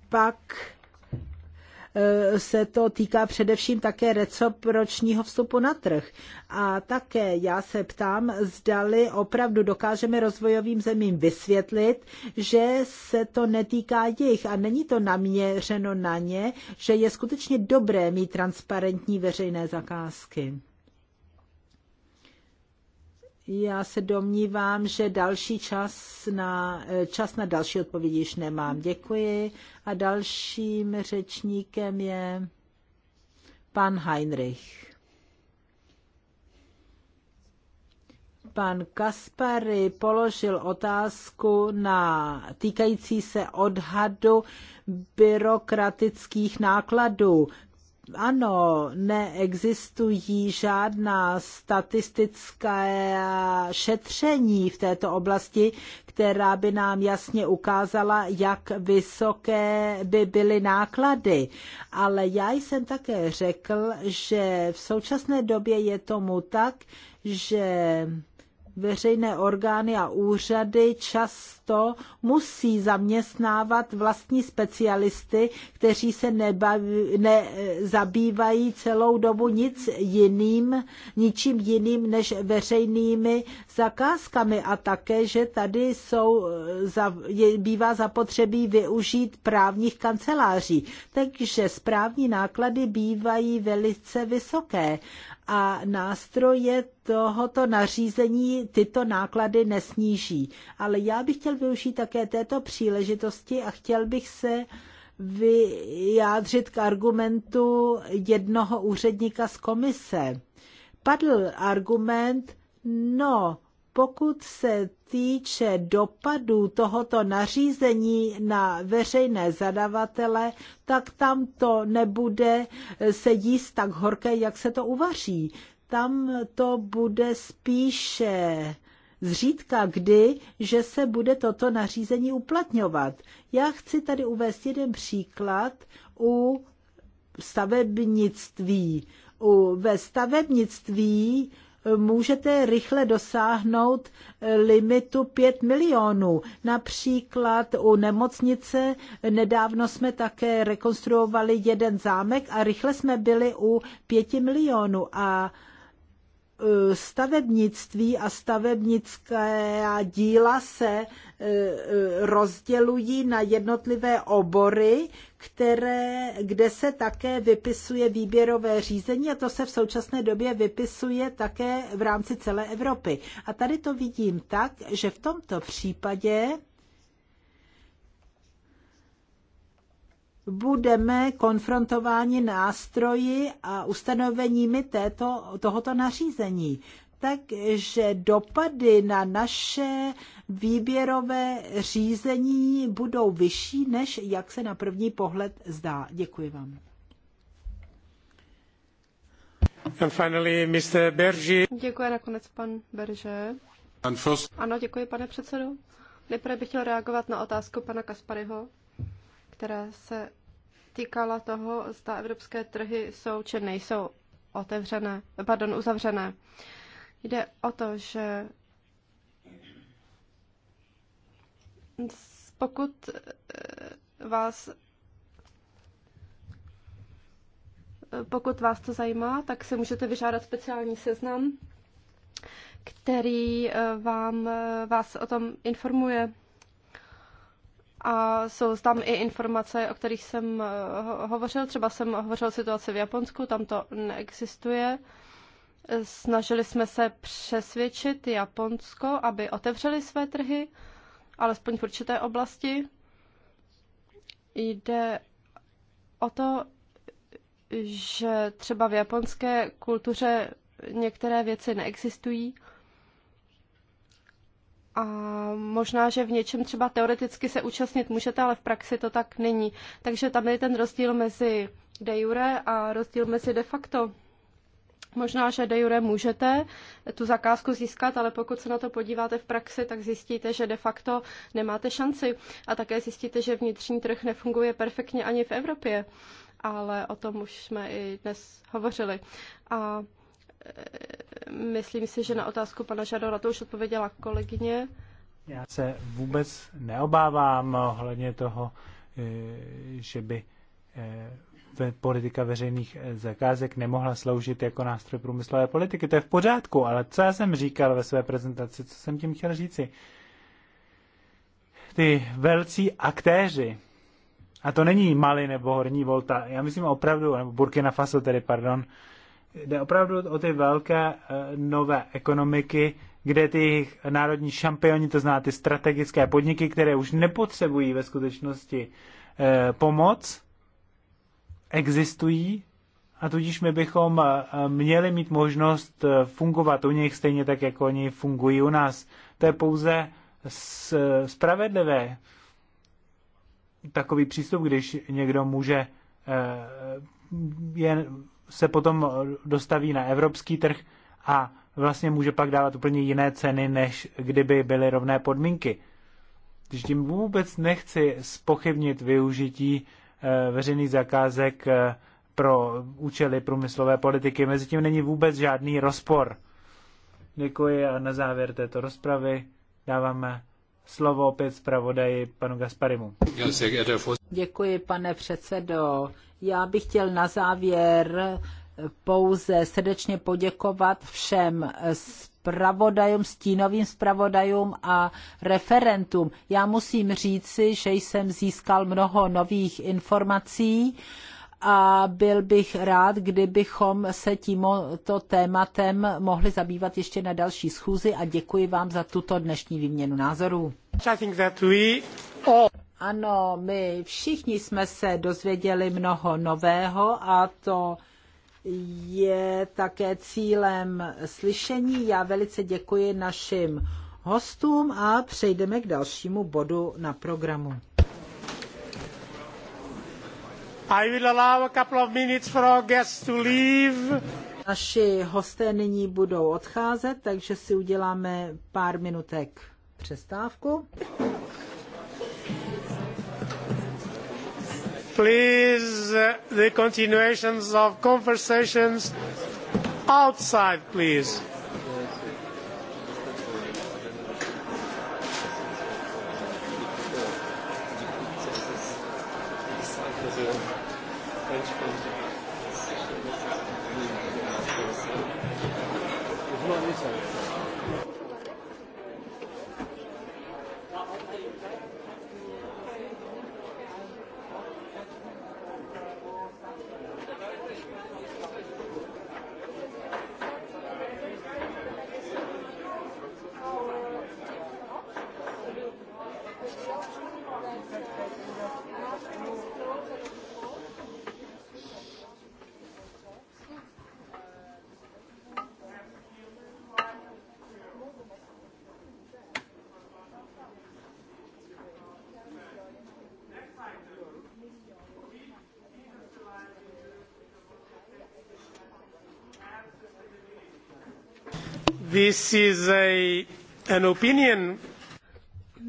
pak Eh, se to týká především také recipročního vstupu na trh. A také já se ptám, zdali opravdu dokážeme rozvojovým zemím vysvětlit, že se to netýká jich a není to naměřeno na ně, že je skutečně dobré mít transparentní veřejné zakázky. Já se domnívám, že další čas na, čas na další odpovědi již nemám. Děkuji. A dalším řečníkem je pan Heinrich. Pan Kaspary položil otázku na týkající se odhadu byrokratických nákladů. Ano, neexistují žádná statistická šetření v této oblasti, která by nám jasně ukázala, jak vysoké by byly náklady. Ale já jsem také řekl, že v současné době je tomu tak, že veřejné orgány a úřady často musí zaměstnávat vlastní specialisty, kteří se nezabývají ne, celou dobu nic jiným, ničím jiným než veřejnými zakázkami a také, že tady jsou, bývá zapotřebí využít právních kanceláří. Takže správní náklady bývají velice vysoké a nástroje tohoto nařízení tyto náklady nesníží. Ale já bych chtěl využít také této příležitosti a chtěl bych se vyjádřit k argumentu jednoho úředníka z komise. Padl argument, no, pokud se týče dopadů tohoto nařízení na veřejné zadavatele, tak tam to nebude se jíst tak horké, jak se to uvaří. Tam to bude spíše zřídka kdy, že se bude toto nařízení uplatňovat. Já chci tady uvést jeden příklad u stavebnictví. U, ve stavebnictví můžete rychle dosáhnout eh, limitu 5 milionů. Například u nemocnice nedávno jsme také rekonstruovali jeden zámek a rychle jsme byli u 5 milionů a eh, stavebnictví a stavebnické díla se eh, rozdělují na jednotlivé obory, které, kde se také vypisuje výběrové řízení a to se v současné době vypisuje také v rámci celé Evropy. A tady to vidím tak, že v tomto případě budeme konfrontováni nástroji a ustanoveními této, tohoto nařízení takže dopady na naše výběrové řízení budou vyšší, než jak se na první pohled zdá. Děkuji vám. And finally, Mr. Berži. Děkuji nakonec pan Berže. Ano, děkuji pane předsedo. Nejprve bych chtěl reagovat na otázku pana Kaspariho, která se týkala toho, zda evropské trhy jsou či nejsou otevřené, pardon, uzavřené. Uh, Jde o to, že pokud eh, vás eh, pokud vás to zajímá, tak si můžete vyžádat speciální seznam, který eh, vám, vás o tom informuje. A jsou tam i informace, o kterých jsem hovořil. Třeba jsem hovořil o situaci v Japonsku, tam to neexistuje. Snažili jsme se přesvědčit Japonsko, aby otevřeli své trhy, alespoň v určité oblasti. Jde o to, že třeba v japonské kultuře některé věci neexistují a možná, že v něčem třeba teoreticky se účastnit můžete, ale v praxi to tak není. Takže tam je ten rozdíl mezi de jure a rozdíl mezi de facto. Možná, že de jure můžete tu zakázku získat, ale pokud se na to podíváte v praxi, tak zjistíte, že de facto nemáte šanci. A také zjistíte, že vnitřní trh nefunguje perfektně ani v Evropě. Ale o tom už jsme i dnes hovořili. A e, myslím si, že na otázku pana Žadora to už odpověděla kolegyně. Já se vůbec neobávám ohledně toho, e, že by e, politika veřejných eh, zakázek nemohla sloužit jako nástroj průmyslové politiky. To je v pořádku, ale co já jsem říkal ve své prezentaci, co jsem tím chtěl říci? Ty velcí aktéři, a to není Mali nebo Horní Volta, já myslím opravdu, nebo Burkina Faso tedy, pardon, jde opravdu o ty velké eh, nové ekonomiky, kde ty národní šampioni, to zná ty strategické podniky, které už nepotřebují ve skutečnosti eh, pomoc, existují a tudíž my bychom eh, měli mít možnost eh, fungovat u nich stejně tak, jako oni fungují u nás. To je pouze spravedlivé. Takový přístup, když někdo může eh, je, se potom dostaví na evropský trh a vlastně může pak dávat úplně jiné ceny, než kdyby byly rovné podmínky. Když tím vůbec nechci spochybnit využití Eh, veřejných zakázek eh, pro účely průmyslové politiky. mezi tím není vůbec žádný rozpor. Děkuji a na závěr této rozpravy dáváme slovo opět zpravodaji panu Gasparimu. Děkuji, pane předsedo. Já bych chtěl na závěr pouze srdečně poděkovat všem zpravodajům, stínovým zpravodajům a referentům. Já musím říci, že jsem získal mnoho nových informací a byl bych rád, kdybychom se tímto tématem mohli zabývat ještě na další schůzi a děkuji vám za tuto dnešní výměnu názorů. Ano, my všichni jsme se dozvěděli mnoho nového a to je také cílem slyšení. Já velice děkuji našim hostům a přejdeme k dalšímu bodu na programu. I will allow a couple of minutes for our guests to leave. Naši hosté nyní budou odcházet, takže si uděláme pár minutek přestávku. Please, uh, the continuations of conversations outside, please.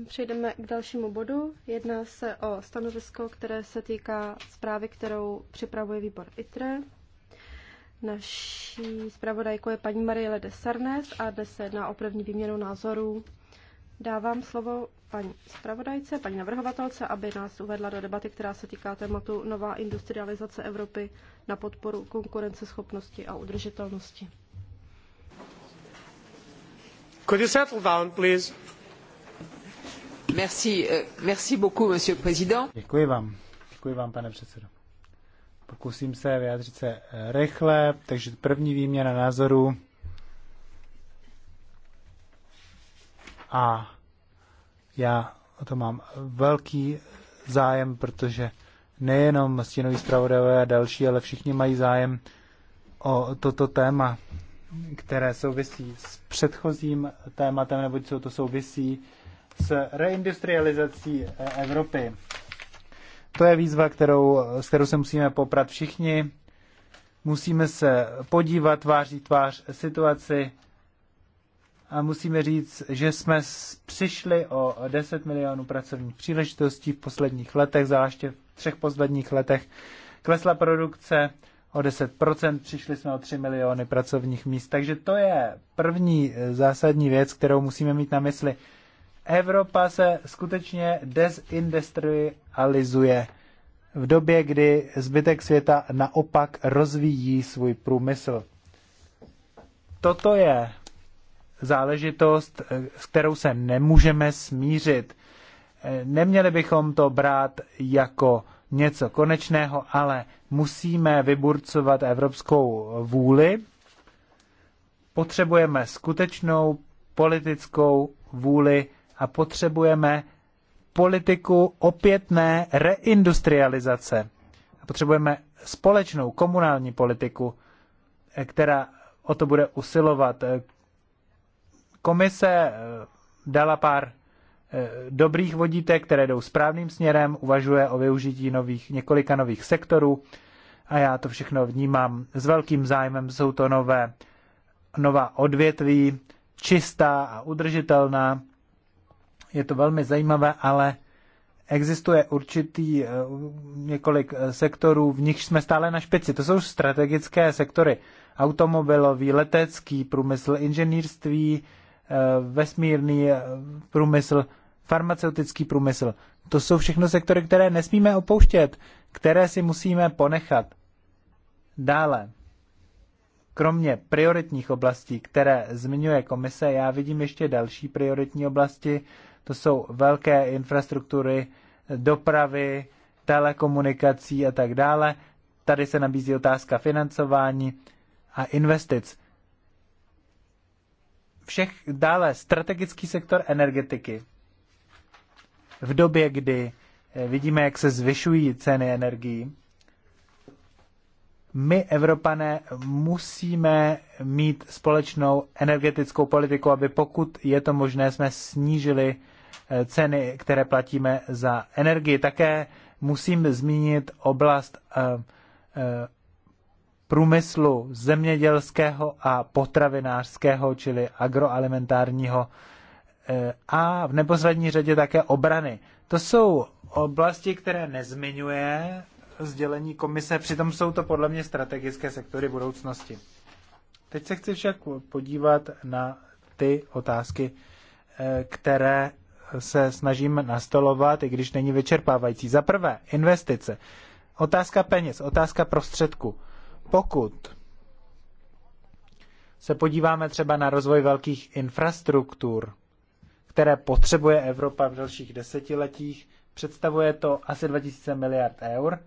Přejdeme k dalšímu bodu. Jedná se o stanovisko, které se týká zprávy, kterou připravuje výbor ITRE. Naší zpravodajkou je paní marie de Sarnes a dnes se jedná o první výměnu názorů. Dávám slovo paní zpravodajce, paní navrhovatelce, aby nás uvedla do debaty, která se týká tématu nová industrializace Evropy na podporu konkurenceschopnosti a udržitelnosti. Euh, Děkuji vám. Děkuji vám, pane předsedo. Pokusím se vyjádřit se eh, rychle, takže první výměna názorů. A já o to mám velký zájem, protože nejenom stínoví zpravodajové a další, ale všichni mají zájem o toto téma které souvisí s předchozím tématem, nebo co to souvisí s reindustrializací Evropy. To je výzva, kterou, s kterou se musíme poprat všichni. Musíme se podívat tváří tvář situaci a musíme říct, že jsme přišli o 10 milionů pracovních příležitostí v posledních letech, zvláště v třech posledních letech. Klesla produkce, o 10%, přišli jsme o 3 miliony pracovních míst. Takže to je první eh, zásadní věc, kterou musíme mít na mysli. Evropa se skutečně dezindustrializuje v době, kdy zbytek světa naopak rozvíjí svůj průmysl. Toto je záležitost, eh, s kterou se nemůžeme smířit. Eh, neměli bychom to brát jako něco konečného, ale musíme vyburcovat evropskou vůli. Potřebujeme skutečnou politickou vůli a potřebujeme politiku opětné reindustrializace. Potřebujeme společnou komunální politiku, která o to bude usilovat. Komise dala pár Eh, dobrých vodítek, které jdou správným směrem, uvažuje o využití nových, několika nových sektorů a já to všechno vnímám s velkým zájmem. Jsou to nové, nová odvětví, čistá a udržitelná. Je to velmi zajímavé, ale existuje určitý eh, několik eh, sektorů, v nich jsme stále na špici. To jsou strategické sektory. Automobilový, letecký průmysl, inženýrství, vesmírný průmysl farmaceutický průmysl. To jsou všechno sektory, které nesmíme opouštět, které si musíme ponechat. Dále, kromě prioritních oblastí, které zmiňuje komise, já vidím ještě další prioritní oblasti. To jsou velké infrastruktury, dopravy, telekomunikací a tak dále. Tady se nabízí otázka financování a investic. Všech dále strategický sektor energetiky v době, kdy eh, vidíme, jak se zvyšují ceny energií, my, Evropané, musíme mít společnou energetickou politiku, aby pokud je to možné, jsme snížili eh, ceny, které platíme za energii. Také musím zmínit oblast eh, průmyslu zemědělského a potravinářského, čili agroalimentárního a v neposlední řadě také obrany. To jsou oblasti, které nezmiňuje sdělení komise, přitom jsou to podle mě strategické sektory budoucnosti. Teď se chci však podívat na ty otázky, eh, které se snažím nastolovat, i když není vyčerpávající. Za prvé, investice. Otázka peněz, otázka prostředku. Pokud se podíváme třeba na rozvoj velkých infrastruktur, které potřebuje Evropa v dalších desetiletích. Představuje to asi 2000 miliard eur.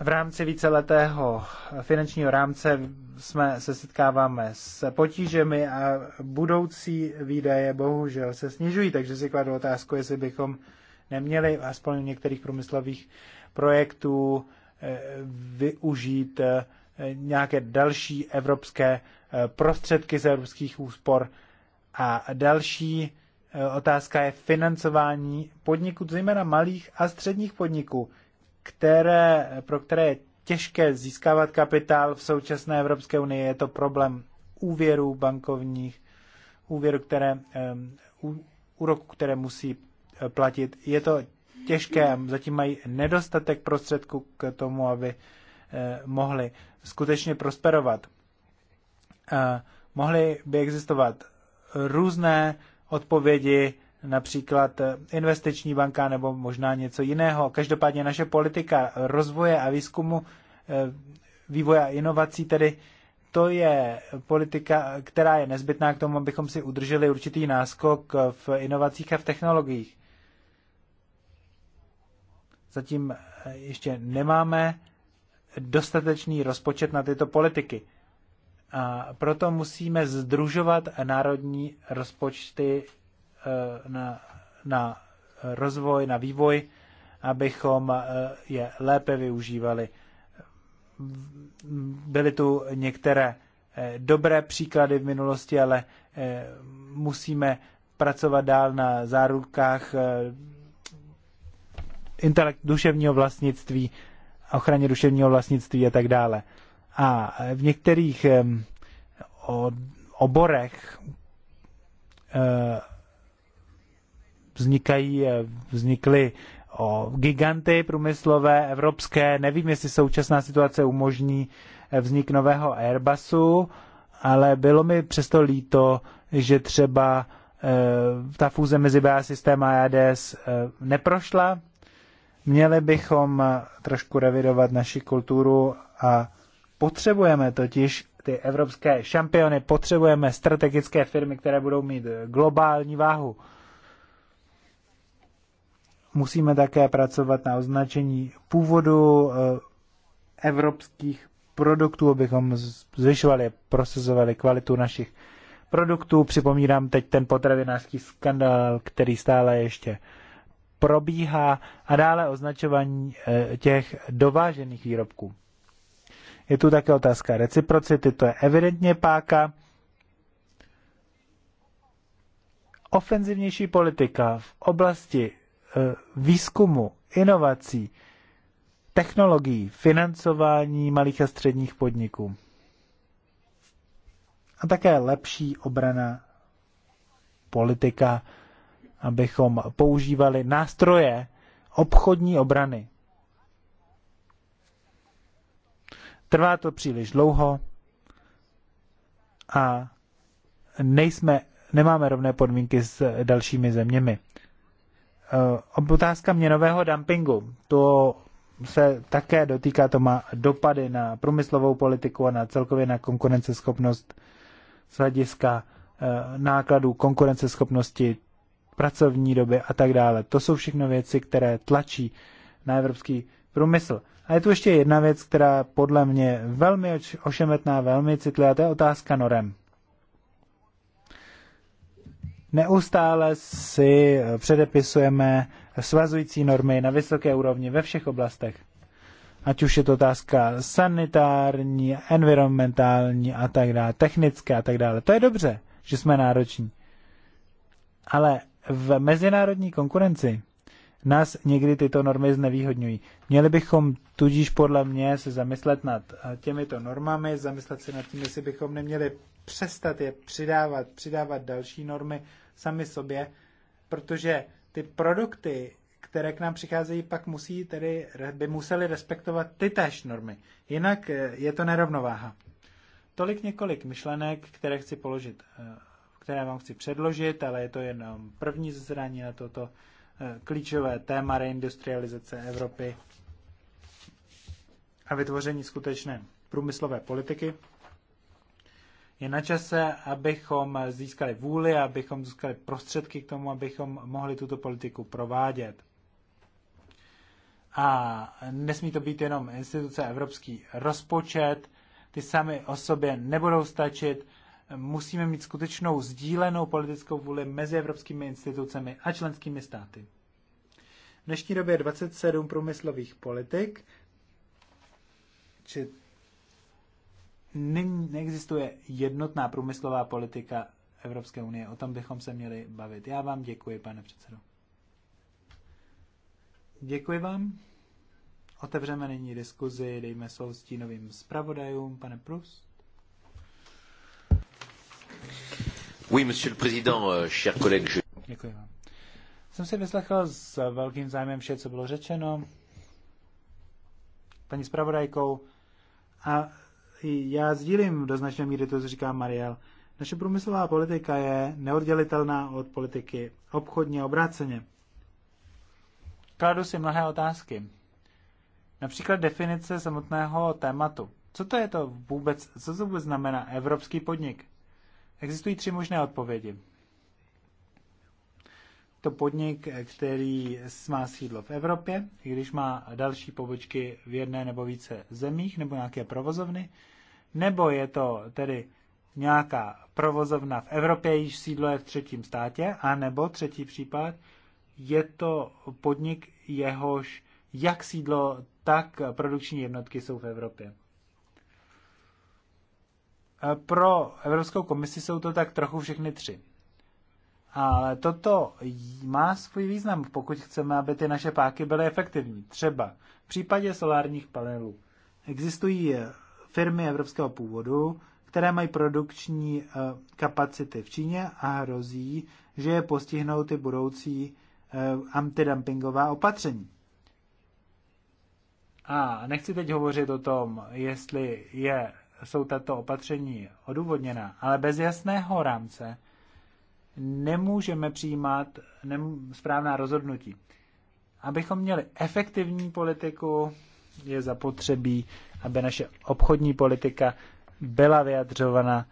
V rámci víceletého finančního rámce jsme se setkáváme s potížemi a budoucí výdaje bohužel se snižují, takže si kladu otázku, jestli bychom neměli aspoň u některých průmyslových projektů eh, využít eh, nějaké další evropské eh, prostředky z evropských úspor a další e, otázka je financování podniků, zejména malých a středních podniků, které, pro které je těžké získávat kapitál v současné Evropské unii. Je to problém úvěrů bankovních, úvěru, které, um, úroku, které musí e, platit. Je to těžké, zatím mají nedostatek prostředků k tomu, aby e, mohli skutečně prosperovat. Mohly by existovat různé odpovědi, například investiční banka nebo možná něco jiného. Každopádně naše politika rozvoje a výzkumu, eh, vývoje a inovací tedy to je politika, která je nezbytná k tomu, abychom si udrželi určitý náskok v inovacích a v technologiích. Zatím eh, ještě nemáme dostatečný rozpočet na tyto politiky. A proto musíme združovat národní rozpočty e, na, na rozvoj, na vývoj, abychom e, je lépe využívali. Byly tu některé e, dobré příklady v minulosti, ale musíme pracovat dál na zárukách intelekt, duševního vlastnictví, ochraně duševního vlastnictví a tak dále. A v některých oborech e, vznikají, e, vznikly giganty průmyslové evropské. Nevím, jestli současná situace umožní e, vznik nového Airbusu, ale bylo mi přesto líto, že třeba ta fúze mezi BA systém a ADS neprošla. Měli bychom trošku revidovat naši kulturu a Potřebujeme totiž ty evropské šampiony, potřebujeme strategické firmy, které budou mít globální váhu. Musíme také pracovat na označení původu eh, evropských produktů, abychom zvyšovali, prosazovali kvalitu našich produktů. Připomínám teď ten potravinářský skandal, který stále ještě probíhá a dále označování eh, těch dovážených výrobků. Je tu také otázka reciprocity, to je evidentně páka. Ofenzivnější politika v oblasti e, výzkumu, inovací, technologií, financování malých a středních podniků. A také lepší obrana politika, abychom používali nástroje obchodní obrany. Trvá to příliš dlouho a nejsme, nemáme rovné podmínky s dalšími zeměmi. Eh, otázka měnového dumpingu. To se také dotýká, to má dopady na průmyslovou politiku a na celkově na konkurenceschopnost z hlediska eh, nákladů, konkurenceschopnosti, pracovní doby a tak dále. To jsou všechno věci, které tlačí na evropský průmysl. A je tu ještě jedna věc, která podle mě velmi ošemetná, velmi citlivá, to je otázka norem. Neustále si předepisujeme svazující normy na vysoké úrovni ve všech oblastech. Ať už je to otázka sanitární, environmentální a tak dále, technické a tak dále. To je dobře, že jsme nároční. Ale v mezinárodní konkurenci nás někdy tyto normy znevýhodňují. Měli bychom tudíž podle mě se zamyslet nad eh, těmito normami, zamyslet se nad tím, jestli bychom neměli přestat je přidávat, přidávat další normy sami sobě, protože ty produkty, které k nám přicházejí, pak musí tedy, by museli respektovat ty též normy. Jinak eh, je to nerovnováha. Tolik několik myšlenek, které chci položit, eh, které vám chci předložit, ale je to jenom první zasedání na toto Eh, klíčové téma reindustrializace Evropy a vytvoření skutečné průmyslové politiky. Je na čase, abychom získali vůli, abychom získali prostředky k tomu, abychom mohli tuto politiku provádět. A nesmí to být jenom instituce evropský rozpočet, ty sami o sobě nebudou stačit, musíme mít skutečnou sdílenou politickou vůli mezi evropskými institucemi a členskými státy. V dnešní době 27 průmyslových politik, či neexistuje jednotná průmyslová politika Evropské unie. O tom bychom se měli bavit. Já vám děkuji, pane předsedo. Děkuji vám. Otevřeme nyní diskuzi, dejme slovo stínovým zpravodajům, pane Prus. Oui, monsieur le président, euh, chers collègues. Je... Děkuji vám. Jsem si vyslechl s velkým zájmem vše, co bylo řečeno paní zpravodajkou a já sdílím do značné míry to, co říká Mariel. Naše průmyslová politika je neoddělitelná od politiky obchodně obráceně. Kladu si mnohé otázky. Například definice samotného tématu. Co to je to vůbec, co to vůbec znamená evropský podnik? Existují tři možné odpovědi. To podnik, který má sídlo v Evropě, i když má další pobočky v jedné nebo více zemích, nebo nějaké provozovny, nebo je to tedy nějaká provozovna v Evropě, již sídlo je v třetím státě, a nebo třetí případ, je to podnik, jehož jak sídlo, tak produkční jednotky jsou v Evropě. Eh, pro Evropskou komisi jsou to tak trochu všechny tři. Ale toto má svůj význam, pokud chceme, aby ty naše páky byly efektivní. Třeba v případě solárních panelů existují eh, firmy evropského původu, které mají produkční eh, kapacity v Číně a hrozí, že je postihnou ty budoucí antidumpingová opatření. A nechci teď hovořit o tom, jestli je jsou tato opatření odůvodněna, ale bez jasného rámce nemůžeme přijímat správná rozhodnutí. Abychom měli efektivní politiku, je zapotřebí, aby naše obchodní politika byla vyjadřována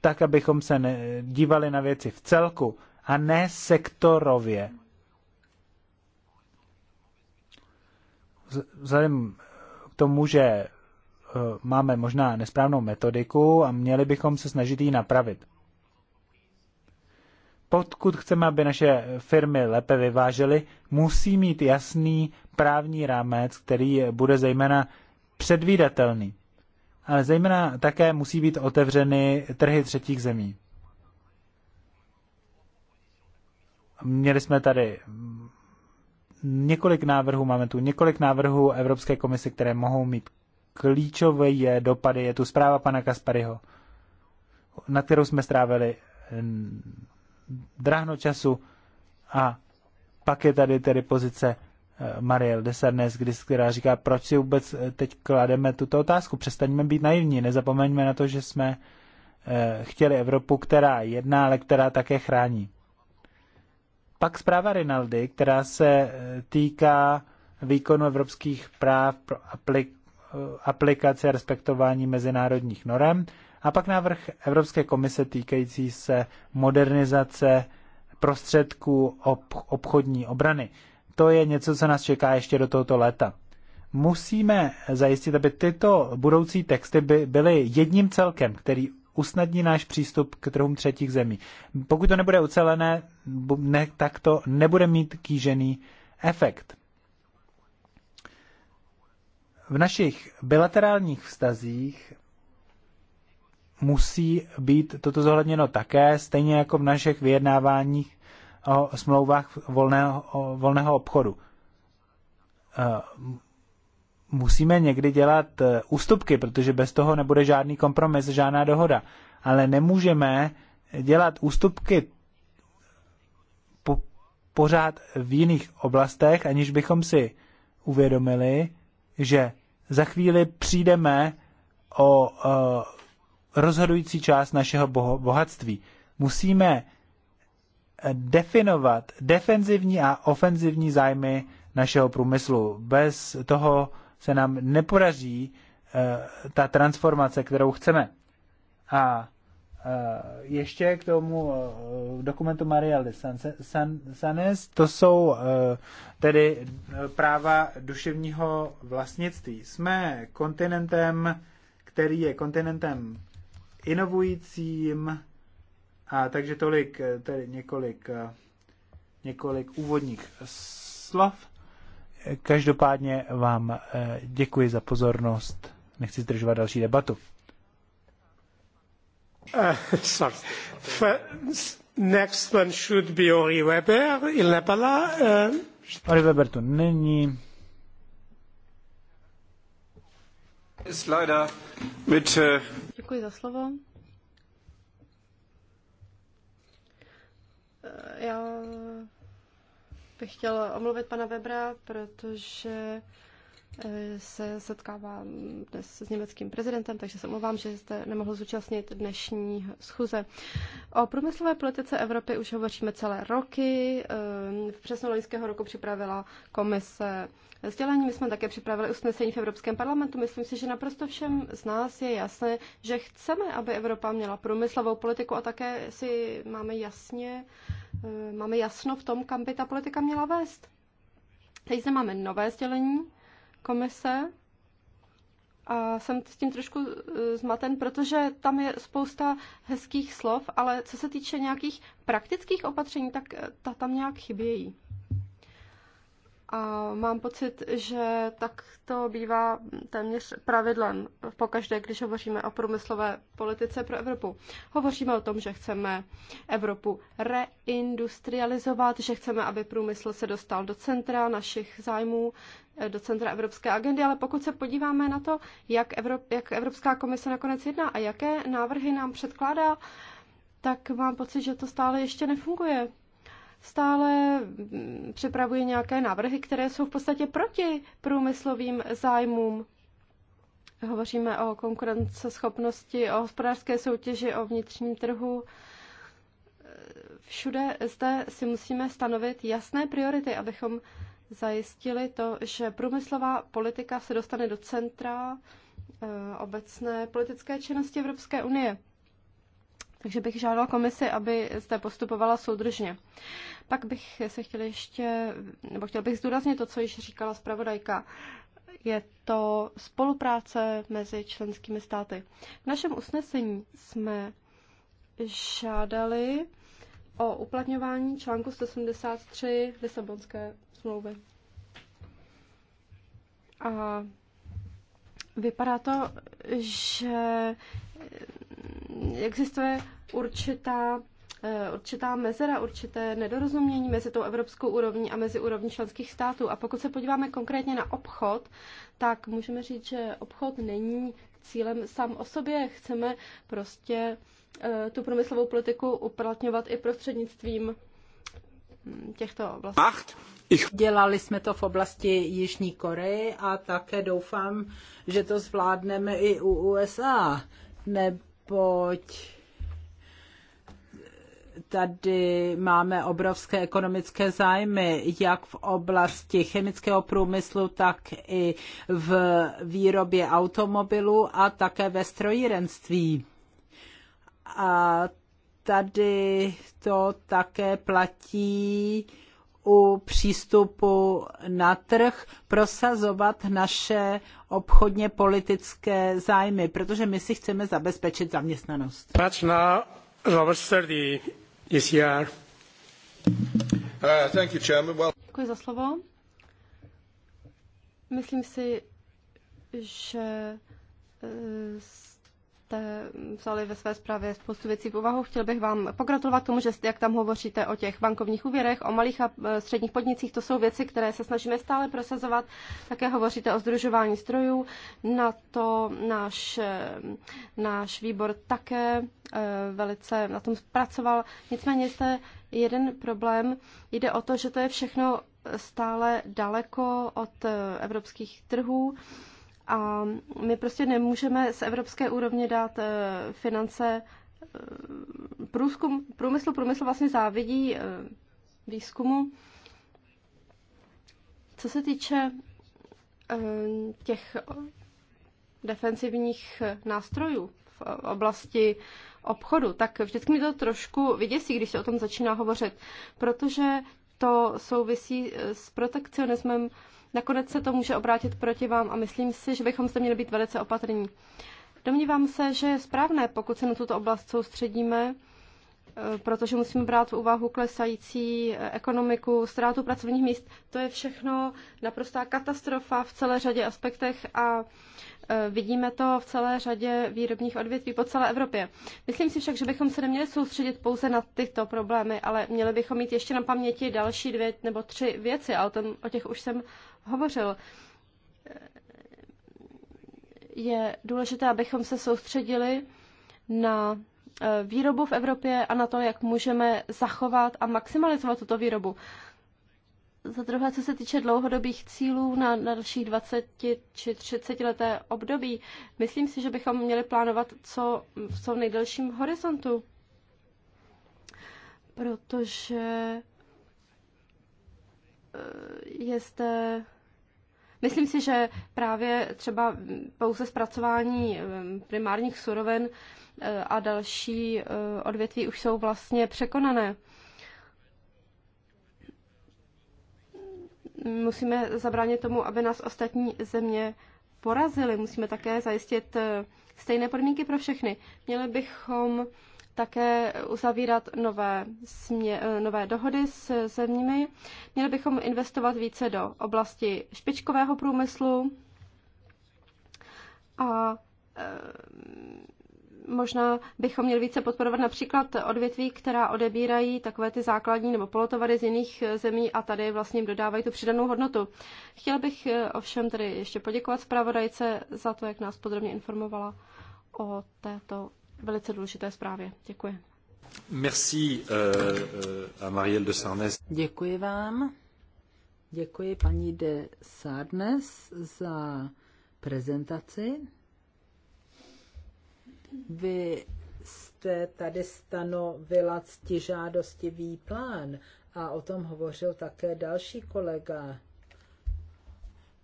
tak, abychom se dívali na věci v celku a ne sektorově. Vzhledem k tomu, že Eh, máme možná nesprávnou metodiku a měli bychom se snažit ji napravit. Pokud chceme, aby naše firmy lépe vyvážely, musí mít jasný právní rámec, který bude zejména předvídatelný. Ale zejména také musí být otevřeny trhy třetích zemí. Měli jsme tady několik návrhů, máme tu několik návrhů Evropské komise, které mohou mít klíčové je dopady. Je tu zpráva pana Kasparyho, na kterou jsme strávili mm, drahno času a pak je tady tedy pozice eh, Mariel Desarnes, která říká, proč si vůbec eh, teď klademe tuto otázku. Přestaňme být naivní, nezapomeňme na to, že jsme eh, chtěli Evropu, která jedná, ale která také chrání. Pak zpráva Rinaldi, která se týká výkonu evropských práv pro aplik- aplikace a respektování mezinárodních norem. A pak návrh Evropské komise týkající se modernizace prostředků ob- obchodní obrany. To je něco, co nás čeká ještě do tohoto léta. Musíme zajistit, aby tyto budoucí texty by byly jedním celkem, který usnadní náš přístup k trhům třetích zemí. Pokud to nebude ucelené, ne, tak to nebude mít kýžený efekt v našich bilaterálních vztazích musí být toto zohledněno také, stejně jako v našich vyjednáváních o smlouvách volného, o volného obchodu. Eh, musíme někdy dělat eh, ústupky, protože bez toho nebude žádný kompromis, žádná dohoda. Ale nemůžeme dělat ústupky po, pořád v jiných oblastech, aniž bychom si uvědomili, že za chvíli přijdeme o rozhodující část našeho bohatství. Musíme eh, definovat defenzivní a ofenzivní zájmy našeho průmyslu. Bez toho se nám nepodaří eh, ta transformace, kterou chceme. A Eh, ještě k tomu eh, dokumentu Maria de Sanes, to jsou eh, tedy práva duševního vlastnictví. Jsme kontinentem, který je kontinentem inovujícím, a takže tolik, tedy několik, několik úvodních slov. Každopádně vám děkuji za pozornost. Nechci zdržovat další debatu. Uh, sorry. F- next one should be Ori Weber. Il n'est pas là. Uh... Ori Weber tu není. Ist leider mit, uh... Děkuji za slovo. Uh, já bych chtěla omluvit pana Webra, protože Eh, se setkává dnes s německým prezidentem, takže se omlouvám, že jste nemohl zúčastnit dnešní schůze. O průmyslové politice Evropy už hovoříme celé roky. Eh, v přesnu loňského roku připravila komise sdělení. My jsme také připravili usnesení v Evropském parlamentu. Myslím si, že naprosto všem z nás je jasné, že chceme, aby Evropa měla průmyslovou politiku a také si máme jasně, eh, máme jasno v tom, kam by ta politika měla vést. Teď zde máme nové sdělení, komise a jsem s tím trošku e, zmaten, protože tam je spousta hezkých slov, ale co se týče nějakých praktických opatření, tak e, ta tam nějak chybějí. A mám pocit, že tak to bývá téměř pravidlem pokaždé, když hovoříme o průmyslové politice pro Evropu. Hovoříme o tom, že chceme Evropu reindustrializovat, že chceme, aby průmysl se dostal do centra našich zájmů, do centra evropské agendy, ale pokud se podíváme na to, jak, Evrop, jak Evropská komise nakonec jedná a jaké návrhy nám předkládá, tak mám pocit, že to stále ještě nefunguje stále mm, přepravuje nějaké návrhy, které jsou v podstatě proti průmyslovým zájmům. Hovoříme o konkurenceschopnosti, o hospodářské soutěži, o vnitřním trhu. Všude zde si musíme stanovit jasné priority, abychom zajistili to, že průmyslová politika se dostane do centra eh, obecné politické činnosti Evropské unie. Takže bych žádala komisi, aby zde postupovala soudržně. Pak bych se chtěla ještě, nebo chtěl bych zdůraznit to, co již říkala zpravodajka. Je to spolupráce mezi členskými státy. V našem usnesení jsme žádali o uplatňování článku 173 Lisabonské smlouvy. A vypadá to, že existuje určitá eh, určitá mezera, určité nedorozumění mezi tou evropskou úrovní a mezi úrovní členských států. A pokud se podíváme konkrétně na obchod, tak můžeme říct, že obchod není cílem sám o sobě. Chceme prostě eh, tu průmyslovou politiku uplatňovat i prostřednictvím hm, těchto oblastí. Dělali jsme to v oblasti Jižní Koreje a také doufám, že to zvládneme i u USA. Ne, pojď. tady máme obrovské ekonomické zájmy, jak v oblasti chemického průmyslu, tak i v výrobě automobilů a také ve strojírenství. A tady to také platí u přístupu na trh prosazovat naše obchodně politické zájmy, protože my si chceme zabezpečit zaměstnanost. Robert e uh, thank you, Chairman. Děkuji za slovo. Myslím si, že eh, jste vzali ve své zprávě spoustu věcí v úvahu. Chtěl bych vám pogratulovat tomu, že jak tam hovoříte o těch bankovních úvěrech, o malých a e, středních podnicích. To jsou věci, které se snažíme stále prosazovat. Také hovoříte o združování strojů. Na to náš, e, náš výbor také e, velice na tom pracoval. Nicméně jste jeden problém. Jde o to, že to je všechno stále daleko od evropských trhů. A my prostě nemůžeme z evropské úrovně dát eh, finance eh, průzkum, průmyslu. Průmysl vlastně závidí eh, výzkumu. Co se týče těch defensivních nástrojů v oblasti obchodu, tak vždycky mi to trošku vyděsí, když se o tom začíná hovořit, protože to souvisí s protekcionismem, Nakonec se to může obrátit proti vám a myslím si, že bychom se měli být velice opatrní. Domnívám se, že je správné, pokud se na tuto oblast soustředíme, eh, protože musíme brát v úvahu klesající eh, ekonomiku, ztrátu pracovních míst. To je všechno naprostá katastrofa v celé řadě aspektech a eh, vidíme to v celé řadě výrobních odvětví po celé Evropě. Myslím si však, že bychom se neměli soustředit pouze na tyto problémy, ale měli bychom mít ještě na paměti další dvě nebo tři věci, ale o, tom, o těch už jsem hovořil. Je důležité, abychom se soustředili na eh, výrobu v Evropě a na to, jak můžeme zachovat a maximalizovat tuto výrobu. Za druhé, co se týče dlouhodobých cílů na dalších 20 či 30 leté období, myslím si, že bychom měli plánovat co v co nejdelším horizontu. Protože eh, je zde Myslím si, že právě třeba pouze zpracování primárních surovin eh, a další eh, odvětví už jsou vlastně překonané. Musíme zabránit tomu, aby nás ostatní země porazily. Musíme také zajistit eh, stejné podmínky pro všechny. Měli bychom také uzavírat nové, smě, eh, nové dohody s zeměmi. Měli bychom investovat více do oblasti špičkového průmyslu a eh, možná bychom měli více podporovat například odvětví, která odebírají takové ty základní nebo polotovary z jiných eh, zemí a tady vlastně jim dodávají tu přidanou hodnotu. Chtěl bych ovšem tedy ještě poděkovat zpravodajce za to, jak nás podrobně informovala o této velice důležité zprávě. Děkuji. Merci uh, uh, Marielle de Sarnes. Děkuji vám. Děkuji paní de Sarnes za prezentaci. Vy jste tady stanovila ctižádostivý plán a o tom hovořil také další kolega,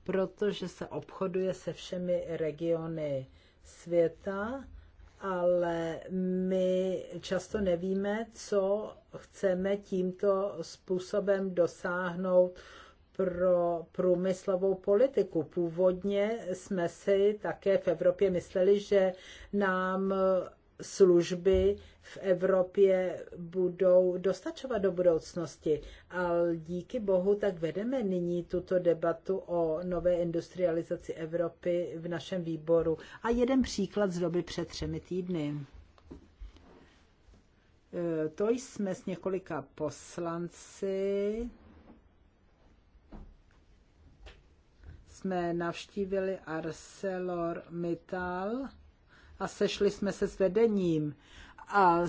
protože se obchoduje se všemi regiony světa ale my často nevíme, co chceme tímto způsobem dosáhnout pro průmyslovou politiku. Původně jsme si také v Evropě mysleli, že nám služby v Evropě budou dostačovat do budoucnosti. A díky bohu tak vedeme nyní tuto debatu o nové industrializaci Evropy v našem výboru. A jeden příklad z doby před třemi týdny. E, to jsme s několika poslanci jsme navštívili ArcelorMittal a sešli jsme se s vedením a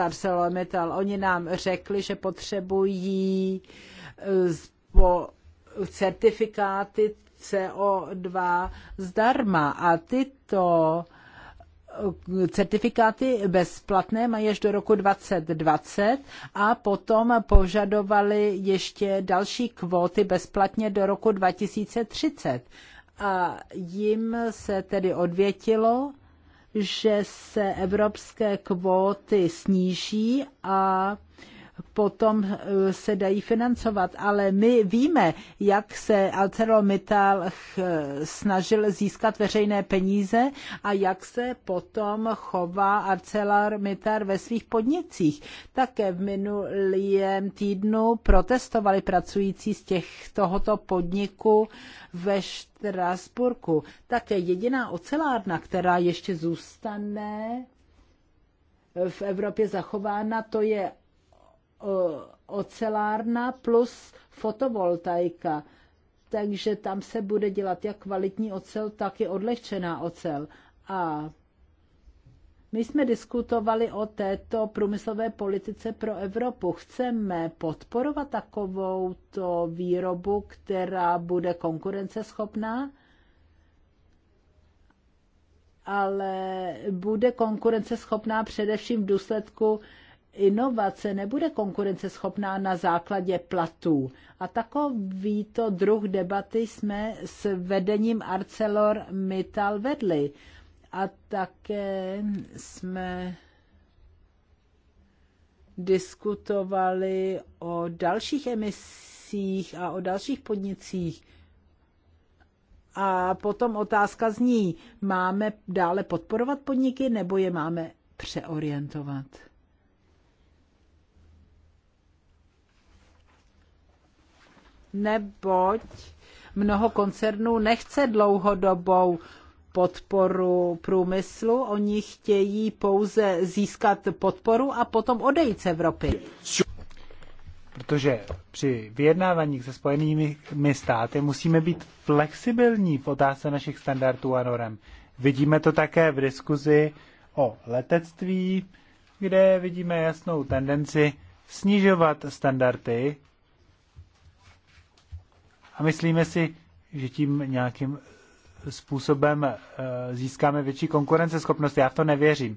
ArcelorMittal. Oni nám řekli, že potřebují eh, certifikáty CO2 zdarma a tyto eh, certifikáty bezplatné mají až do roku 2020 a potom požadovali ještě další kvóty bezplatně do roku 2030. A jim se tedy odvětilo, že se evropské kvóty sníží a potom eh, se dají financovat. Ale my víme, jak se ArcelorMittal eh, snažil získat veřejné peníze a jak se potom chová ArcelorMittal ve svých podnicích. Také v minulém týdnu protestovali pracující z těch, tohoto podniku ve Strasburku. Také jediná ocelárna, která ještě zůstane v Evropě zachována, to je ocelárna plus fotovoltaika. Takže tam se bude dělat jak kvalitní ocel, tak i odlehčená ocel. A my jsme diskutovali o této průmyslové politice pro Evropu. Chceme podporovat takovou to výrobu, která bude konkurenceschopná, ale bude konkurenceschopná především v důsledku inovace nebude konkurenceschopná na základě platů. A takovýto druh debaty jsme s vedením Arcelor-Mittal vedli. A také jsme diskutovali o dalších emisích a o dalších podnicích. A potom otázka zní, máme dále podporovat podniky nebo je máme přeorientovat? neboť mnoho koncernů nechce dlouhodobou podporu průmyslu, oni chtějí pouze získat podporu a potom odejít z Evropy. Protože při vyjednávání se spojenými státy musíme být flexibilní v otázce našich standardů a norem. Vidíme to také v diskuzi o letectví, kde vidíme jasnou tendenci snižovat standardy a myslíme si, že tím nějakým způsobem eh, získáme větší konkurenceschopnost. Já v to nevěřím.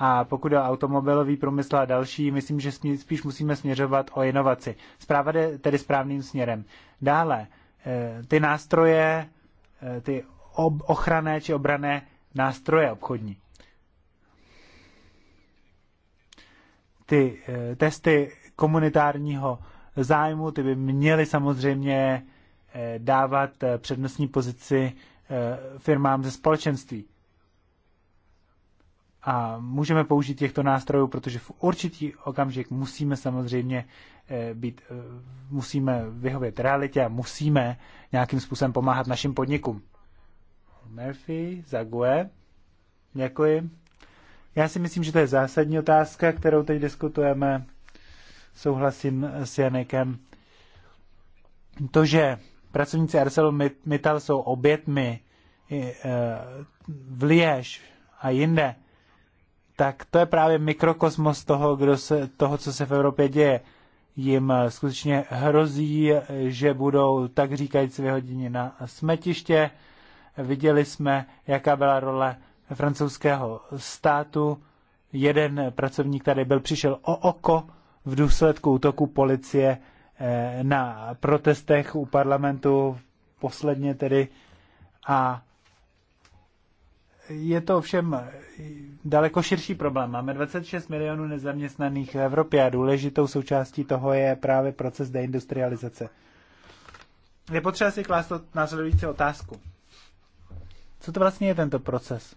A pokud je automobilový průmysl a další, myslím, že spíš musíme směřovat o inovaci. Zpráva jde tedy správným směrem. Dále, eh, ty nástroje, eh, ty ochranné či obrané nástroje obchodní. Ty testy komunitárního zájmu, ty by měly samozřejmě Eh, dávat eh, přednostní pozici eh, firmám ze společenství. A můžeme použít těchto nástrojů, protože v určitý okamžik musíme samozřejmě být, musíme vyhovět realitě a musíme nějakým způsobem pomáhat našim podnikům. Murphy, Zague, děkuji. Já si myslím, že to je zásadní otázka, kterou teď diskutujeme. Souhlasím s Janekem. To, že Pracovníci ArcelorMittal jsou obětmi e, v Liež a jinde, tak to je právě mikrokosmos toho, kdo se, toho, co se v Evropě děje. Jim e, skutečně hrozí, že budou tak říkajíc vyhoděni na smetiště. Viděli jsme, jaká byla role francouzského státu. Jeden pracovník tady byl, přišel o oko v důsledku útoku policie Eh, na protestech u parlamentu posledně tedy a je to ovšem daleko širší problém. Máme 26 milionů nezaměstnaných v Evropě a důležitou součástí toho je právě proces deindustrializace. Je potřeba si klást následující otázku. Co to vlastně je tento proces?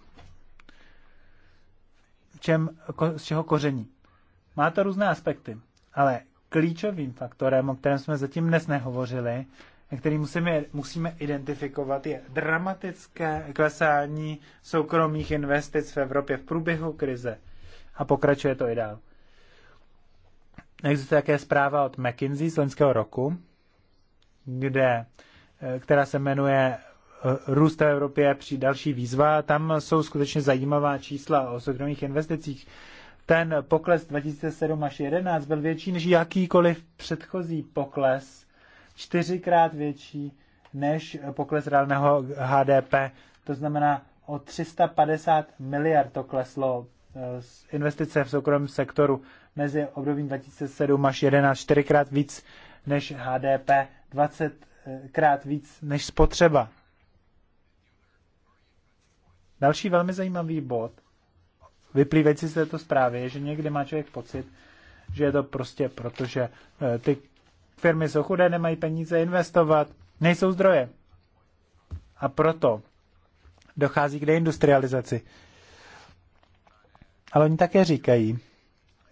V čem, z čeho koření? Má to různé aspekty, ale klíčovým faktorem, o kterém jsme zatím dnes nehovořili, a který musíme, musíme identifikovat, je dramatické klesání soukromých investic v Evropě v průběhu krize. A pokračuje to i dál. Existuje také zpráva od McKinsey z loňského roku, kde, eh, která se jmenuje eh, Růst v Evropě při další výzva. Tam jsou skutečně zajímavá čísla o soukromých investicích ten pokles 2007 až 2011 byl větší než jakýkoliv předchozí pokles, čtyřikrát větší než pokles reálného HDP. To znamená, o 350 miliard to kleslo eh, z investice v soukromém sektoru mezi obdobím 2007 až 2011, čtyřikrát víc než HDP, 20 krát víc než spotřeba. Další velmi zajímavý bod vyplývající z této zprávy je, že někdy má člověk pocit, že je to prostě proto, že eh, ty firmy jsou chudé, nemají peníze investovat, nejsou zdroje. A proto dochází k deindustrializaci. Ale oni také říkají,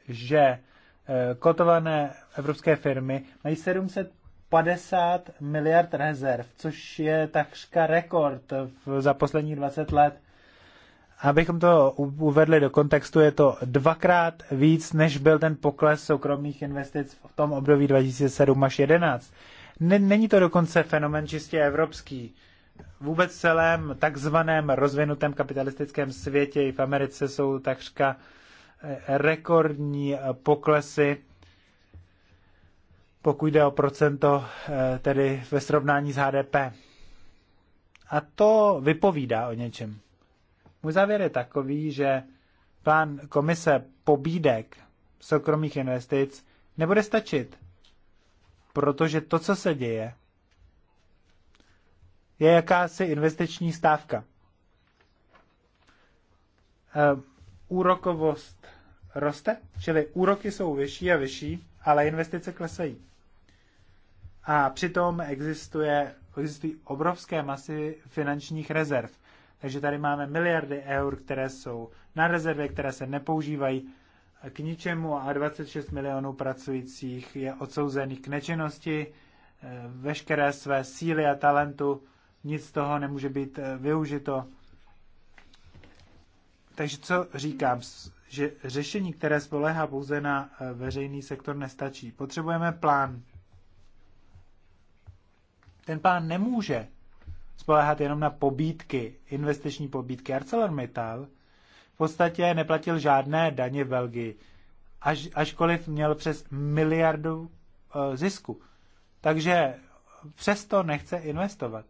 že eh, kotované evropské firmy mají 750 miliard rezerv, což je takřka rekord v, za posledních 20 let. Abychom to uvedli do kontextu, je to dvakrát víc, než byl ten pokles soukromých investic v tom období 2007 až 2011. Není to dokonce fenomen čistě evropský. Vůbec celém takzvaném rozvinutém kapitalistickém světě i v Americe jsou takřka eh, rekordní eh, poklesy, pokud jde o procento, eh, tedy ve srovnání s HDP. A to vypovídá o něčem. Můj závěr je takový, že plán komise pobídek soukromých investic nebude stačit, protože to, co se děje, je jakási investiční stávka. Ehm, úrokovost roste, čili úroky jsou vyšší a vyšší, ale investice klesají. A přitom existuje, existují obrovské masy finančních rezerv. Takže tady máme miliardy eur, které jsou na rezervě, které se nepoužívají k ničemu a 26 milionů pracujících je odsouzených k nečinnosti, eh, veškeré své síly a talentu, nic z toho nemůže být eh, využito. Takže co říkám, že řešení, které spolehá pouze na eh, veřejný sektor, nestačí. Potřebujeme plán. Ten plán nemůže spoléhat jenom na pobídky, investiční pobídky. ArcelorMittal v podstatě neplatil žádné daně v Belgii, až, ažkoliv měl přes miliardu e, zisku. Takže přesto nechce investovat.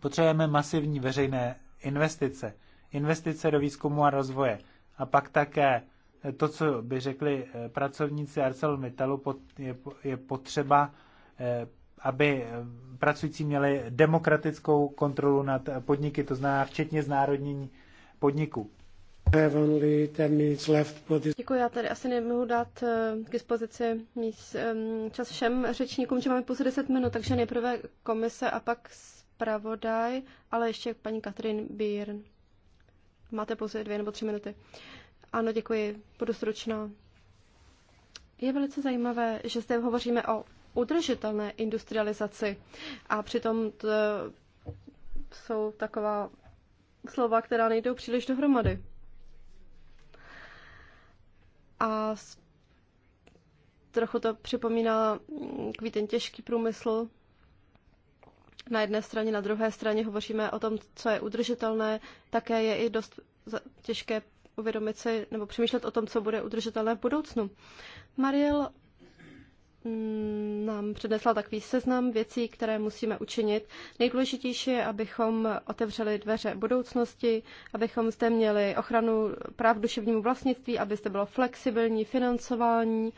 Potřebujeme masivní veřejné investice. Investice do výzkumu a rozvoje. A pak také to, co by řekli eh, pracovníci ArcelorMittalu, je potřeba eh, aby pracující měli demokratickou kontrolu nad podniky, to znamená včetně znárodnění podniků. Děkuji, já tady asi nemohu dát eh, k dispozici míst, čas všem řečníkům, že máme pouze 10 minut, takže nejprve komise a pak zpravodaj, ale ještě paní Katrin Bírn. Máte pouze dvě nebo tři minuty. Ano, děkuji, budu stručná. Je velice zajímavé, že zde hovoříme o udržitelné industrializaci. A přitom to jsou taková slova, která nejdou příliš dohromady. A trochu to připomíná takový ten těžký průmysl. Na jedné straně, na druhé straně hovoříme o tom, co je udržitelné. Také je i dost těžké uvědomit si nebo přemýšlet o tom, co bude udržitelné v budoucnu. Mariel Mm, nám přednesla takový seznam věcí, které musíme učinit. Nejdůležitější je, abychom otevřeli dveře budoucnosti, abychom zde měli ochranu práv duševnímu vlastnictví, aby zde bylo flexibilní financování,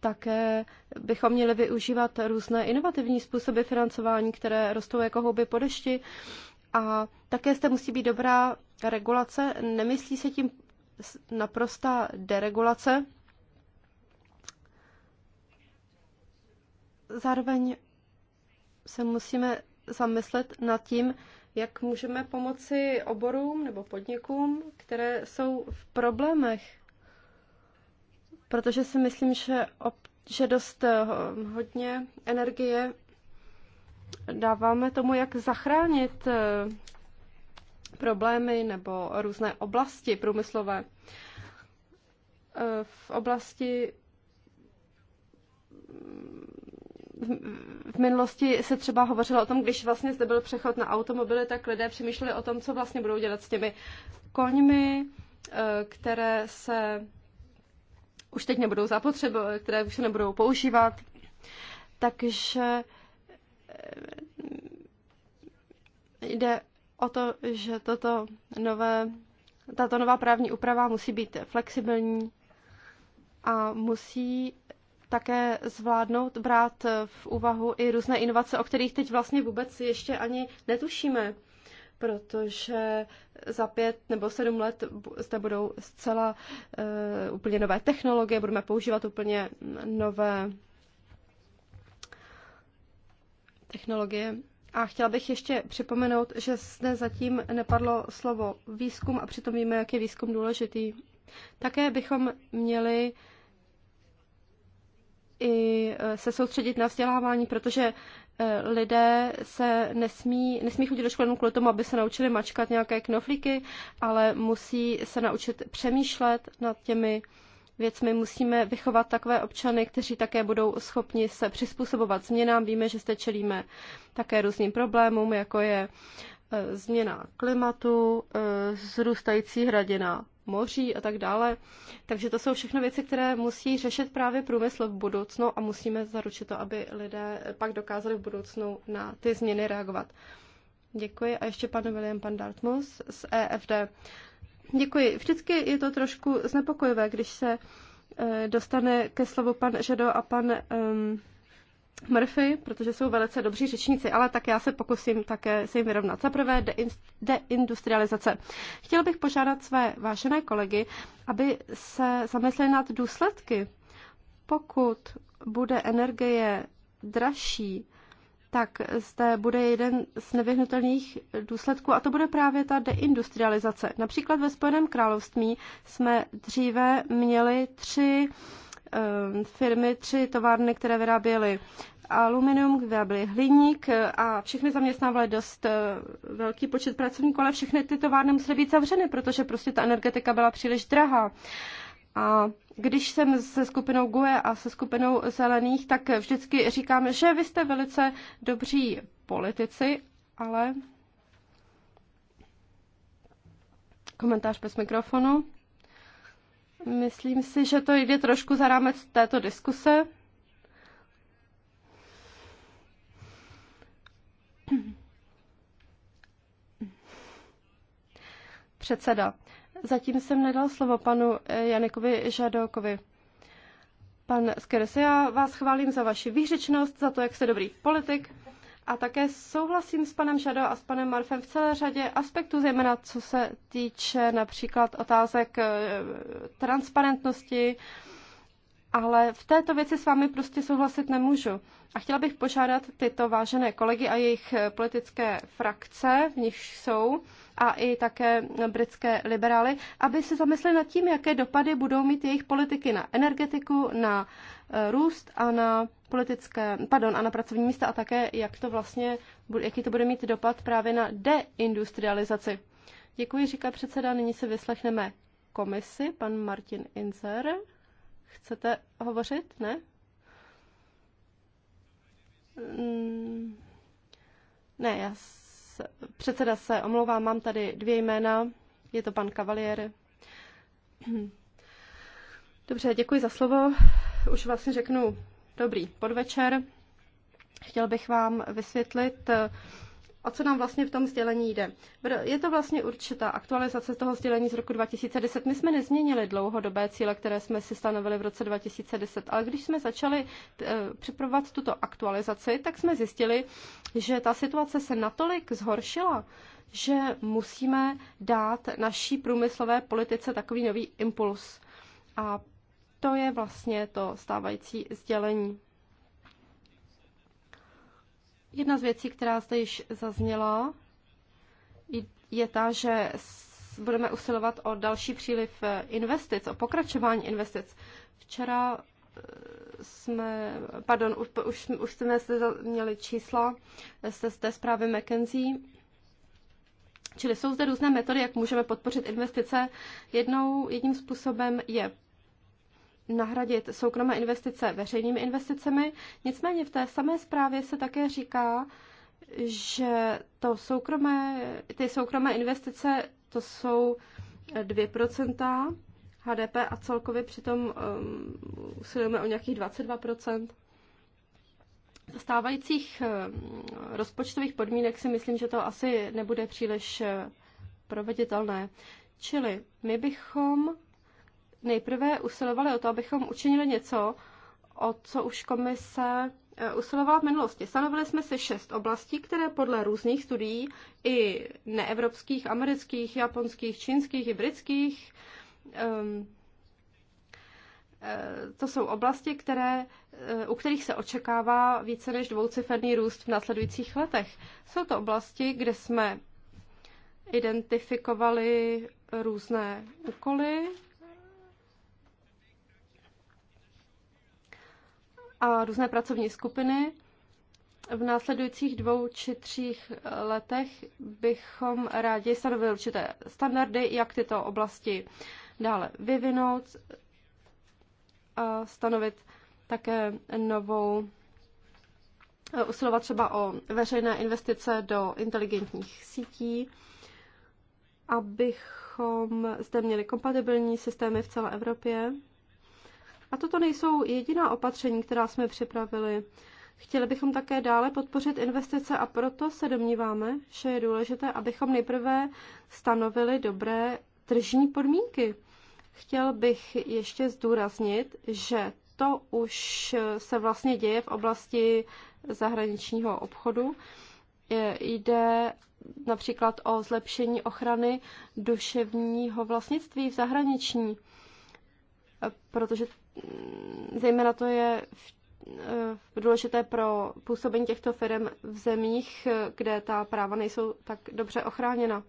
také bychom měli využívat různé inovativní způsoby financování, které rostou jako houby po dešti. A také zde musí být dobrá regulace. Nemyslí se tím naprosta deregulace, Zároveň se musíme zamyslet nad tím, jak můžeme pomoci oborům nebo podnikům, které jsou v problémech. Protože si myslím, že, ob, že dost eh, hodně energie dáváme tomu, jak zachránit eh, problémy nebo různé oblasti průmyslové. Eh, v oblasti v minulosti se třeba hovořilo o tom, když vlastně zde byl přechod na automobily, tak lidé přemýšleli o tom, co vlastně budou dělat s těmi koňmi, eh, které se už teď nebudou zapotřebovat, které už se nebudou používat. Takže eh, jde o to, že toto nové, tato nová právní úprava musí být flexibilní a musí také zvládnout brát v úvahu i různé inovace, o kterých teď vlastně vůbec ještě ani netušíme, protože za pět nebo sedm let zde budou zcela uh, úplně nové technologie, budeme používat úplně nové technologie. A chtěla bych ještě připomenout, že zde zatím nepadlo slovo výzkum a přitom víme, jak je výzkum důležitý. Také bychom měli uh, i e, se soustředit na vzdělávání, protože e, lidé se nesmí, nesmí chodit do školy kvůli tomu, aby se naučili mačkat nějaké knoflíky, ale musí se naučit přemýšlet nad těmi věcmi. Musíme vychovat takové občany, kteří také budou schopni se přizpůsobovat změnám. Víme, že zde čelíme také různým problémům, jako je e, změna klimatu, zrůstající hradina moří a tak dále. Takže to jsou všechno věci, které musí řešit právě průmysl v budoucnu a musíme zaručit to, aby lidé pak dokázali v budoucnu na ty změny reagovat. Děkuji a ještě pan William pan Dartmus z EFD. Děkuji. Vždycky je to trošku znepokojivé, když se eh, dostane ke slovu pan Žedo a pan um, Murphy, protože jsou velice dobří řečníci, ale tak já se pokusím také se jim vyrovnat. Za prvé deindustrializace. Chtěl bych požádat své vážené kolegy, aby se zamysleli nad důsledky. Pokud bude energie dražší, tak zde bude jeden z nevyhnutelných důsledků a to bude právě ta deindustrializace. Například ve Spojeném království jsme dříve měli tři Ehm, firmy, tři továrny, které vyráběly aluminium, vyráběly hliník a všechny zaměstnávaly dost eh, velký počet pracovníků, ale všechny ty továrny musely být zavřeny, protože prostě ta energetika byla příliš drahá. A když jsem se skupinou GUE a se skupinou Zelených, tak vždycky říkám, že vy jste velice dobří politici, ale... Komentář bez mikrofonu. Myslím si, že to jde trošku za rámec této diskuse. Předseda. Zatím jsem nedal slovo panu eh, Janikovi Žadokovi. Pan Skeres, já vás chválím za vaši výřečnost, za to, jak jste dobrý politik. A také souhlasím s panem Žado a s panem Marfem v celé řadě aspektů, zejména co se týče například otázek eh, transparentnosti, ale v této věci s vámi prostě souhlasit nemůžu. A chtěla bych požádat tyto vážené kolegy a jejich eh, politické frakce, v nich jsou, a i také britské liberály, aby se zamysleli nad tím, jaké dopady budou mít jejich politiky na energetiku, na růst a na politické, pardon, a na pracovní místa a také, jak to vlastně, jaký to bude mít dopad právě na deindustrializaci. Děkuji, říká předseda. Nyní se vyslechneme komisi, pan Martin Inzer. Chcete hovořit? Ne? Mm. Ne, já se, předseda se omlouvám, mám tady dvě jména, je to pan Kavalier. [clears throat] Dobře, děkuji za slovo už vlastně řeknu dobrý podvečer. Chtěl bych vám vysvětlit, eh, o co nám vlastně v tom sdělení jde. Je to vlastně určitá aktualizace toho sdělení z roku 2010. My jsme nezměnili dlouhodobé cíle, které jsme si stanovili v roce 2010, ale když jsme začali eh, připravovat tuto aktualizaci, tak jsme zjistili, že ta situace se natolik zhoršila, že musíme dát naší průmyslové politice takový nový impuls. A to je vlastně to stávající sdělení. Jedna z věcí, která zde již zazněla, je ta, že budeme usilovat o další příliv eh, investic, o pokračování investic. Včera eh, jsme, pardon, už, už, jsme zde měli čísla eh, se z té zprávy McKenzie, Čili jsou zde různé metody, jak můžeme podpořit investice. Jednou, jedním způsobem je nahradit soukromé investice veřejnými investicemi. Nicméně v té samé zprávě se také říká, že to soukromé, ty soukromé investice to jsou 2% HDP a celkově přitom um, usilujeme o nějakých 22%. Stávajících um, rozpočtových podmínek si myslím, že to asi nebude příliš uh, proveditelné. Čili my bychom nejprve usilovali o to, abychom učinili něco, o co už komise eh, usilovala v minulosti. Stanovili jsme si šest oblastí, které podle různých studií i neevropských, amerických, japonských, čínských i britských ehm, eh, to jsou oblasti, které, eh, u kterých se očekává více než dvouciferný růst v následujících letech. Jsou to oblasti, kde jsme identifikovali různé úkoly, a různé pracovní skupiny. V následujících dvou či třích letech bychom rádi stanovili určité standardy, jak tyto oblasti dále vyvinout a stanovit také novou eh, usilovat třeba o veřejné investice do inteligentních sítí, abychom zde měli kompatibilní systémy v celé Evropě. A toto nejsou jediná opatření, která jsme připravili. Chtěli bychom také dále podpořit investice a proto se domníváme, že je důležité, abychom nejprve stanovili dobré tržní podmínky. Chtěl bych ještě zdůraznit, že to už se vlastně děje v oblasti zahraničního obchodu. E, jde například o zlepšení ochrany duševního vlastnictví v zahraničí protože mm, zejména to je eh, důležité pro působení těchto firm v zemích, eh, kde ta práva nejsou tak dobře ochráněna.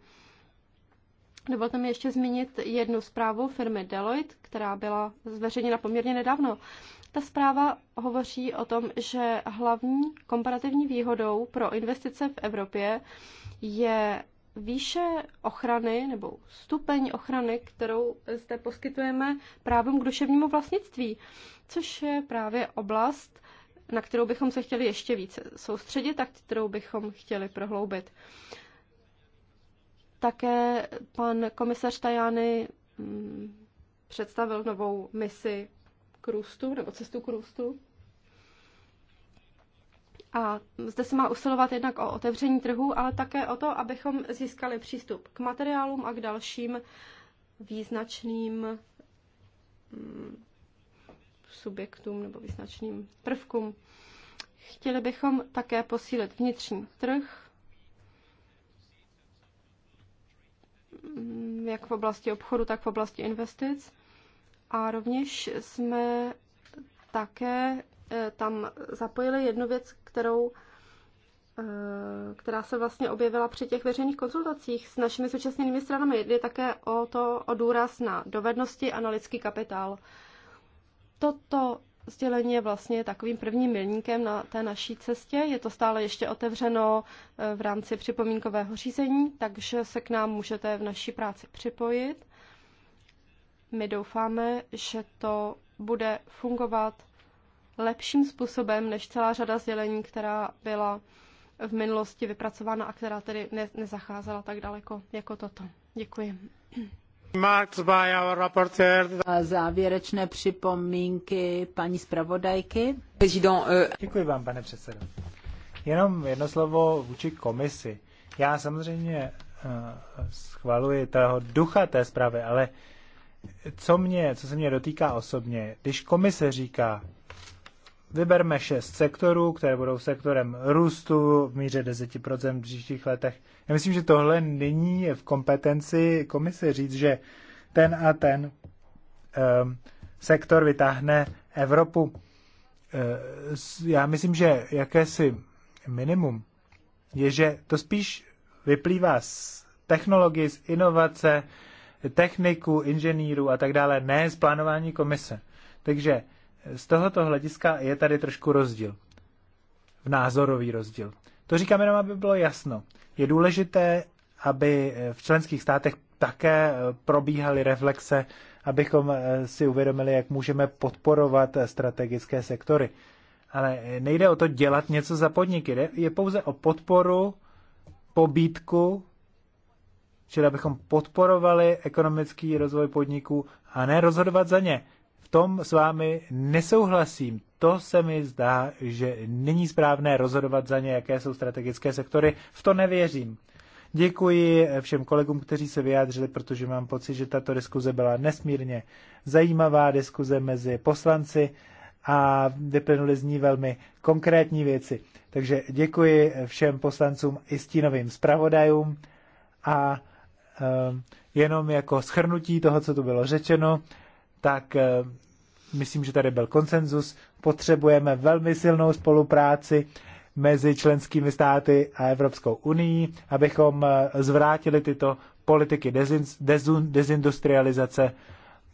Dovolte mi ještě zmínit jednu zprávu firmy Deloitte, která byla zveřejněna poměrně nedávno. Ta zpráva hovoří o tom, že hlavní komparativní výhodou pro investice v Evropě je výše ochrany nebo stupeň ochrany, kterou zde poskytujeme právům k duševnímu vlastnictví, což je právě oblast, na kterou bychom se chtěli ještě více soustředit a kterou bychom chtěli prohloubit. Také pan komisař Tajány mm, představil novou misi k růstu, nebo cestu k růstu a zde se má usilovat jednak o otevření trhu, ale také o to, abychom získali přístup k materiálům a k dalším význačným mm, subjektům nebo význačným prvkům. Chtěli bychom také posílit vnitřní trh, mm, jak v oblasti obchodu, tak v oblasti investic. A rovněž jsme také eh, tam zapojili jednu věc, kterou eh, která se vlastně objevila při těch veřejných konzultacích s našimi současnými stranami. Jde také o to, o důraz na dovednosti a na lidský kapitál. Toto sdělení je vlastně takovým prvním milníkem na té naší cestě. Je to stále ještě otevřeno eh, v rámci připomínkového řízení, takže se k nám můžete v naší práci připojit. My doufáme, že to bude fungovat lepším způsobem než celá řada sdělení, která byla v minulosti vypracována a která tedy ne, nezacházela tak daleko jako toto. Děkuji. A závěrečné připomínky paní zpravodajky. Euh, Děkuji vám, pane předsedo. Jenom jedno slovo vůči komisi. Já samozřejmě eh, schvaluji toho ducha té zprávy, ale co, mě, co se mě dotýká osobně, když komise říká, Vyberme šest sektorů, které budou sektorem růstu v míře 10% v příštích letech. Já myslím, že tohle není v kompetenci komise říct, že ten a ten um, sektor vytáhne Evropu. Eh, já myslím, že jakési minimum je, že to spíš vyplývá z technologie, z inovace, techniku, inženýrů a tak dále, ne z plánování komise. Takže z tohoto hlediska je tady trošku rozdíl. V názorový rozdíl. To říkám jenom, aby bylo jasno. Je důležité, aby v členských státech také eh, probíhaly reflexe, abychom eh, si uvědomili, jak můžeme podporovat eh, strategické sektory. Ale nejde o to dělat něco za podniky. Je pouze o podporu, pobítku, čili abychom podporovali ekonomický rozvoj podniků a ne rozhodovat za ně. V tom s vámi nesouhlasím. To se mi zdá, že není správné rozhodovat za ně, jaké jsou strategické sektory. V to nevěřím. Děkuji všem kolegům, kteří se vyjádřili, protože mám pocit, že tato diskuze byla nesmírně zajímavá diskuze mezi poslanci a vyplynuly z ní velmi konkrétní věci. Takže děkuji všem poslancům i stínovým zpravodajům a eh, jenom jako schrnutí toho, co tu bylo řečeno, tak eh, myslím, že tady byl konsenzus. Potřebujeme velmi silnou spolupráci mezi členskými státy a Evropskou unii, abychom eh, zvrátili tyto politiky dezin, dezin, dezindustrializace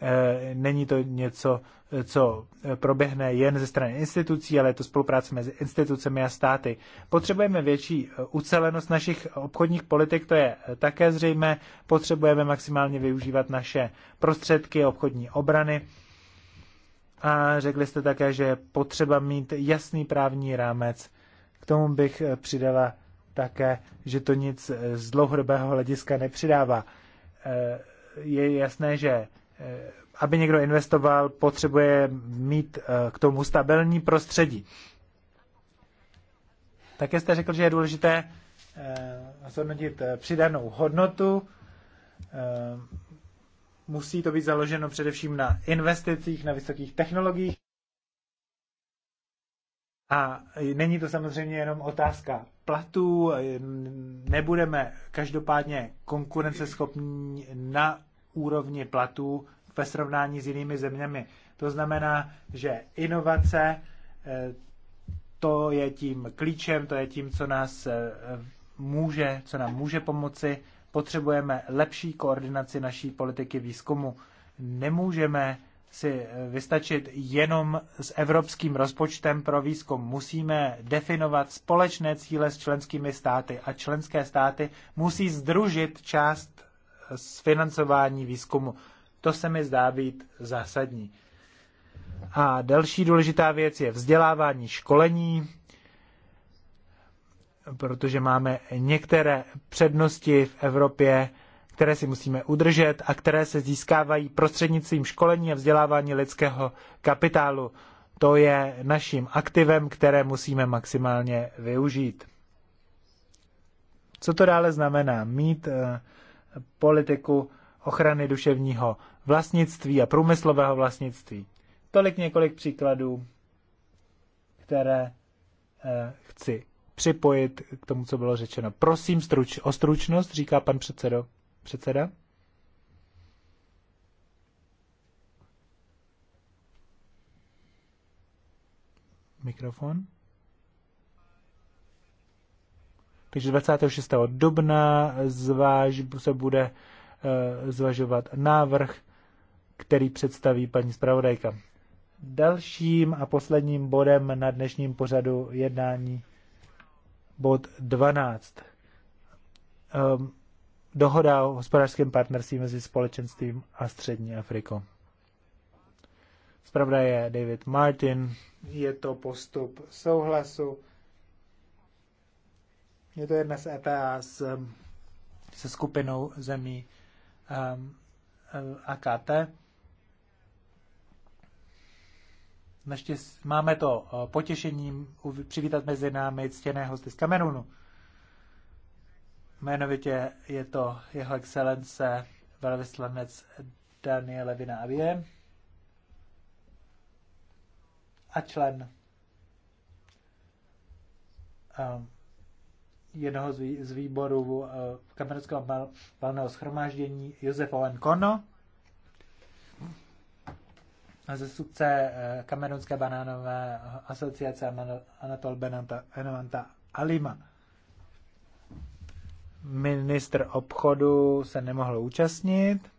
Eh, není to něco, co eh, proběhne jen ze strany institucí, ale je to spolupráce mezi institucemi a státy. Potřebujeme větší eh, ucelenost našich obchodních politik, to je také zřejmé. Potřebujeme maximálně využívat naše prostředky obchodní obrany. A řekli jste také, že je potřeba mít jasný právní rámec. K tomu bych přidala také, že to nic z dlouhodobého hlediska nepřidává. Je jasné, že Eh, aby někdo investoval, potřebuje mít eh, k tomu stabilní prostředí. Také jste řekl, že je důležité eh, zhodnotit přidanou hodnotu. Musí to být založeno především na investicích, na vysokých technologiích. A není to samozřejmě jenom otázka platů, nebudeme každopádně konkurenceschopní na úrovni platů ve srovnání s jinými zeměmi. To znamená, že inovace, eh, to je tím klíčem, to je tím, co nás eh, může, co nám může pomoci. Potřebujeme lepší koordinaci naší politiky výzkumu. Nemůžeme si eh, vystačit jenom s evropským rozpočtem pro výzkum. Musíme definovat společné cíle s členskými státy a členské státy musí združit část s financování výzkumu. To se mi zdá být zásadní. A další důležitá věc je vzdělávání, školení, protože máme některé přednosti v Evropě, které si musíme udržet a které se získávají prostřednictvím školení a vzdělávání lidského kapitálu. To je naším aktivem, které musíme maximálně využít. Co to dále znamená? Mít eh, politiku ochrany duševního vlastnictví a průmyslového vlastnictví. Tolik několik příkladů, které eh, chci připojit k tomu, co bylo řečeno. Prosím struč, o stručnost, říká pan předsedo. předseda. Mikrofon. Takže 26. dubna zváž, se bude eh, zvažovat návrh, který představí paní zpravodajka. Dalším a posledním bodem na dnešním pořadu jednání bod 12. Um, ehm, dohoda o hospodářském partnerství mezi společenstvím a střední Afrikou. Zpravda je David Martin, je to postup souhlasu je to jedna z EPA s, um, se skupinou zemí um, uh, AKT. Naštěstí máme to uh, potěšením přivítat mezi námi ctěné hosty z Kamerunu. Jmenovitě je to jeho excelence velvyslanec Daniel Levina Avie a člen um, jednoho z výborů eh, kamerunského valného schromáždění Josef Owen Kono ze sudce eh, kamerunské banánové asociace Anatol Benanta, Benanta Alima. Ministr obchodu se nemohl účastnit,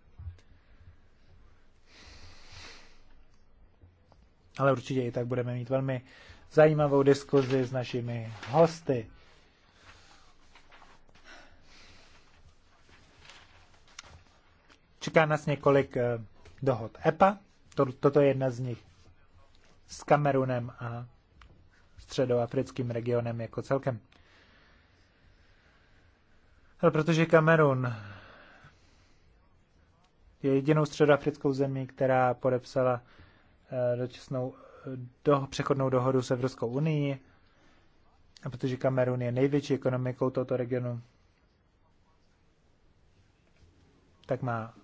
ale určitě i tak budeme mít velmi zajímavou diskuzi s našimi hosty. Čeká nás několik eh, dohod EPA, to, toto je jedna z nich s Kamerunem a středoafrickým regionem jako celkem. Ale protože Kamerun je jedinou středoafrickou zemí, která podepsala eh, dočasnou eh, do, přechodnou dohodu s Evropskou unii, a protože Kamerun je největší ekonomikou tohoto regionu, tak má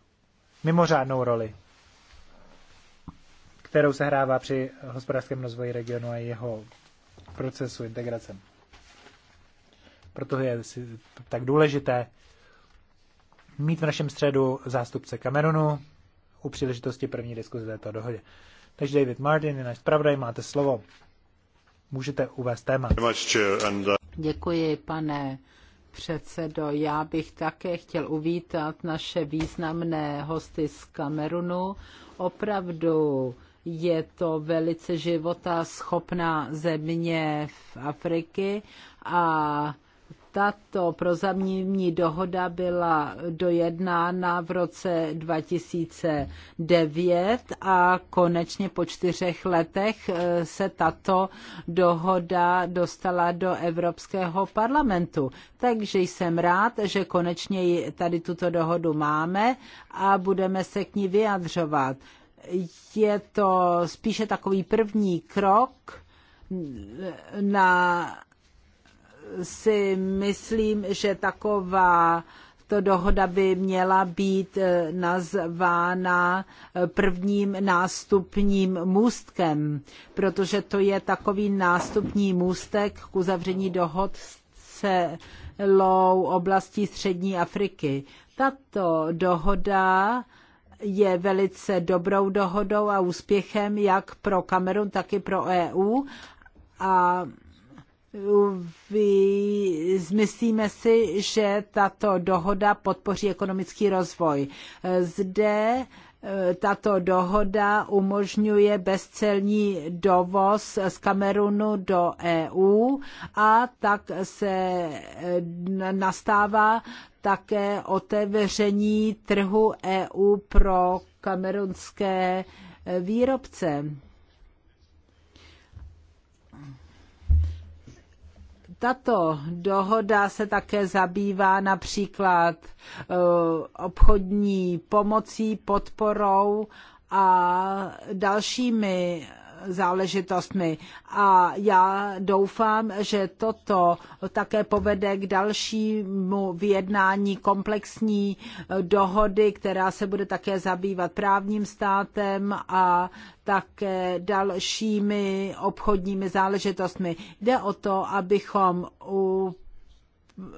mimořádnou roli, kterou se hrává při hospodářském rozvoji regionu a jeho procesu integrace. Proto je tak důležité mít v našem středu zástupce Kamerunu u příležitosti první diskuze této dohodě. Takže David Martin je náš zpravodaj, máte slovo. Můžete uvést téma. Uh, Děkuji, pane předsedo. Já bych také chtěl uvítat naše významné hosty z Kamerunu. Opravdu je to velice života schopná země v Afriky a tato prozamění dohoda byla dojednána v roce 2009 a konečně po čtyřech letech eh, se tato dohoda dostala do Evropského parlamentu. Takže jsem rád, že konečně tady tuto dohodu máme a budeme se k ní vyjadřovat. Je to spíše takový první krok mm, na si myslím, že taková to dohoda by měla být eh, nazvána eh, prvním nástupním můstkem, protože to je takový nástupní můstek k uzavření dohod s celou oblastí střední Afriky. Tato dohoda je velice dobrou dohodou a úspěchem jak pro Kamerun, tak i pro EU a Myslíme si, že tato dohoda podpoří ekonomický rozvoj. Zde eh, tato dohoda umožňuje bezcelní dovoz z Kamerunu do EU a tak se eh, nastává také otevření trhu EU pro kamerunské eh, výrobce. Tato dohoda se také zabývá například eh, obchodní pomocí, podporou a dalšími záležitostmi. A já doufám, že toto také povede k dalšímu vyjednání komplexní dohody, která se bude také zabývat právním státem a také dalšími obchodními záležitostmi. Jde o to, abychom u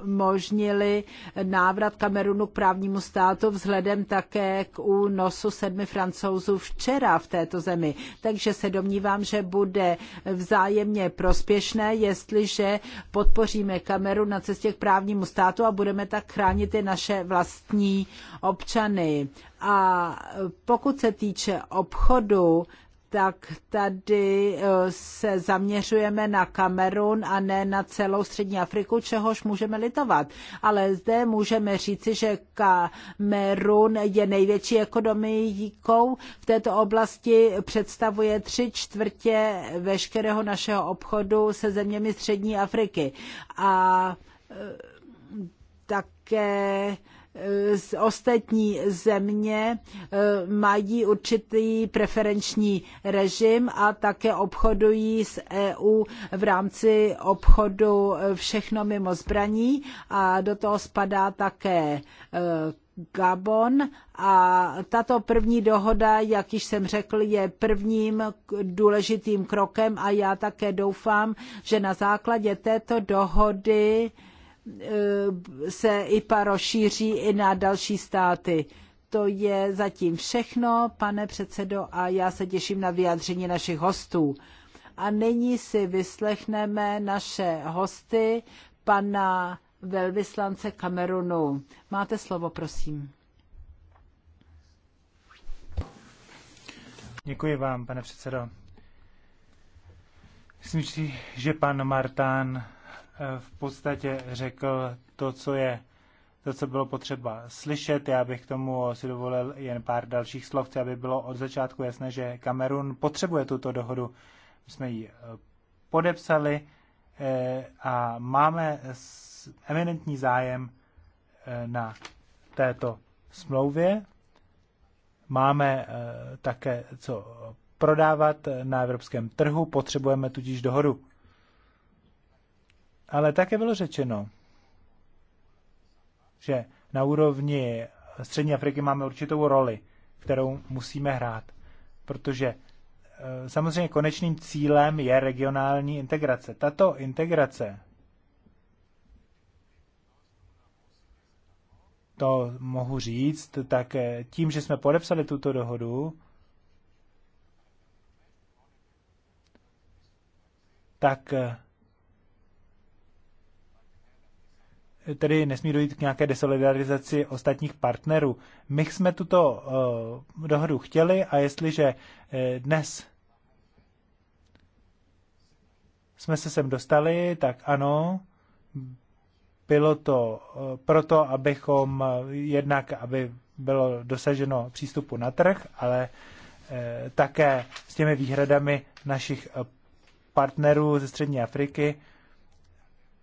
umožnili návrat Kamerunu k právnímu státu vzhledem také k únosu sedmi francouzů včera v této zemi. Takže se domnívám, že bude vzájemně prospěšné, jestliže podpoříme Kamerun na cestě k právnímu státu a budeme tak chránit i naše vlastní občany. A pokud se týče obchodu, tak tady eh, se zaměřujeme na Kamerun a ne na celou střední Afriku, čehož můžeme litovat. Ale zde můžeme říci, že Kamerun je největší ekonomikou v této oblasti, představuje tři čtvrtě veškerého našeho obchodu se zeměmi střední Afriky. A eh, také z ostatní země e, mají určitý preferenční režim a také obchodují s EU v rámci obchodu e, všechno mimo zbraní a do toho spadá také e, Gabon a tato první dohoda, jak již jsem řekl, je prvním důležitým krokem a já také doufám, že na základě této dohody Eh, se IPA rozšíří i na další státy. To je zatím všechno, pane předsedo, a já se těším na vyjádření našich hostů. A nyní si vyslechneme naše hosty, pana velvyslance Kamerunu. Máte slovo, prosím. Děkuji vám, pane předsedo. Myslím si, že pan Martán v podstatě řekl to, co je to, co bylo potřeba slyšet. Já bych tomu si dovolil jen pár dalších slov, chci, aby bylo od začátku jasné, že Kamerun potřebuje tuto dohodu. My jsme ji eh, podepsali eh, a máme eminentní zájem eh, na této smlouvě. Máme také co prodávat na evropském trhu, potřebujeme tudíž dohodu. Ale také bylo řečeno, že na úrovni střední Afriky máme určitou roli, kterou musíme hrát, protože e, samozřejmě konečným cílem je regionální integrace. Tato integrace, to mohu říct, tak e, tím, že jsme podepsali tuto dohodu, tak e, tedy nesmí dojít k nějaké desolidarizaci ostatních partnerů. My jsme tuto uh, dohodu chtěli a jestliže uh, dnes jsme se sem dostali, tak ano, bylo to uh, proto, abychom uh, jednak, aby bylo dosaženo přístupu na trh, ale uh, také s těmi výhradami našich uh, partnerů ze Střední Afriky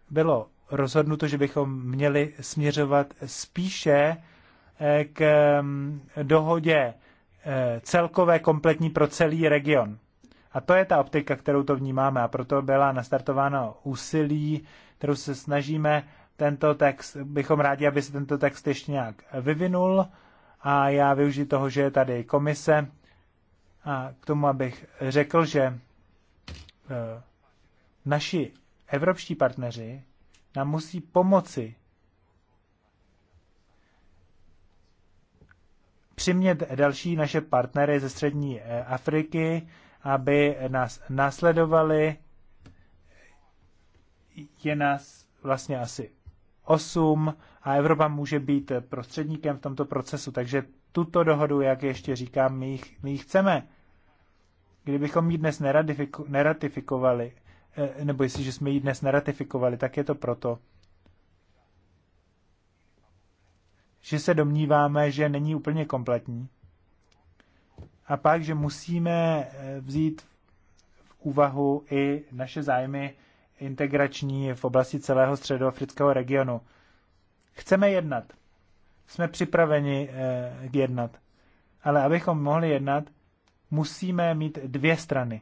bylo rozhodnuto, že bychom měli směřovat spíše eh, k mm, dohodě eh, celkové kompletní pro celý region. A to je ta optika, kterou to vnímáme a proto byla nastartováno úsilí, kterou se snažíme tento text, bychom rádi, aby se tento text ještě nějak vyvinul a já využiji toho, že je tady komise a k tomu, abych řekl, že eh, naši evropští partneři nám musí pomoci přimět další naše partnery ze střední eh, Afriky, aby nás následovali. Je nás vlastně asi osm a Evropa může být prostředníkem v tomto procesu, takže tuto dohodu, jak ještě říkám, my ji, my chceme. Kdybychom ji dnes neratifikovali, Eh, nebo jestliže jsme ji dnes neratifikovali, tak je to proto, že se domníváme, že není úplně kompletní. A pak, že musíme eh, vzít v úvahu i naše zájmy integrační v oblasti celého středoafrického regionu. Chceme jednat. Jsme připraveni eh, jednat. Ale abychom mohli jednat, musíme mít dvě strany.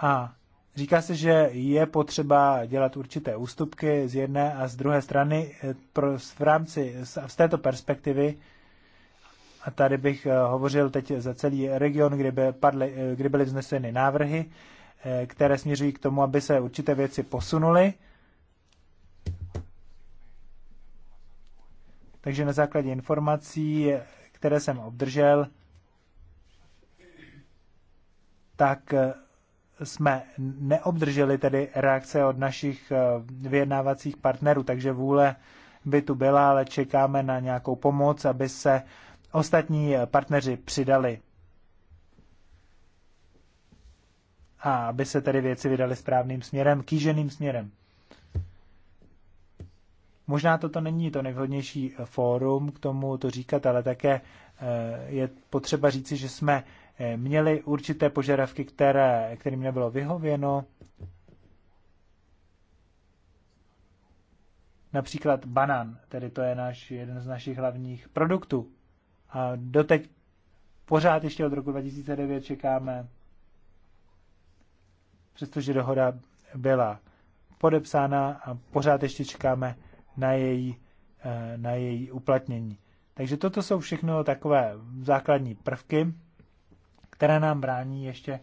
A říká se, že je potřeba dělat určité ústupky z jedné a z druhé strany e, pro, v rámci z této perspektivy. A tady bych e, hovořil teď za celý region, kde, by padly, e, kde byly vzneseny návrhy, které směřují k tomu, aby se určité věci posunuly. Takže na základě informací, které jsem obdržel, tak jsme neobdrželi tedy reakce od našich eh, vyjednávacích partnerů, takže vůle by tu byla, ale čekáme na nějakou pomoc, aby se ostatní eh, partneři přidali. A aby se tedy věci vydaly správným směrem, kýženým směrem. Možná toto není to nejvhodnější eh, fórum k tomu to říkat, ale také je potřeba říci, že jsme Eh, měli určité požadavky, které, kterým nebylo vyhověno. Například banán, tedy to je náš, jeden z našich hlavních produktů. A doteď pořád ještě od roku 2009 čekáme, přestože dohoda byla podepsána a pořád ještě čekáme na její, eh, na její uplatnění. Takže toto jsou všechno takové základní prvky které nám brání ještě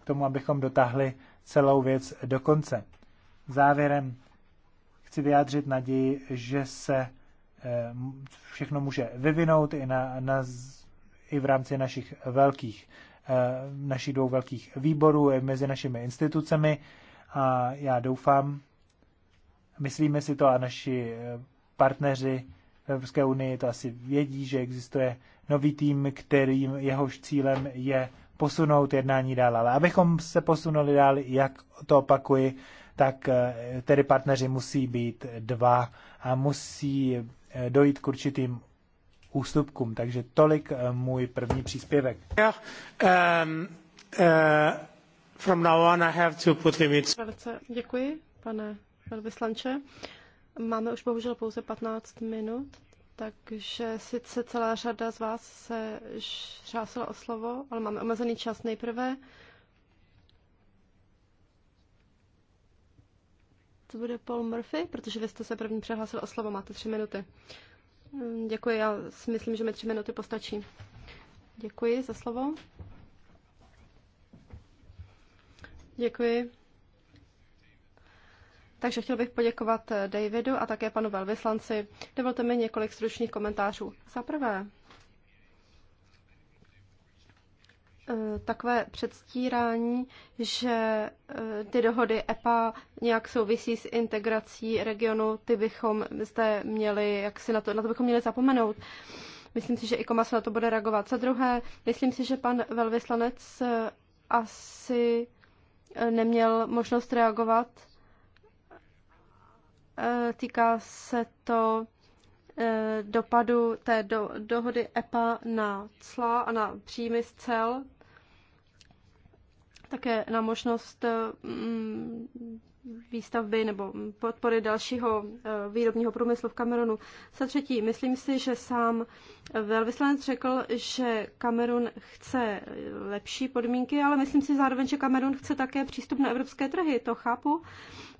k tomu, abychom dotáhli celou věc do konce. Závěrem chci vyjádřit naději, že se eh, všechno může vyvinout i, na, na, i v rámci našich velkých, eh, našich dvou velkých výborů, i mezi našimi institucemi. A já doufám, myslíme si to a naši eh, partneři v Evropské unii, to asi vědí, že existuje nový tým, kterým jehož cílem je posunout jednání dál. Ale abychom se posunuli dál, jak to opakuji, tak eh, tedy partneři musí být dva a musí eh, dojít k určitým ústupkům. Takže tolik eh, můj první příspěvek. Yeah, um, uh, from now on I have to put limits. Velice děkuji, pane velvyslanče. Máme už bohužel pouze 15 minut, takže sice celá řada z vás se řásila o slovo, ale máme omezený čas nejprve. To bude Paul Murphy, protože vy jste se první přihlásil o slovo, máte tři minuty. Mm, děkuji, já si myslím, že mi tři minuty postačí. Děkuji za slovo. Děkuji. Takže chtěl bych poděkovat eh, Davidu a také panu velvyslanci. Dovolte mi několik stručných komentářů. Za prvé, eh, takové předstírání, že eh, ty dohody EPA nějak souvisí s integrací regionu, ty bychom zde měli, jak si na to, na to bychom měli zapomenout. Myslím si, že i Komas na to bude reagovat. Za druhé, myslím si, že pan velvyslanec asi neměl možnost reagovat Eh, týká se to eh, dopadu té do, dohody EPA na cla a na příjmy z cel, také na možnost eh, mm, výstavby nebo podpory dalšího eh, výrobního průmyslu v Kamerunu. Za třetí, myslím si, že sám velvyslanec řekl, že Kamerun chce eh, lepší podmínky, ale myslím si zároveň, že Kamerun chce také přístup na evropské trhy, to chápu.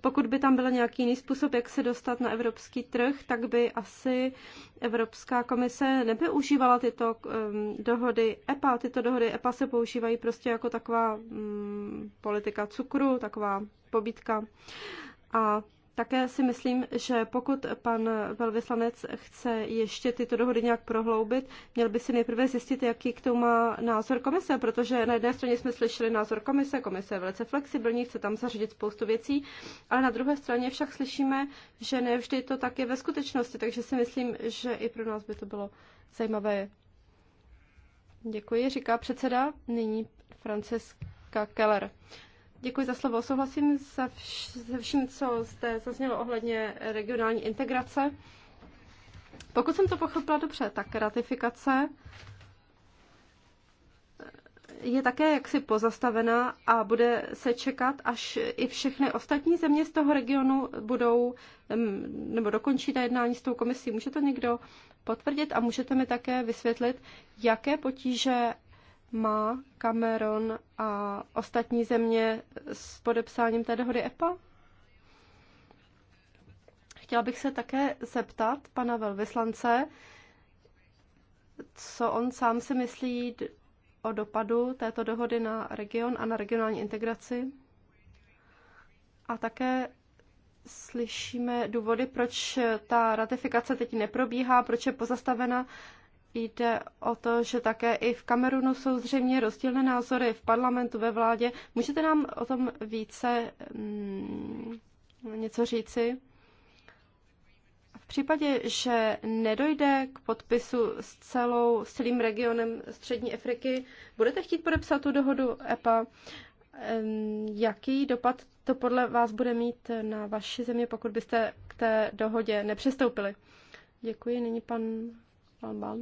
Pokud by tam byl nějaký jiný způsob, jak se dostat na evropský trh, tak by asi Evropská komise nevyužívala tyto um, dohody EPA. Tyto dohody EPA se používají prostě jako taková um, politika cukru, taková pobítka. A také si myslím, že pokud pan velvyslanec chce ještě tyto dohody nějak prohloubit, měl by si nejprve zjistit, jaký k tomu má názor komise, protože na jedné straně jsme slyšeli názor komise, komise je velice flexibilní, chce tam zařídit spoustu věcí, ale na druhé straně však slyšíme, že nevždy to tak je ve skutečnosti, takže si myslím, že i pro nás by to bylo zajímavé. Děkuji, říká předseda. Nyní Francesca Keller. Děkuji za slovo. Souhlasím se, vš- se vším, co jste zaznělo ohledně regionální integrace. Pokud jsem to pochopila dobře, tak ratifikace je také jaksi pozastavena a bude se čekat, až i všechny ostatní země z toho regionu budou nebo dokončí ta jednání s tou komisí. Může to někdo potvrdit a můžete mi také vysvětlit, jaké potíže má Cameron a ostatní země s podepsáním té dohody EPA? Chtěla bych se také zeptat pana velvyslance, co on sám si myslí o dopadu této dohody na region a na regionální integraci. A také slyšíme důvody, proč ta ratifikace teď neprobíhá, proč je pozastavena jde o to, že také i v Kamerunu jsou zřejmě rozdílné názory v parlamentu, ve vládě. Můžete nám o tom více mm, něco říci? V případě, že nedojde k podpisu s, celou, s celým regionem Střední Afriky, budete chtít podepsat tu dohodu EPA. Jaký dopad to podle vás bude mít na vaši země, pokud byste k té dohodě nepřistoupili? Děkuji. Nyní pan Alban.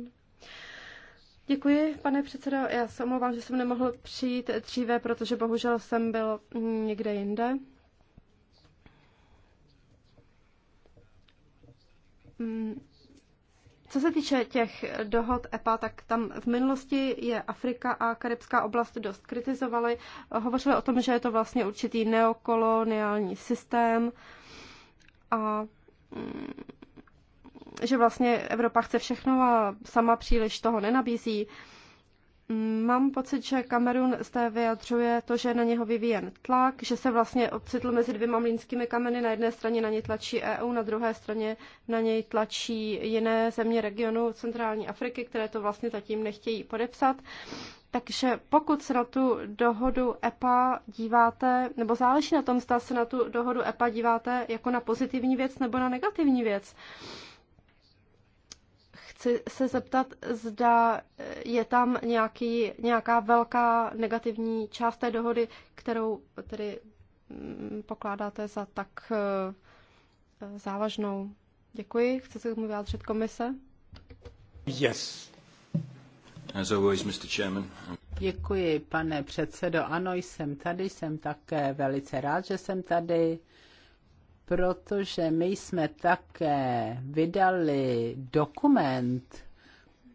Děkuji, pane předsedo. Já se omlouvám, že jsem nemohl přijít dříve, protože bohužel jsem byl mm, někde jinde. Mm, co se týče těch dohod EPA, tak tam v minulosti je Afrika a karibská oblast dost kritizovaly. Hovořili o tom, že je to vlastně určitý neokoloniální systém a mm, že vlastně Evropa chce všechno a sama příliš toho nenabízí. Mám pocit, že Kamerun zde vyjadřuje to, že je na něho vyvíjen tlak, že se vlastně ocitl mezi dvěma mlínskými kameny. Na jedné straně na něj tlačí EU, na druhé straně na něj tlačí jiné země regionu centrální Afriky, které to vlastně zatím nechtějí podepsat. Takže pokud se na tu dohodu EPA díváte, nebo záleží na tom, zda se na tu dohodu EPA díváte jako na pozitivní věc nebo na negativní věc. Chci se zeptat, zda je tam nějaký, nějaká velká negativní část té dohody, kterou tedy mm, pokládáte za tak eh, závažnou. Děkuji. Chce se k tomu vyjádřit komise? Yes. As always, Mr. Chairman. Děkuji, pane předsedo. Ano, jsem tady, jsem také velice rád, že jsem tady protože my jsme také vydali dokument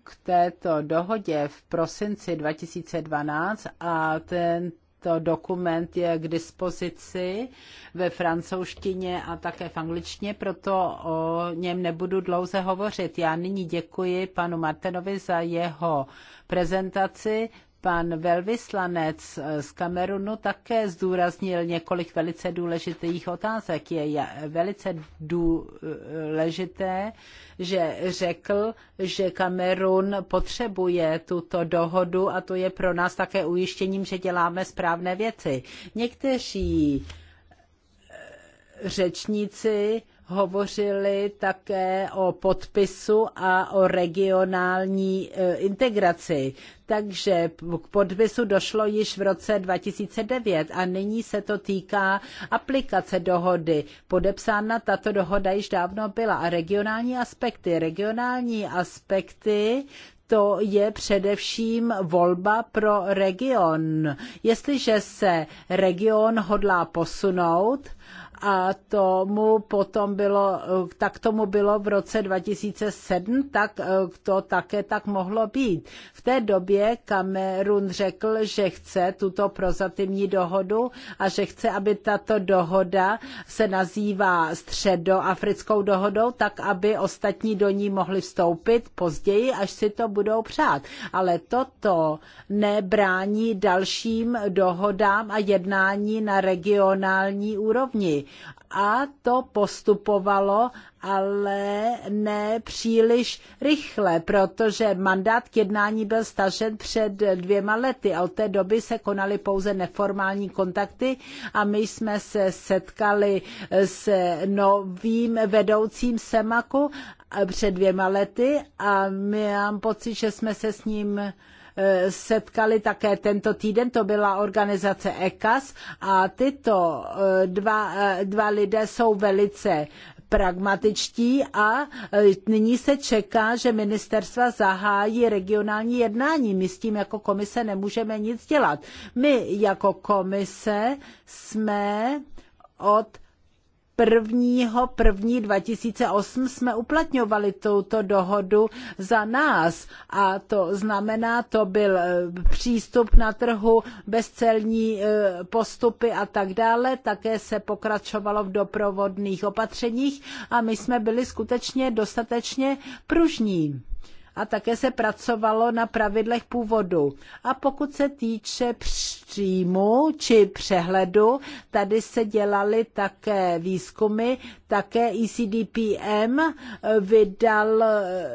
k této dohodě v prosinci 2012 a ten tento dokument je k dispozici ve francouzštině a také v angličtině, proto o něm nebudu dlouze hovořit. Já nyní děkuji panu Martinovi za jeho prezentaci pan velvyslanec eh, z Kamerunu také zdůraznil několik velice důležitých otázek. Je velice důležité, že řekl, že Kamerun potřebuje tuto dohodu a to je pro nás také ujištěním, že děláme správné věci. Někteří eh, řečníci hovořili také o podpisu a o regionální e, integraci. Takže k podpisu došlo již v roce 2009 a nyní se to týká aplikace dohody. Podepsána tato dohoda již dávno byla a regionální aspekty. Regionální aspekty to je především volba pro region. Jestliže se region hodlá posunout, a tomu potom bylo, tak tomu bylo v roce 2007, tak eh, to také tak mohlo být. V té době Kamerun řekl, že chce tuto prozatímní dohodu a že chce, aby tato dohoda se nazývá středoafrickou dohodou, tak aby ostatní do ní mohli vstoupit později, až si to budou přát. Ale toto nebrání dalším dohodám a jednání na regionální úrovni a to postupovalo, ale ne příliš rychle, protože mandát k jednání byl stažen před dvěma lety a od té doby se konaly pouze neformální kontakty a my jsme se setkali s novým vedoucím Semaku před dvěma lety a mám pocit, že jsme se s ním Eh, setkali také tento týden, to byla organizace ECAS a tyto eh, dva, eh, dva lidé jsou velice pragmatičtí a nyní se čeká, že ministerstva zahájí regionální jednání. My s tím jako komise nemůžeme nic dělat. My jako komise jsme od prvního první 2008 jsme uplatňovali tuto dohodu za nás a to znamená, to byl eh, přístup na trhu, bezcelní eh, postupy a tak dále, také se pokračovalo v doprovodných opatřeních a my jsme byli skutečně dostatečně pružní a také se pracovalo na pravidlech původu. A pokud se týče příjmu či přehledu, tady se dělaly také výzkumy, také ECDPM eh, vydal eh,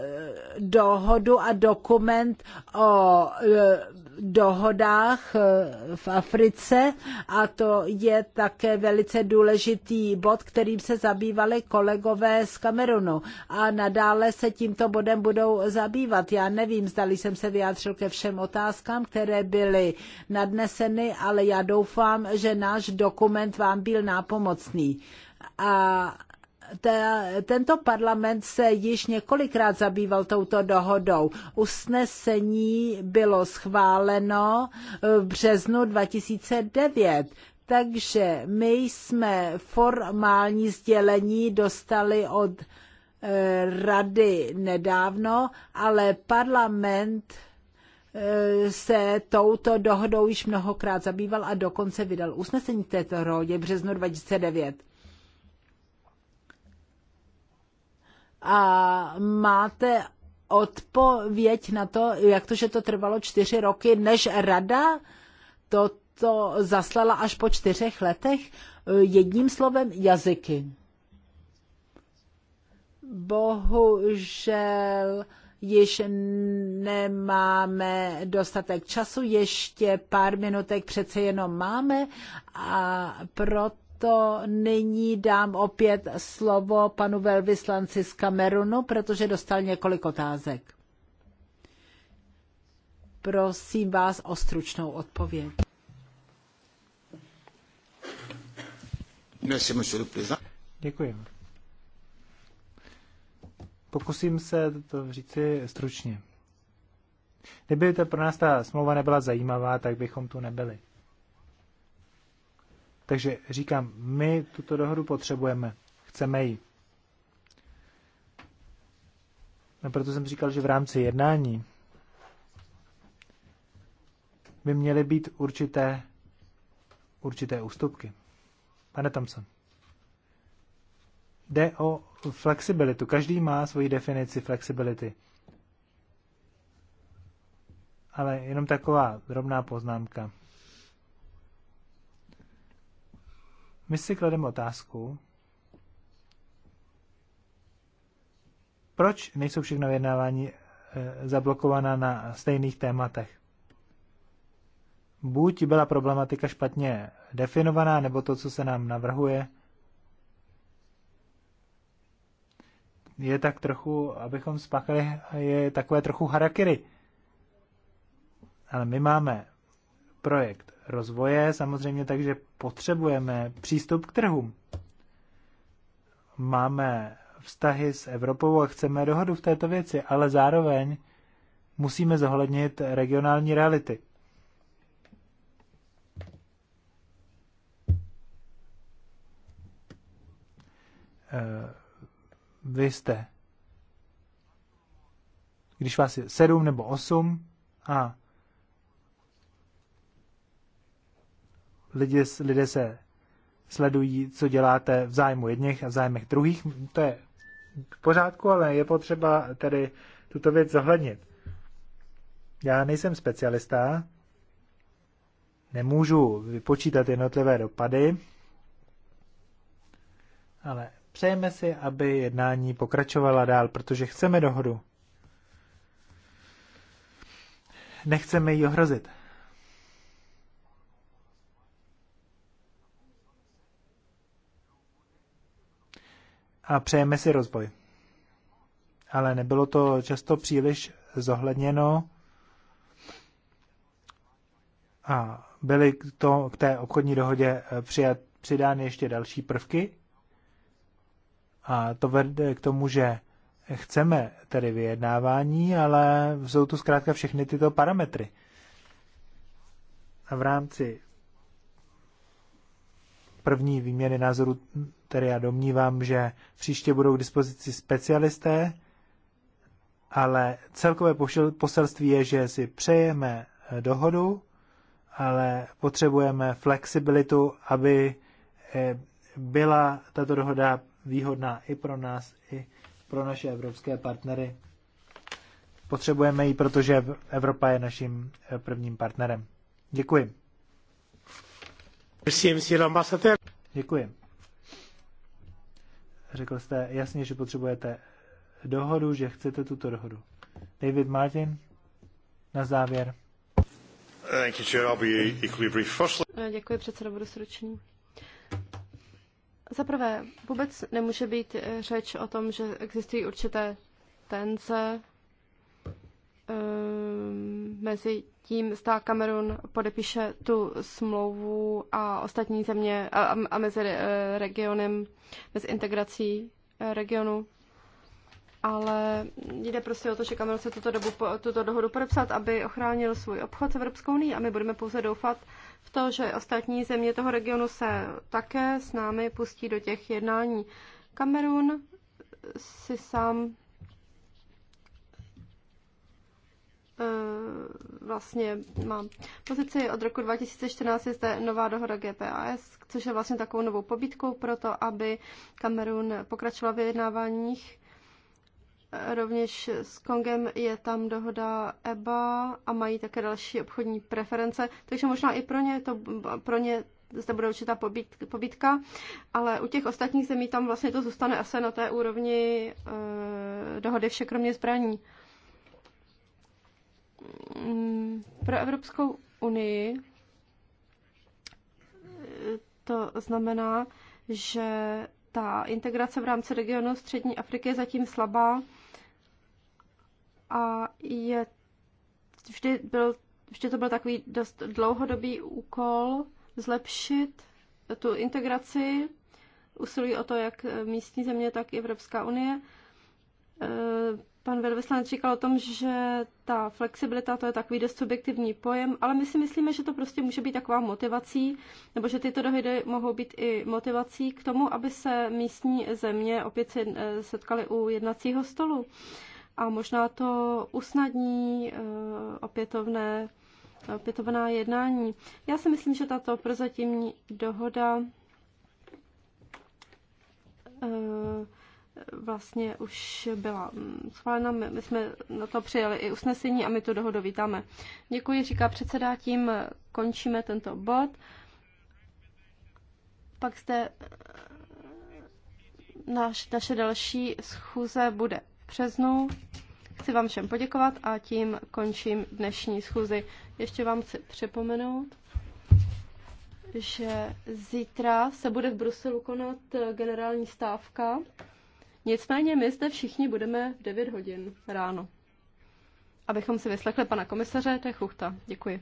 dohodu a dokument o eh, dohodách eh, v Africe a to je také velice důležitý bod, kterým se zabývali kolegové z Kamerunu a nadále se tímto bodem budou zabývat. Já nevím, zda jsem se vyjádřil ke všem otázkám, které byly nadneseny, ale já doufám, že náš dokument vám byl nápomocný. A tento parlament se již několikrát zabýval touto dohodou. Usnesení bylo schváleno eh, v březnu 2009. Takže my jsme formální sdělení dostali od eh, rady nedávno, ale parlament eh, se touto dohodou již mnohokrát zabýval a dokonce vydal usnesení k této dohodě v březnu 2009. a máte odpověď na to, jak to, že to trvalo čtyři roky, než rada to zaslala až po čtyřech letech, jedním slovem jazyky. Bohužel již nemáme dostatek času, ještě pár minutek přece jenom máme a proto to nyní dám opět slovo panu velvyslanci z Kamerunu, protože dostal několik otázek. Prosím vás o stručnou odpověď. Děkuji. Pokusím se to říci stručně. Kdyby to pro nás ta smlouva nebyla zajímavá, tak bychom tu nebyli. Takže říkám, my tuto dohodu potřebujeme, chceme ji. A proto jsem říkal, že v rámci jednání by měly být určité, určité ústupky. Pane Thompson. Jde o flexibilitu. Každý má svoji definici flexibility. Ale jenom taková drobná poznámka. My si klademe otázku, proč nejsou všechna vyjednávání eh, zablokována na stejných tématech. Buď byla problematika špatně definovaná, nebo to, co se nám navrhuje, je tak trochu, abychom spáchali, je takové trochu harakiri. Ale my máme projekt rozvoje samozřejmě, takže potřebujeme přístup k trhům. Máme vztahy s Evropou a chceme dohodu v této věci, ale zároveň musíme zohlednit regionální reality. Eh, vy jste, když vás je sedm nebo osm a lidi, lidé se sledují, co děláte v zájmu jedněch a v zájmech druhých. To je v pořádku, ale je potřeba tedy tuto věc zohlednit. Já nejsem specialista, nemůžu vypočítat jednotlivé dopady, ale přejeme si, aby jednání pokračovala dál, protože chceme dohodu. Nechceme ji ohrozit. a přejeme si rozvoj. Ale nebylo to často příliš zohledněno a byly k, to, k té obchodní dohodě eh, přijat, přidány ještě další prvky a to vede k tomu, že chceme tedy vyjednávání, ale jsou tu zkrátka všechny tyto parametry. A v rámci první výměny názoru, které já domnívám, že příště budou k dispozici specialisté, ale celkové poselství je, že si přejeme eh, dohodu, ale potřebujeme flexibilitu, aby eh, byla tato dohoda výhodná i pro nás, i pro naše evropské partnery. Potřebujeme ji, protože Evropa je naším eh, prvním partnerem. Děkuji. Děkuji. Řekl jste jasně, že potřebujete dohodu, že chcete tuto dohodu. David Martin, na závěr. Eh, děkuji, předsedo, budu sručný. Za prvé, vůbec nemůže být eh, řeč o tom, že existují určité tence. um, ehm, mezi tím, zda Kamerun podepíše tu smlouvu a ostatní země a, a mezi eh, regionem, mezi integrací eh, regionu. Ale jde prostě o to, že Kamerun se tuto, dobu, tuto dohodu podepsat, aby ochránil svůj obchod s Evropskou unii a my budeme pouze doufat v to, že ostatní země toho regionu se také s námi pustí do těch jednání. Kamerun si sám Eh, vlastně mám pozici. Od roku 2014 je zde nová dohoda GPAS, což je vlastně takovou novou pobítkou pro to, aby Kamerun pokračoval v vyjednáváních. Eh, rovněž s Kongem je tam dohoda EBA a mají také další obchodní preference, takže možná i pro ně, to, pro ně zde bude určitá pobítka, ale u těch ostatních zemí tam vlastně to zůstane asi na té úrovni e, dohody vše kromě zbraní. Mm, pro Evropskou unii to znamená, že ta integrace v rámci regionu Střední Afriky je zatím slabá a je, vždy, byl, vždy to byl takový dost dlouhodobý úkol zlepšit tu integraci. Usilují o to jak místní země, tak i Evropská unie. Pan velvyslanec říkal o tom, že ta flexibilita to je takový dost subjektivní pojem, ale my si myslíme, že to prostě může být taková motivací, nebo že tyto dohody mohou být i motivací k tomu, aby se místní země opět eh, setkaly u jednacího stolu. A možná to usnadní eh, opětovné, opětovná jednání. Já si myslím, že tato prozatímní dohoda eh, vlastně už byla mm, schválena. My, my jsme na to přijali i usnesení a my tu dohodu vítáme. Děkuji, říká předseda, tím končíme tento bod. Pak zde eh, naš, naše další schůze bude v březnu. Chci vám všem poděkovat a tím končím dnešní schůzi. Ještě vám chci připomenout, že zítra se bude v Bruselu konat generální stávka. Nicméně my zde všichni budeme v 9 hodin ráno. Abychom si vyslechli pana komisaře, to je chuchta. Děkuji.